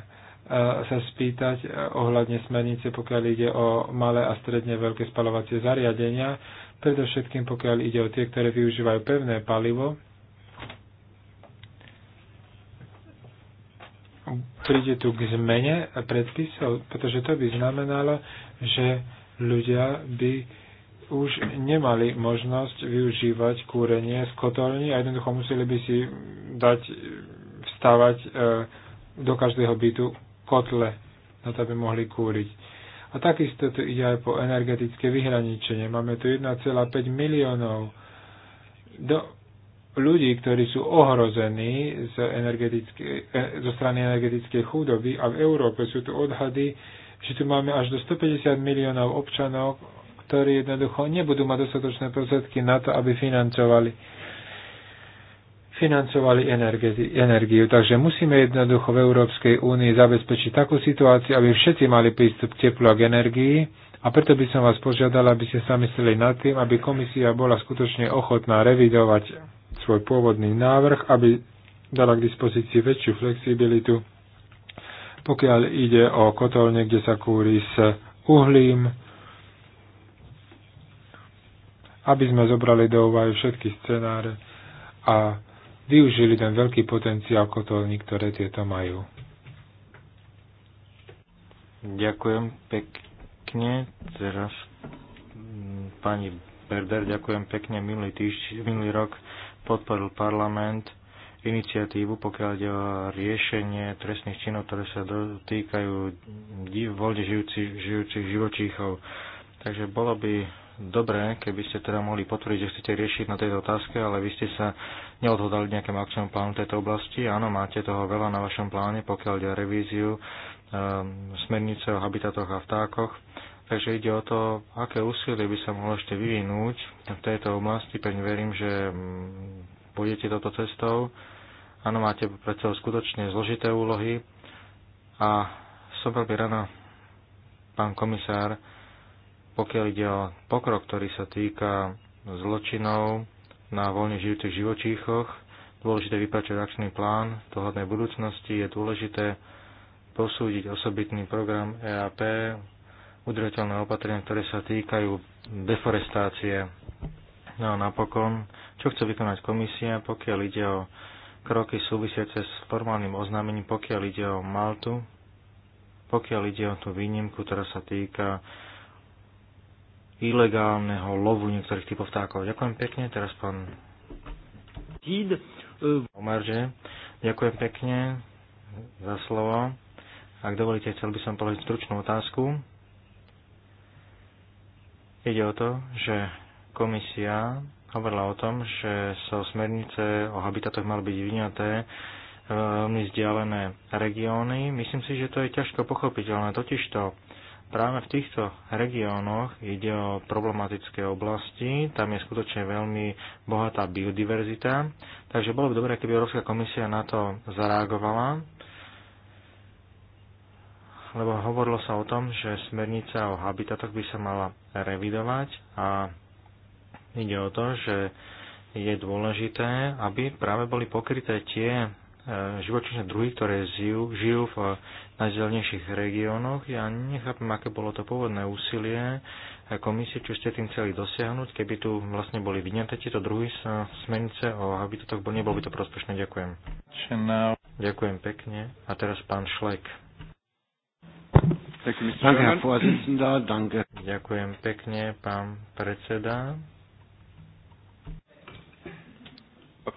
sa spýtať e, ohľadne smernice, pokiaľ ide o malé a stredne veľké spalovacie zariadenia, predovšetkým pokiaľ ide o tie, ktoré využívajú pevné palivo. Príde tu k zmene predpisov, pretože to by znamenalo, že ľudia by už nemali možnosť využívať kúrenie z kotolni a jednoducho museli by si dať vstávať e, do každého bytu kotle, na to by mohli kúriť. A takisto tu ide aj po energetické vyhraničenie. Máme tu 1,5 miliónov do ľudí, ktorí sú ohrození z e, zo strany energetickej chudoby a v Európe sú tu odhady, že tu máme až do 150 miliónov občanov ktorí jednoducho nebudú mať dostatočné prostriedky na to, aby financovali financovali energi- energiu. Takže musíme jednoducho v Európskej únii zabezpečiť takú situáciu, aby všetci mali prístup k teplu a k energii. A preto by som vás požiadala, aby ste sa mysleli nad tým, aby komisia bola skutočne ochotná revidovať svoj pôvodný návrh, aby dala k dispozícii väčšiu flexibilitu, pokiaľ ide o kotolne, kde sa kúri s uhlím, aby sme zobrali do úvahy všetky scenáre a využili ten veľký potenciál kotolní, ktoré tieto majú. Ďakujem pekne. Teraz mm, pani Berder, ďakujem pekne. Minulý, týž, minulý rok podporil parlament iniciatívu, pokiaľ ide o riešenie trestných činov, ktoré sa dotýkajú voľne žijúcich, žijúcich živočíchov. Takže bolo by dobré, keby ste teda mohli potvrdiť, že chcete riešiť na tejto otázke, ale vy ste sa neodhodali nejakému akčnému plánu tejto oblasti. Áno, máte toho veľa na vašom pláne, pokiaľ ide o revíziu um, smernice o habitatoch a vtákoch. Takže ide o to, aké úsilie by sa mohlo ešte vyvinúť v tejto oblasti. Pevne verím, že mm, pôjdete touto cestou. Áno, máte predsa skutočne zložité úlohy a som veľmi rada, pán komisár, pokiaľ ide o pokrok, ktorý sa týka zločinov na voľne žijúcich živočíchoch, dôležité vypačať akčný plán v dohľadnej budúcnosti, je dôležité posúdiť osobitný program EAP, udržateľné opatrenia, ktoré sa týkajú deforestácie. No a napokon, čo chce vykonať komisia, pokiaľ ide o kroky súvisiace s formálnym oznámením, pokiaľ ide o Maltu, pokiaľ ide o tú výnimku, ktorá sa týka ilegálneho lovu niektorých typov vtákov. Ďakujem pekne, teraz pán e, Omarže. Ďakujem pekne za slovo. Ak dovolíte, chcel by som položiť stručnú otázku. Ide o to, že komisia hovorila o tom, že sa smernice o habitatoch mal byť vyňaté e, veľmi vzdialené regióny. Myslím si, že to je ťažko pochopiteľné. Totižto Práve v týchto regiónoch ide o problematické oblasti, tam je skutočne veľmi bohatá biodiverzita, takže bolo by dobré, keby Európska komisia na to zareagovala, lebo hovorilo sa o tom, že smernica o habitatoch by sa mala revidovať a ide o to, že je dôležité, aby práve boli pokryté tie e, živočíšne druhy, ktoré žijú, žijú v najzelenejších regiónoch. Ja nechápem, aké bolo to pôvodné úsilie komisie, čo ste tým chceli dosiahnuť. Keby tu vlastne boli vyňaté tieto druhy smenice o habitatoch, nebolo by to prospešné. Ďakujem. Ďakujem pekne. A teraz pán Šlek. Ďakujem pekne, pán predseda. Oh,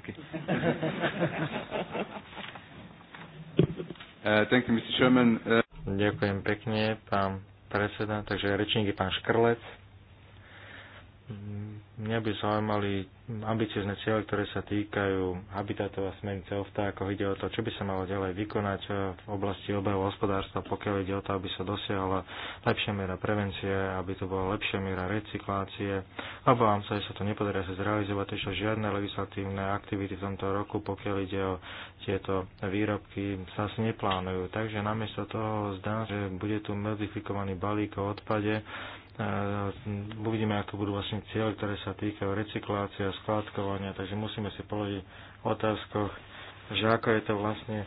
okay. Uh, thank you, Mr. Chairman. Uh... Ďakujem pekne, pán predseda. Takže rečník je pán Škrlec. Mňa by zaujímali ambiciozne ciele, ktoré sa týkajú habitatov a smernice o vtákoch. Ide o to, čo by sa malo ďalej vykonať e, v oblasti obehu hospodárstva, pokiaľ ide o to, aby sa dosiahla lepšia miera prevencie, aby to bola lepšia miera recyklácie. A vám sa, že sa to nepodarí sa zrealizovať, ešte žiadne legislatívne aktivity v tomto roku, pokiaľ ide o tieto výrobky, sa asi neplánujú. Takže namiesto toho zdá, že bude tu modifikovaný balík o odpade, Mm, uvidíme, ako budú vlastne cieľe, ktoré sa týkajú recyklácie a skládkovania, takže musíme si položiť otázkoch, že ako je to vlastne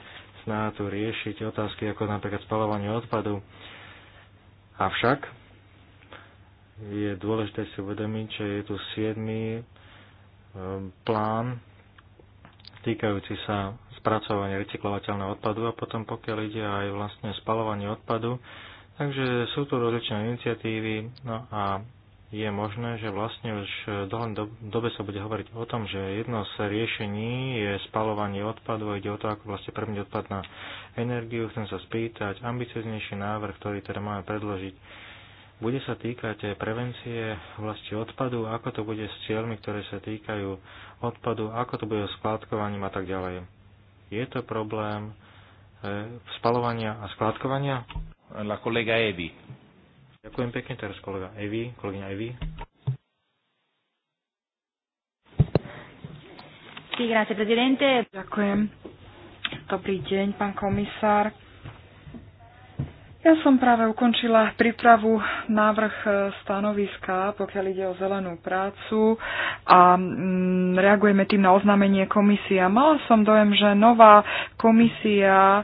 snáď tu riešiť otázky ako napríklad spalovanie odpadu. Avšak je dôležité si uvedomiť, že je tu 7. E, plán týkajúci sa spracovania recyklovateľného odpadu a potom pokiaľ ide aj vlastne spalovanie odpadu, Takže sú tu rozličné iniciatívy, no a je možné, že vlastne už v dlhom dobe sa bude hovoriť o tom, že jedno z riešení je spalovanie odpadu a ide o to, ako vlastne prvný odpad na energiu. Chcem sa spýtať, ambicioznejší návrh, ktorý teda máme predložiť, bude sa týkať prevencie vlastne odpadu, ako to bude s cieľmi, ktoré sa týkajú odpadu, ako to bude s skládkovaním a tak ďalej. Je to problém eh, spalovania a skládkovania? la kolega Evi. Ďakujem pekne teraz kolega Evi, kolegyňa Evi. Sí, grazie, presidente. Ďakujem. Dobrý deň, pán komisár. Ja som práve ukončila prípravu návrh e, stanoviska, pokiaľ ide o zelenú prácu a mm, reagujeme tým na oznámenie komisia. Mala som dojem, že nová komisia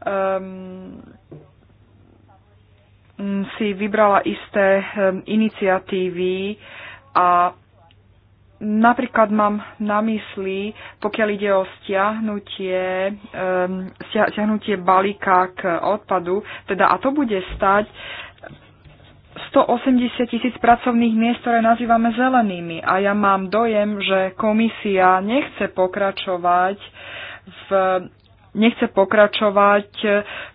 um, Mm, si vybrala isté ehm, iniciatívy a napríklad mám na mysli, pokiaľ ide o stiahnutie, ehm, stiahnutie balíka k odpadu, teda a to bude stať 180 tisíc pracovných miest, ktoré nazývame zelenými. A ja mám dojem, že komisia nechce pokračovať v, nechce pokračovať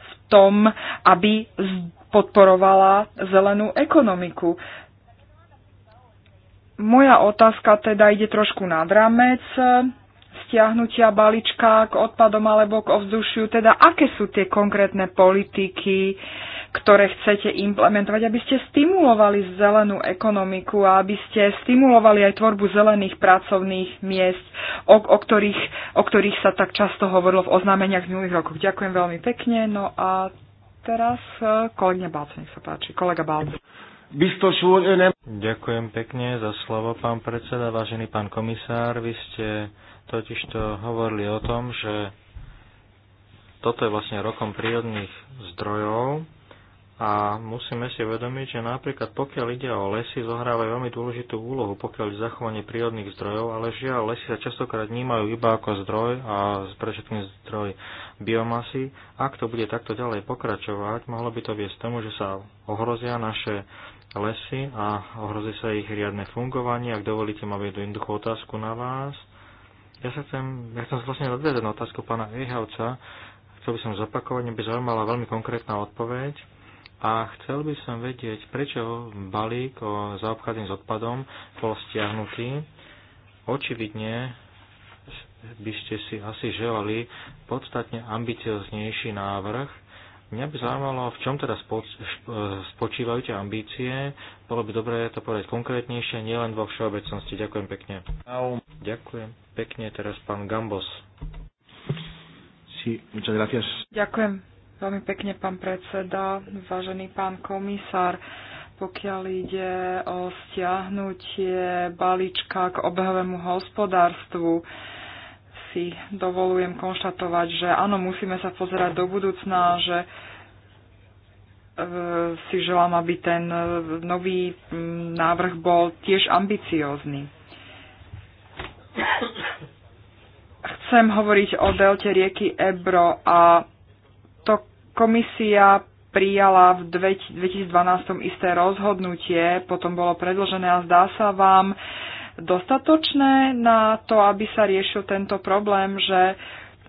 v tom, aby z podporovala zelenú ekonomiku. Moja otázka teda ide trošku nad rámec eh, stiahnutia balíčka k odpadom alebo k ovzdušiu, teda aké sú tie konkrétne politiky, ktoré chcete implementovať, aby ste stimulovali zelenú ekonomiku a aby ste stimulovali aj tvorbu zelených pracovných miest, o, o, ktorých, o ktorých sa tak často hovorilo v oznámeniach v minulých rokoch. Ďakujem veľmi pekne. No a teraz e, kolegyňa Balc, nech sa páči. Kolega Balc. E, Ďakujem pekne za slovo, pán predseda, vážený pán komisár. Vy ste totižto hovorili o tom, že toto je vlastne rokom prírodných zdrojov a musíme si uvedomiť, že napríklad pokiaľ ide o lesy, zohrávajú veľmi dôležitú úlohu, pokiaľ ide zachovanie prírodných zdrojov, ale žiaľ, lesy sa častokrát vnímajú iba ako zdroj a predovšetkým zdroj biomasy. Ak to bude takto ďalej pokračovať, mohlo by to viesť tomu, že sa ohrozia naše lesy a ohrozí sa ich riadne fungovanie. Ak dovolíte, mám jednu jednoduchú otázku na vás. Ja sa chcem, ja chcem vlastne nadviazať na otázku pána Ehavca. Chcel by som zopakovať, mňa by zaujímala veľmi konkrétna odpoveď a chcel by som vedieť, prečo balík o zaobchádzaní s odpadom bol stiahnutý. Očividne by ste si asi želali podstatne ambicioznejší návrh, Mňa by zaujímalo, v čom teda spočívajú tie ambície. Bolo by dobré to povedať konkrétnejšie, nielen vo všeobecnosti. Ďakujem pekne. Ďakujem pekne teraz pán Gambos. Sí, muchas gracias. Ďakujem Veľmi pekne, pán predseda, vážený pán komisár. Pokiaľ ide o stiahnutie balíčka k obehovému hospodárstvu, si dovolujem konštatovať, že áno, musíme sa pozerať do budúcna, že e, si želám, aby ten nový návrh bol tiež ambiciózny. Chcem hovoriť o delte rieky Ebro a to komisia prijala v 2012 isté rozhodnutie, potom bolo predložené a zdá sa vám dostatočné na to, aby sa riešil tento problém, že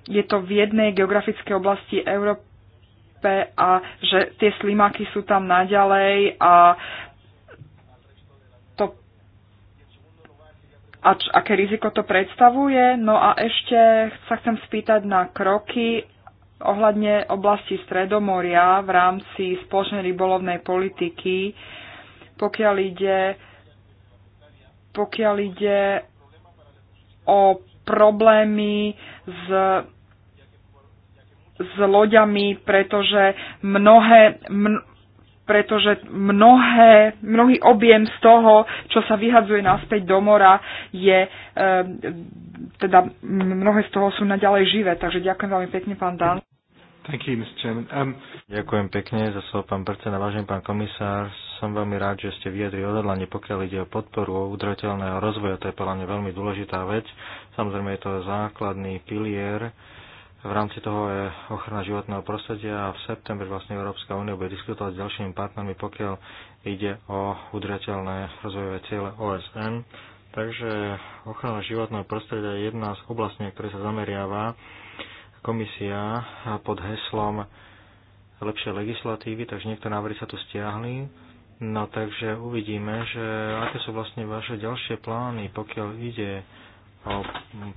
je to v jednej geografickej oblasti Európe a že tie slimaky sú tam naďalej a to a č, aké riziko to predstavuje. No a ešte sa chcem spýtať na kroky, ohľadne oblasti Stredomoria v rámci spoločnej rybolovnej politiky, pokiaľ ide, pokiaľ ide o problémy s, s loďami, pretože mnohé, pretože mnohé, mnohý objem z toho, čo sa vyhadzuje naspäť do mora, je, e, teda mnohé z toho sú naďalej živé. Takže ďakujem veľmi pekne, pán Dan. Thank you, Mr. Chairman. Um... Ďakujem pekne za slovo, pán predseda, vážený pán komisár. Som veľmi rád, že ste vyjadri odhodlanie, pokiaľ ide o podporu udržateľného rozvoja. To je podľa mňa veľmi dôležitá vec. Samozrejme, je to základný pilier v rámci toho je ochrana životného prostredia a v septembri vlastne Európska únia bude diskutovať s ďalšími partnermi, pokiaľ ide o udržateľné rozvojové ciele OSN. Takže ochrana životného prostredia je jedna z oblastí, na ktoré sa zameriava komisia pod heslom lepšie legislatívy, takže niektoré návrhy sa tu stiahli. No takže uvidíme, že aké sú vlastne vaše ďalšie plány, pokiaľ ide o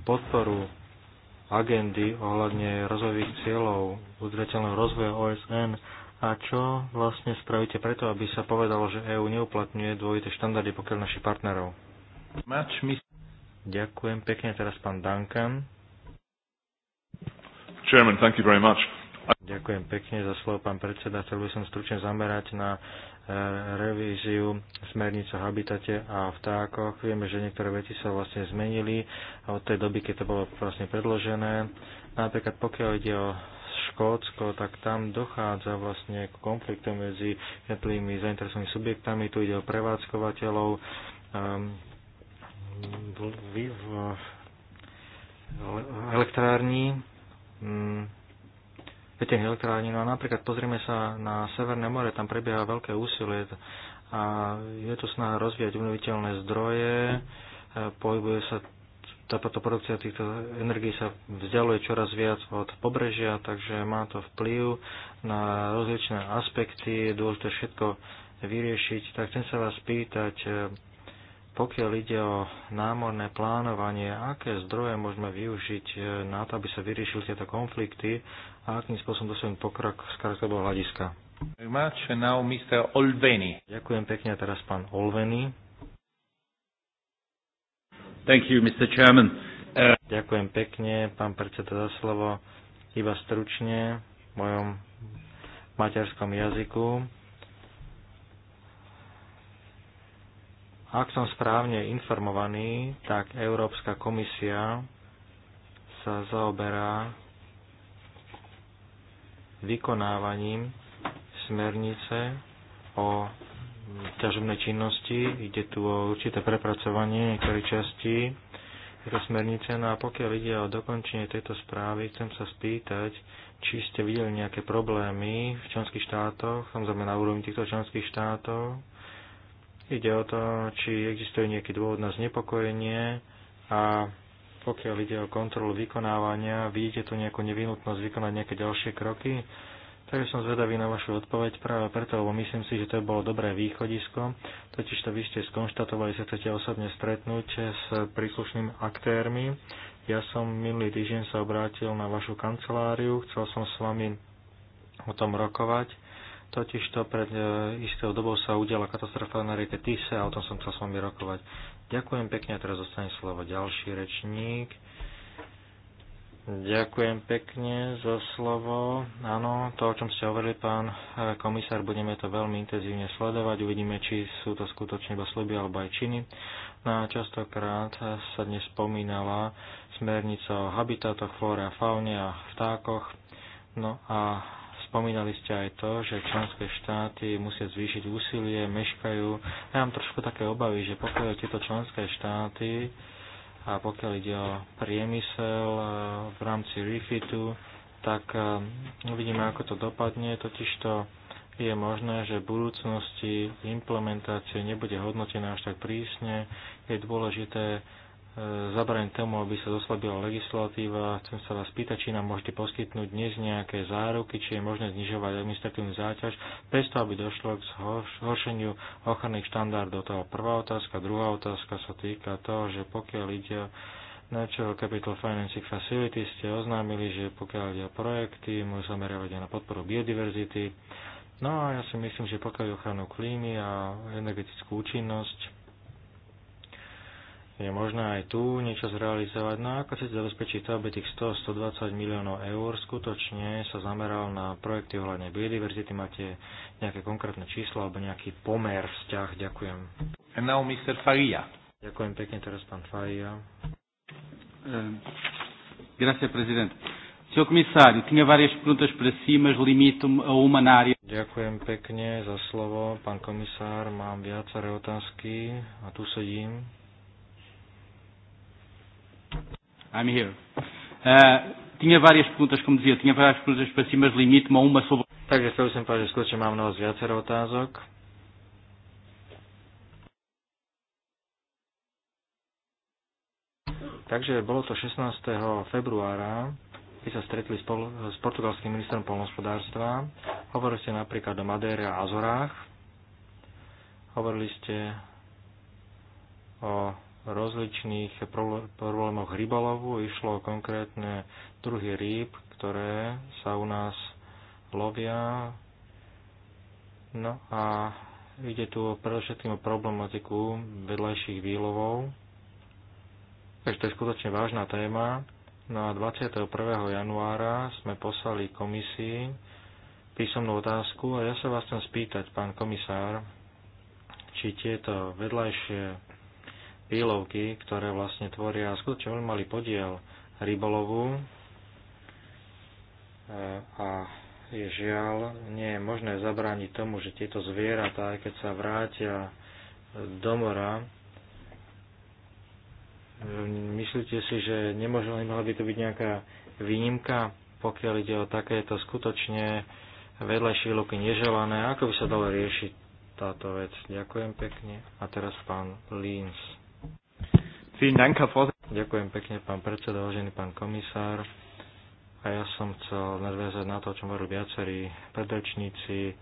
podporu agendy ohľadne rozvojových cieľov udržateľného rozvoja OSN a čo vlastne spravíte preto, aby sa povedalo, že EÚ neuplatňuje dvojité štandardy pokiaľ našich partnerov? Ďakujem pekne teraz pán Duncan. Chairman, thank you very much. Ďakujem pekne za slovo, pán predseda. Chcel by som stručne zamerať na revíziu smernice o habitate a vtákoch. Vieme, že niektoré veci sa vlastne zmenili od tej doby, keď to bolo vlastne predložené. Napríklad pokiaľ ide o Škótsko, tak tam dochádza vlastne k konfliktu medzi jednotlivými zainteresovanými subjektami. Tu ide o prevádzkovateľov, v, v, v elektrárni, veterných elektrární. No a napríklad pozrieme sa na Severné more, tam prebieha veľké úsilie a je tu snaha rozvíjať obnoviteľné zdroje, e, pohybuje sa táto produkcia týchto energií sa vzdialuje čoraz viac od pobrežia, takže má to vplyv na rozličné aspekty, je dôležité všetko vyriešiť. Tak chcem sa vás pýtať, e, pokiaľ ide o námorné plánovanie, aké zdroje môžeme využiť e, na to, aby sa vyriešili tieto konflikty a akým spôsobom dosiahnuť pokrok z krátkodobého hľadiska. Ďakujem pekne a teraz pán Olveny. Thank you, Mr. Chairman. Uh... Ďakujem pekne, pán predseda, za slovo. Iba stručne v mojom maďarskom jazyku. Ak som správne informovaný, tak Európska komisia sa zaoberá vykonávaním smernice o ťažobnej činnosti. Ide tu o určité prepracovanie niektorých častí tejto smernice. No a pokiaľ ide o dokončenie tejto správy, chcem sa spýtať, či ste videli nejaké problémy v členských štátoch, samozrejme na úrovni týchto členských štátov. Ide o to, či existuje nejaký dôvod na znepokojenie a pokiaľ ide o kontrolu vykonávania, vidíte tu nejakú nevinutnosť vykonať nejaké ďalšie kroky? Takže som zvedavý na vašu odpoveď práve preto, lebo myslím si, že to bolo dobré východisko, totiž to vy ste skonštatovali, že chcete osobne stretnúť s príslušnými aktérmi. Ja som minulý týždeň sa obrátil na vašu kanceláriu, chcel som s vami o tom rokovať Totižto pred e, istou dobou sa udiala katastrofa na rieke Tise a o tom som chcel s vami rokovať. Ďakujem pekne a teraz zostane slovo ďalší rečník. Ďakujem pekne za slovo. Áno, to, o čom ste hovorili, pán e, komisár, budeme to veľmi intenzívne sledovať. Uvidíme, či sú to skutočne iba sluby alebo aj činy. No a častokrát sa dnes spomínala smernica o habitatoch, flóre a faune a vtákoch. No a Spomínali ste aj to, že členské štáty musia zvýšiť úsilie, meškajú. Ja mám trošku také obavy, že pokiaľ tieto členské štáty a pokiaľ ide o priemysel e, v rámci refitu, tak e, uvidíme, ako to dopadne. Totižto je možné, že v budúcnosti implementácie nebude hodnotená až tak prísne. Je dôležité zabrániť tomu, aby sa zoslabila legislatíva. Chcem sa vás pýtať, či nám môžete poskytnúť dnes nejaké záruky, či je možné znižovať administratívnu záťaž, bez toho, aby došlo k zhoršeniu ochranných štandardov. To je prvá otázka. Druhá otázka sa týka toho, že pokiaľ ide Natural Capital Financing Facility ste oznámili, že pokiaľ ide o projekty, môžu zameriavať aj na podporu biodiverzity. No a ja si myslím, že pokiaľ je ochranu klímy a energetickú účinnosť, je možné aj tu niečo zrealizovať. No ako si zabezpečiť to, aby tých 100-120 miliónov eur skutočne sa zameral na projekty ohľadne biodiverzity? Máte nejaké konkrétne číslo alebo nejaký pomer, vzťah? Ďakujem. And now Mr. Faria. Ďakujem pekne teraz pán Faria. Eh, grazie, prezident. Sr. Comissário, tinha varieš perguntas para si, mas a uma Ďakujem pekne za slovo, pán komisár. Mám viaceré otázky a tu sedím. I'm here. Uh, tinha várias perguntas, como dizia, tinha várias perguntas para cima, mas limite-me a uma sobre... Takže chcel by som povedať, že skutočne mám mnoho viacero otázok. Takže bolo to 16. februára, keď sa stretli spolu, s portugalským ministrom polnospodárstva. Hovorili ste napríklad o Madére a Azorách. Hovorili ste o rozličných problémoch rybolovu. Išlo o konkrétne druhy rýb, ktoré sa u nás lovia. No a ide tu predovšetkým o problematiku vedľajších výlovov. Takže to je skutočne vážna téma. No a 21. januára sme poslali komisii písomnú otázku a ja sa vás chcem spýtať, pán komisár, či tieto vedľajšie výlovky, ktoré vlastne tvoria skutočne veľmi malý podiel rybolovu e, a je žiaľ, nie je možné zabrániť tomu, že tieto zvieratá, aj keď sa vrátia do mora, myslíte si, že nemohla, nemohla by to byť nejaká výnimka, pokiaľ ide o takéto skutočne vedľajšie luky neželané? Ako by sa dalo riešiť táto vec? Ďakujem pekne. A teraz pán Líns. Ďakujem pekne, pán predseda, vážený pán komisár. A ja som chcel nadviazať na to, o čom hovorili viacerí predrečníci.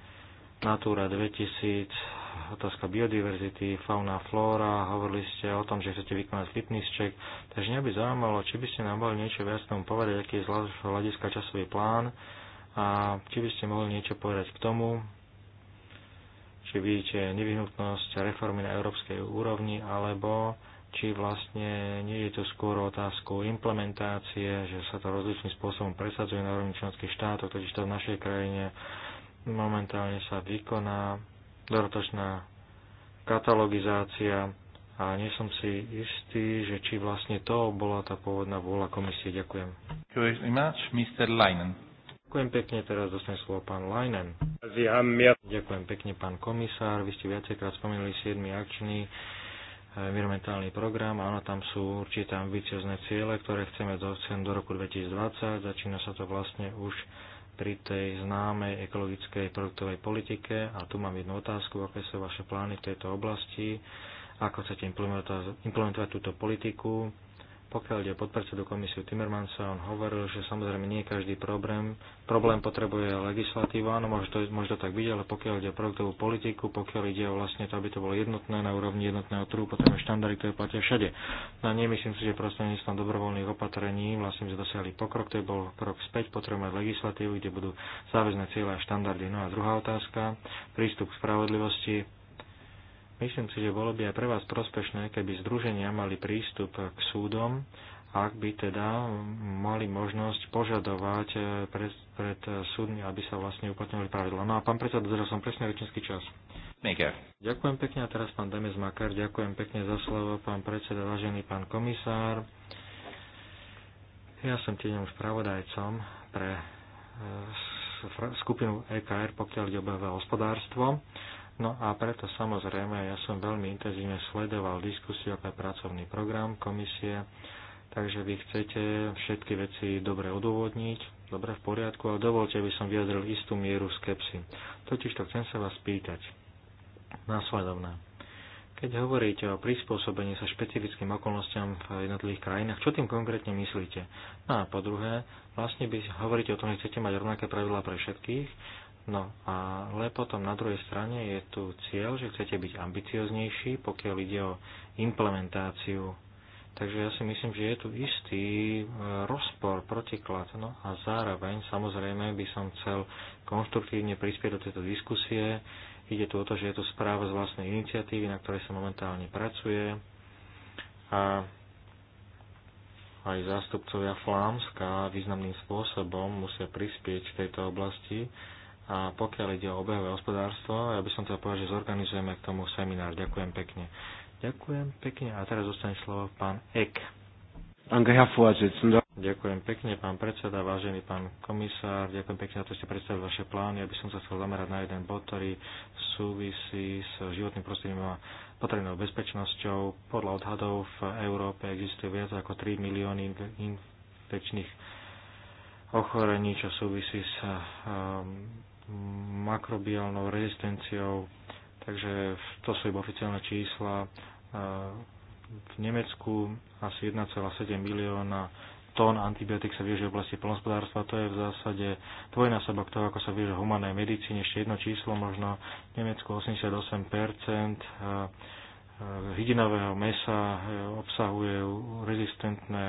Natúra 2000, otázka biodiverzity, fauna, flóra, hovorili ste o tom, že chcete vykonať fitness check, takže mňa by zaujímalo, či by ste nám mohli niečo viac tomu povedať, aký je z hľadiska časový plán a či by ste mohli niečo povedať k tomu, či vidíte nevyhnutnosť reformy na európskej úrovni, alebo či vlastne nie je to skôr otázku implementácie, že sa to rozličným spôsobom presadzuje na úrovni členských štátov, totiž to v našej krajine momentálne sa vykoná dodatočná katalogizácia a nie som si istý, že či vlastne to bola tá pôvodná vôľa komisie. Ďakujem. Ďakujem pekne, teraz dostane slovo pán Leinen. Ďakujem pekne, pán komisár. Vy ste viacejkrát spomenuli 7. akčných environmentálny program. Áno, tam sú určité ambiciozne ciele, ktoré chceme dosiahnuť do roku 2020. Začína sa to vlastne už pri tej známej ekologickej produktovej politike. A tu mám jednu otázku, aké sú vaše plány v tejto oblasti, ako chcete implementovať, implementovať túto politiku, pokiaľ ide podpredsedu komisiu Timmermansa, on hovoril, že samozrejme nie každý problém, problém potrebuje legislatíva, áno, môže to, môže to tak byť, ale pokiaľ ide o produktovú politiku, pokiaľ ide o vlastne to, aby to bolo jednotné na úrovni jednotného trhu, potom štandardy, ktoré platia všade. No nemyslím si, že prostredníctvom dobrovoľných opatrení vlastne sme dosiahli pokrok, to je bol krok späť, potrebujeme legislatívu, kde budú záväzné cieľe a štandardy. No a druhá otázka, prístup k spravodlivosti, Myslím si, že bolo by aj pre vás prospešné, keby združenia mali prístup k súdom, ak by teda mali možnosť požadovať eh, pred, pred súdmi, aby sa vlastne uplatňovali pravidla. No a pán predseda, dodržal som presne rečnícky čas. Maker. Ďakujem pekne a teraz pán Demes Makar, ďakujem pekne za slovo, pán predseda, vážený pán komisár. Ja som tieňom spravodajcom pre eh, skupinu EKR, pokiaľ ide obehové hospodárstvo. No a preto samozrejme ja som veľmi intenzívne sledoval diskusiu pre pracovný program komisie, takže vy chcete všetky veci dobre odôvodniť, dobre v poriadku, ale dovolte, aby som vyjadril istú mieru skepsy. Totižto chcem sa vás pýtať následovné. Keď hovoríte o prispôsobení sa špecifickým okolnostiam v jednotlivých krajinách, čo tým konkrétne myslíte? No a po druhé, vlastne by hovoríte o tom, že chcete mať rovnaké pravidlá pre všetkých, No ale potom na druhej strane je tu cieľ, že chcete byť ambicioznejší, pokiaľ ide o implementáciu. Takže ja si myslím, že je tu istý e, rozpor, protiklad. No a zároveň samozrejme by som chcel konštruktívne prispieť do tejto diskusie. Ide tu o to, že je tu správa z vlastnej iniciatívy, na ktorej sa momentálne pracuje. A aj zástupcovia Flámska významným spôsobom musia prispieť v tejto oblasti. A pokiaľ ide o obehové hospodárstvo, ja by som to povedal, že zorganizujeme k tomu seminár. Ďakujem pekne. Ďakujem pekne a teraz zostane slovo pán Ek. Ďakujem pekne, pán predseda, vážený pán komisár, ďakujem pekne za to, že ste predstavili vaše plány. Ja by som sa chcel zamerať na jeden bod, ktorý súvisí s životným prostredím a potrebnou bezpečnosťou. Podľa odhadov v Európe existuje viac ako 3 milióny infekčných ochorení, čo súvisí s um, makrobiálnou rezistenciou. Takže to sú iba oficiálne čísla. E, v Nemecku asi 1,7 milióna tón antibiotík sa vieže v oblasti plnospodárstva. To je v zásade dvojnásobok toho, ako sa vieže v humanej medicíne. Ešte jedno číslo, možno v Nemecku 88 e, e, hydinového mesa obsahuje rezistentné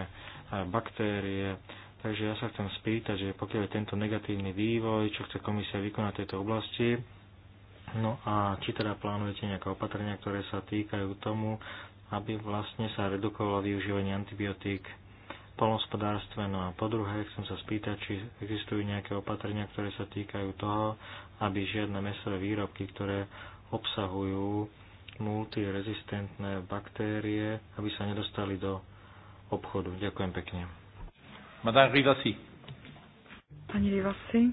baktérie Takže ja sa chcem spýtať, že pokiaľ je tento negatívny vývoj, čo chce komisia vykonať v tejto oblasti, no a či teda plánujete nejaké opatrenia, ktoré sa týkajú tomu, aby vlastne sa redukovalo využívanie antibiotík v polnospodárstve. No a po druhé, chcem sa spýtať, či existujú nejaké opatrenia, ktoré sa týkajú toho, aby žiadne mesové výrobky, ktoré obsahujú multirezistentné baktérie, aby sa nedostali do obchodu. Ďakujem pekne. Madame Rivasi. Pani Rivasi.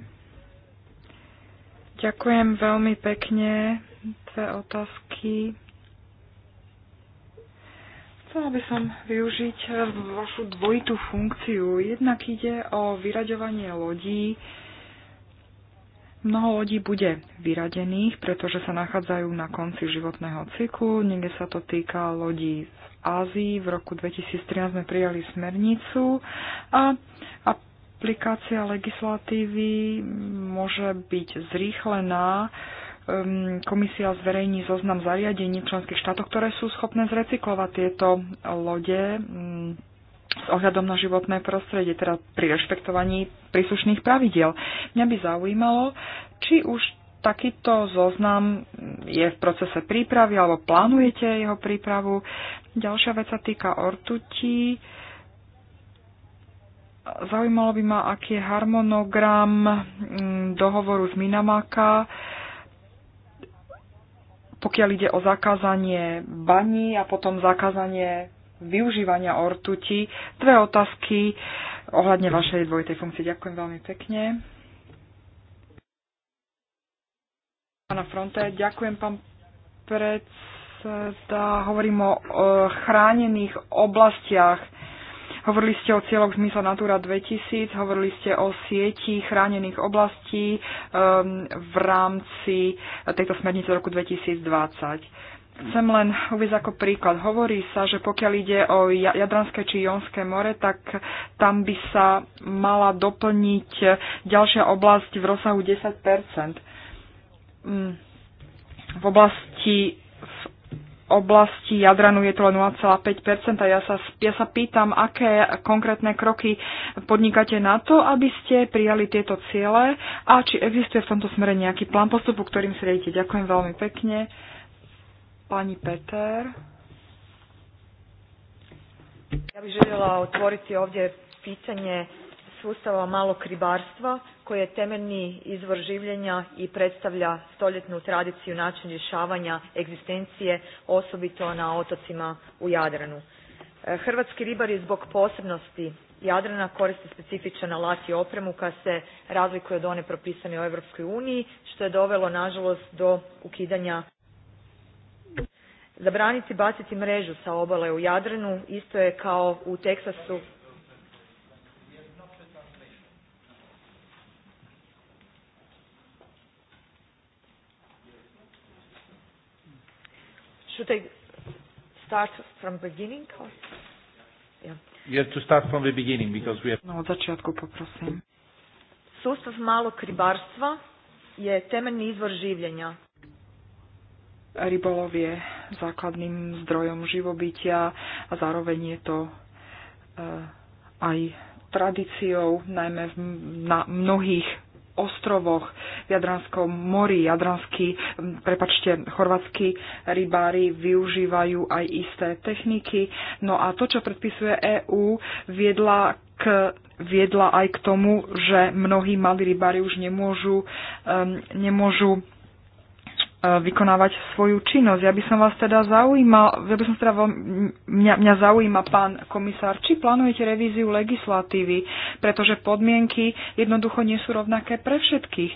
Ďakujem veľmi pekne. Dve otázky. Chcela by som využiť vašu dvojitú funkciu. Jednak ide o vyraďovanie lodí, Mnoho lodí bude vyradených, pretože sa nachádzajú na konci životného cyklu. Niekde sa to týka lodí z Ázii. V roku 2013 sme prijali smernicu a, aplikácia legislatívy môže byť zrýchlená. Ehm, komisia zverejní zoznam zariadení členských štátov, ktoré sú schopné zrecyklovať tieto lode. Mm, s ohľadom na životné prostredie, teda pri rešpektovaní príslušných pravidiel. Mňa by zaujímalo, či už takýto zoznam je v procese prípravy alebo plánujete jeho prípravu. Ďalšia vec sa týka ortutí. Zaujímalo by ma, aký je harmonogram mm, dohovoru z Minamaka, pokiaľ ide o zakázanie baní a potom zakázanie využívania ortuti. Dve otázky ohľadne vašej dvojitej funkcie. Ďakujem veľmi pekne. Pána Fronte, ďakujem pán predseda. Hovorím o e, chránených oblastiach. Hovorili ste o cieľoch zmysla zmysle Natura 2000, hovorili ste o sieti chránených oblastí ehm, v rámci tejto smernice roku 2020 Chcem len uvieť ako príklad. Hovorí sa, že pokiaľ ide o Jadranské či Jonské more, tak tam by sa mala doplniť ďalšia oblasť v rozsahu 10 mm. V oblasti v oblasti Jadranu je to len 0,5 a ja sa, ja sa pýtam, aké konkrétne kroky podnikáte na to, aby ste prijali tieto ciele a či existuje v tomto smere nejaký plán postupu, ktorým si riadite. Ďakujem veľmi pekne. Pani Peter. Ja bych željela otvoriti ovdje pitanje sustava malog ribarstva koji je temeljni izvor življenja i predstavlja stoljetnu tradiciju način rješavanja egzistencije osobito na otocima u Jadranu. E, hrvatski ribari zbog posebnosti Jadrana koriste specifičan alat i opremu koja se razlikuje od one propisane u Europskoj uniji što je dovelo nažalost do ukidanja Zabraniti baciti mrežu sa obale u Jadranu isto je kao u Teksasu Should I start from beginning? Yeah. You have to start from the beginning because we have... No, od začiatku poprosím. Sustav malog ribarstva je temeljni izvor življenja rybolov je základným zdrojom živobytia a zároveň je to eh, aj tradíciou, najmä na mnohých ostrovoch v Jadranskom mori. Jadranskí, hm, prepačte, chorvatskí rybári využívajú aj isté techniky. No a to, čo predpisuje EÚ, viedla, k, viedla aj k tomu, že mnohí malí rybári už nemôžu, um, nemôžu E, vykonávať svoju činnosť. Ja by som vás teda zaujímal, ja by som teda veľmi, mňa, mňa zaujíma pán komisár, či plánujete revíziu legislatívy, pretože podmienky jednoducho nie sú rovnaké pre všetkých.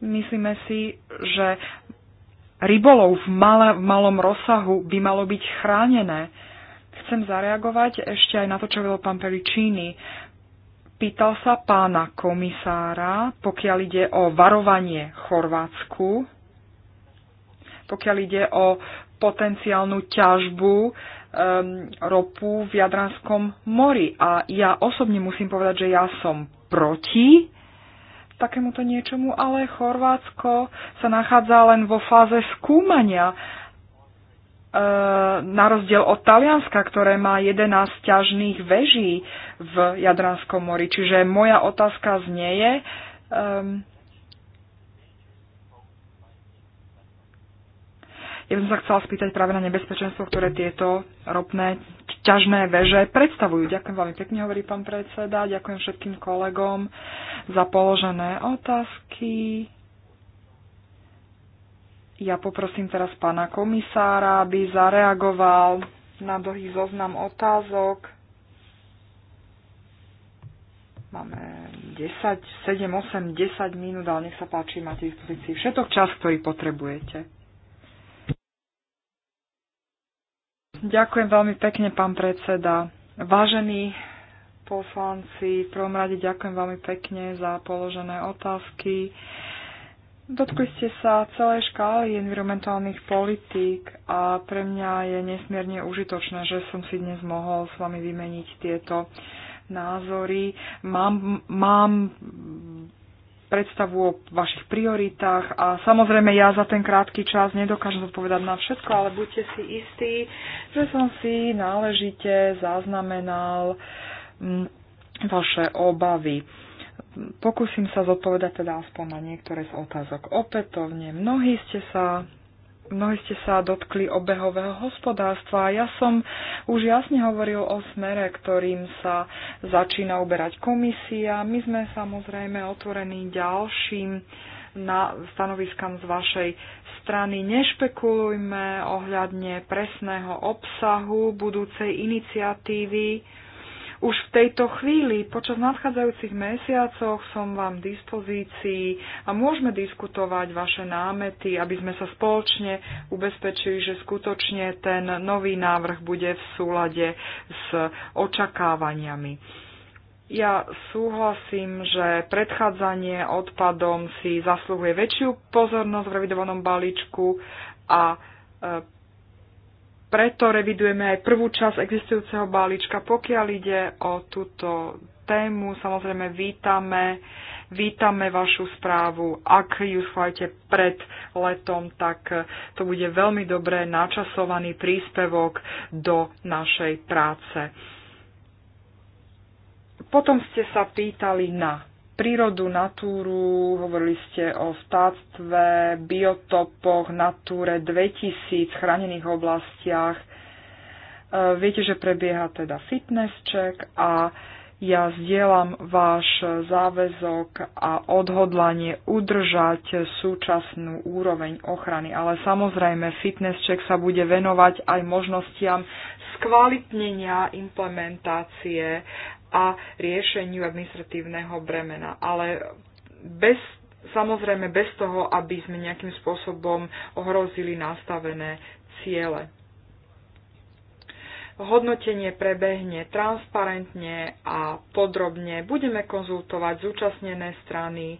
Myslíme si, že rybolov v, malé, v malom rozsahu by malo byť chránené. Chcem zareagovať ešte aj na to, čo vedel pán Peličíny. Uh, Pýtal sa pána komisára, pokiaľ ide o varovanie Chorvátsku, pokiaľ ide o potenciálnu ťažbu um, ropu v Jadranskom mori. A ja osobne musím povedať, že ja som proti takémuto niečomu, ale Chorvátsko sa nachádza len vo fáze skúmania na rozdiel od Talianska, ktoré má 11 ťažných veží v Jadranskom mori. Čiže moja otázka znieje, um, ja by som sa chcela spýtať práve na nebezpečenstvo, ktoré tieto ropné ťažné veže predstavujú. Ďakujem veľmi pekne, hovorí pán predseda, ďakujem všetkým kolegom za položené otázky. Ja poprosím teraz pána komisára, aby zareagoval na dlhý zoznam otázok. Máme 10, 7, 8, 10 minút, ale nech sa páči, máte dispozícii všetok čas, ktorý potrebujete. Ďakujem veľmi pekne, pán predseda. Vážení poslanci, v prvom rade ďakujem veľmi pekne za položené otázky. Dotkli ste sa celej škály environmentálnych politík a pre mňa je nesmierne užitočné, že som si dnes mohol s vami vymeniť tieto názory. Mám, mám predstavu o vašich prioritách a samozrejme ja za ten krátky čas nedokážem zodpovedať na všetko, ale buďte si istí, že som si náležite zaznamenal mm, vaše obavy. Pokúsim sa zodpovedať teda aspoň na niektoré z otázok. Opätovne, mnohí ste sa mnohí ste sa dotkli obehového hospodárstva. Ja som už jasne hovoril o smere, ktorým sa začína uberať komisia. My sme samozrejme otvorení ďalším na stanoviskám z vašej strany. Nešpekulujme ohľadne presného obsahu budúcej iniciatívy už v tejto chvíli, počas nadchádzajúcich mesiacoch som vám v dispozícii a môžeme diskutovať vaše námety, aby sme sa spoločne ubezpečili, že skutočne ten nový návrh bude v súlade s očakávaniami. Ja súhlasím, že predchádzanie odpadom si zasluhuje väčšiu pozornosť v revidovanom balíčku a e, preto revidujeme aj prvú časť existujúceho balíčka. Pokiaľ ide o túto tému, samozrejme vítame, vítame vašu správu. Ak ju schválite pred letom, tak to bude veľmi dobre načasovaný príspevok do našej práce. Potom ste sa pýtali na prírodu, natúru, hovorili ste o vtáctve, biotopoch, natúre 2000, chránených oblastiach. E, viete, že prebieha teda fitness check a ja zdieľam váš záväzok a odhodlanie udržať súčasnú úroveň ochrany. Ale samozrejme, fitness check sa bude venovať aj možnostiam skvalitnenia implementácie a riešeniu administratívneho bremena. Ale bez, samozrejme bez toho, aby sme nejakým spôsobom ohrozili nastavené ciele. Hodnotenie prebehne transparentne a podrobne. Budeme konzultovať zúčastnené strany,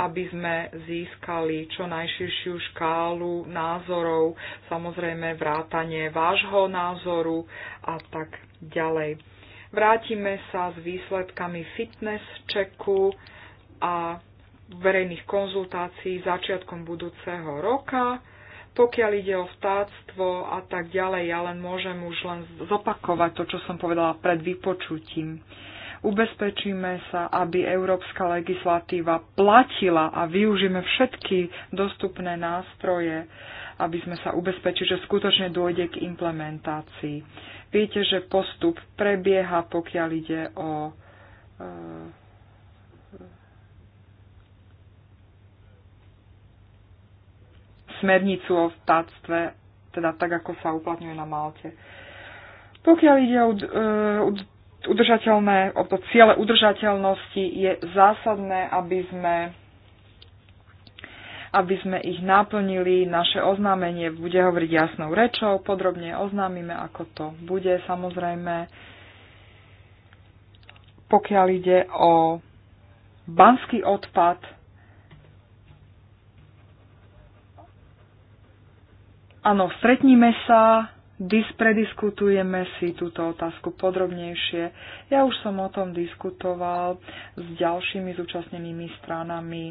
aby sme získali čo najširšiu škálu názorov, samozrejme vrátanie vášho názoru a tak ďalej. Vrátime sa s výsledkami fitness checku a verejných konzultácií začiatkom budúceho roka. Pokiaľ ide o vtáctvo a tak ďalej, ja len môžem už len zopakovať to, čo som povedala pred vypočutím. Ubezpečíme sa, aby európska legislatíva platila a využíme všetky dostupné nástroje, aby sme sa ubezpečili, že skutočne dôjde k implementácii. Viete, že postup prebieha, pokiaľ ide o e, smernicu o vtáctve, teda tak, ako sa uplatňuje na Malte. Pokiaľ ide o e, udržateľné, o to ciele udržateľnosti, je zásadné, aby sme aby sme ich naplnili. Naše oznámenie bude hovoriť jasnou rečou, podrobne oznámime, ako to bude. Samozrejme, pokiaľ ide o banský odpad, áno, stretníme sa, prediskutujeme si túto otázku podrobnejšie. Ja už som o tom diskutoval s ďalšími zúčastnenými stranami.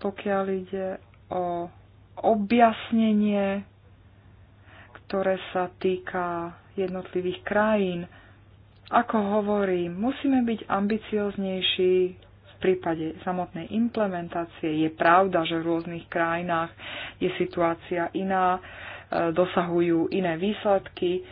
Pokiaľ ide o objasnenie, ktoré sa týka jednotlivých krajín. Ako hovorím, musíme byť ambicioznejší v prípade samotnej implementácie. Je pravda, že v rôznych krajinách je situácia iná, e, dosahujú iné výsledky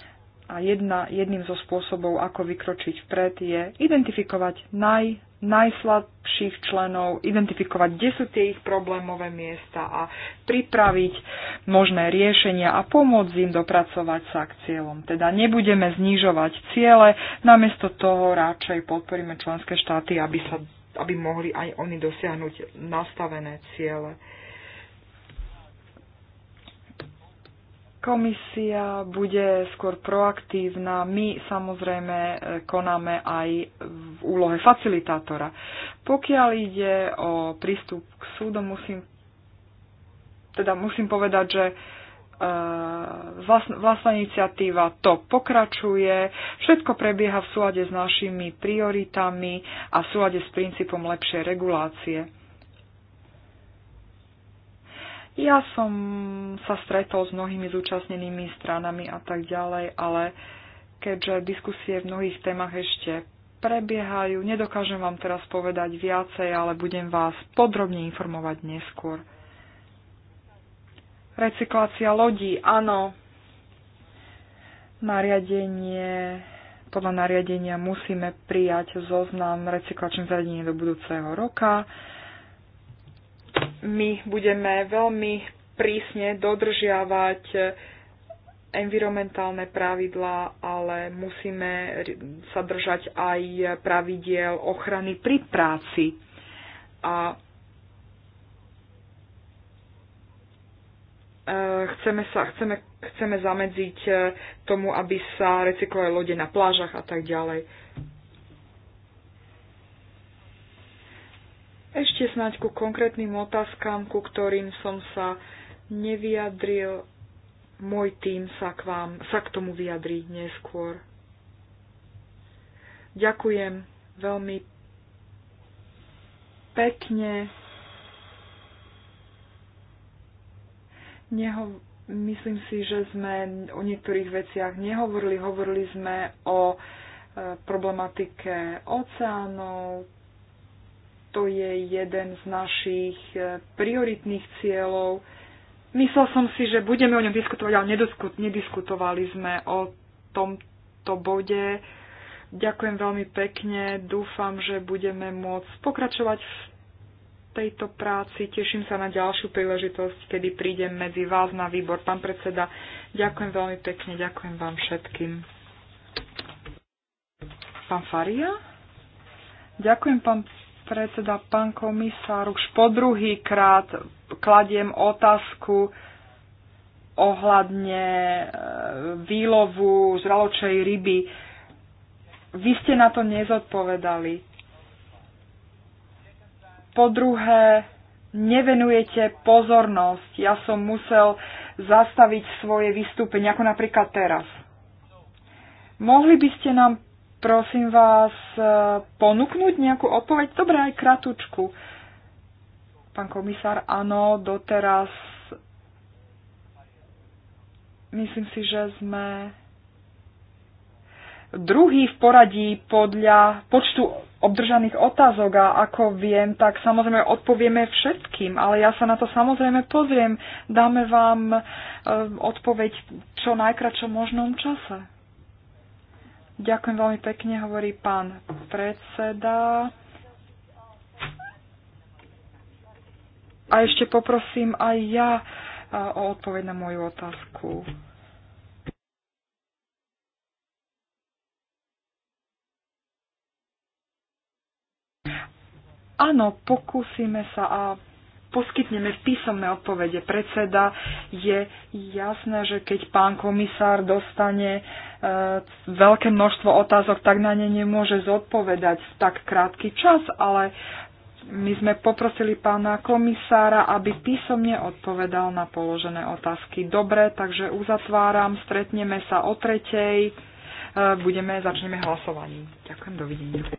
a jedna, jedným zo spôsobov, ako vykročiť vpred, je identifikovať naj, najslabších členov, identifikovať, kde sú tie ich problémové miesta a pripraviť možné riešenia a pomôcť im dopracovať sa k cieľom. Teda nebudeme znižovať ciele, namiesto toho radšej podporíme členské štáty, aby, sa, aby mohli aj oni dosiahnuť nastavené ciele. Komisia bude skôr proaktívna. My samozrejme e, konáme aj v úlohe facilitátora. Pokiaľ ide o prístup k súdu, musím, teda musím povedať, že e, vlastná, vlastná iniciatíva to pokračuje. Všetko prebieha v súlade s našimi prioritami a v súlade s princípom lepšej regulácie. Ja som sa stretol s mnohými zúčastnenými stranami a tak ďalej, ale keďže diskusie v mnohých témach ešte prebiehajú, nedokážem vám teraz povedať viacej, ale budem vás podrobne informovať neskôr. Recyklácia lodí, áno. Nariadenie, podľa nariadenia musíme prijať zoznam recyklačných zariadení do budúceho roka my budeme veľmi prísne dodržiavať environmentálne pravidlá, ale musíme sa držať aj pravidiel ochrany pri práci. A e, chceme, sa, chceme, chceme zamedziť tomu, aby sa recyklovali lode na plážach a tak ďalej. Ešte snáď ku konkrétnym otázkam, ku ktorým som sa nevyjadril. Môj tým sa k, vám, sa k tomu vyjadrí neskôr. Ďakujem veľmi pekne. Neho, myslím si, že sme o niektorých veciach nehovorili. Hovorili sme o e, problematike oceánov, to je jeden z našich e, prioritných cieľov. Myslel som si, že budeme o ňom diskutovať, ale nediskutovali sme o tomto bode. Ďakujem veľmi pekne, dúfam, že budeme môcť pokračovať v tejto práci. Teším sa na ďalšiu príležitosť, kedy prídem medzi vás na výbor. Pán predseda, ďakujem veľmi pekne, ďakujem vám všetkým. Pán Faria? Ďakujem, pán predseda, pán komisár, už po druhý krát kladiem otázku ohľadne e, výlovu žraločej ryby. Vy ste na to nezodpovedali. Po druhé, nevenujete pozornosť. Ja som musel zastaviť svoje vystúpenie, ako napríklad teraz. Mohli by ste nám prosím vás e, ponúknuť nejakú odpoveď? Dobre, aj kratučku. Pán komisár, áno, doteraz myslím si, že sme druhý v poradí podľa počtu obdržaných otázok a ako viem, tak samozrejme odpovieme všetkým, ale ja sa na to samozrejme pozriem. Dáme vám e, odpoveď čo najkračom možnom čase. Ďakujem veľmi pekne, hovorí pán predseda. A ešte poprosím aj ja o odpoveď na moju otázku. Áno, pokúsime sa a poskytneme písomné odpovede. Predseda je jasné, že keď pán komisár dostane e, veľké množstvo otázok, tak na ne nemôže zodpovedať v tak krátky čas, ale my sme poprosili pána komisára, aby písomne odpovedal na položené otázky. Dobre, takže uzatváram, stretneme sa o tretej, e, budeme, začneme hlasovaním. Ďakujem, dovidenia.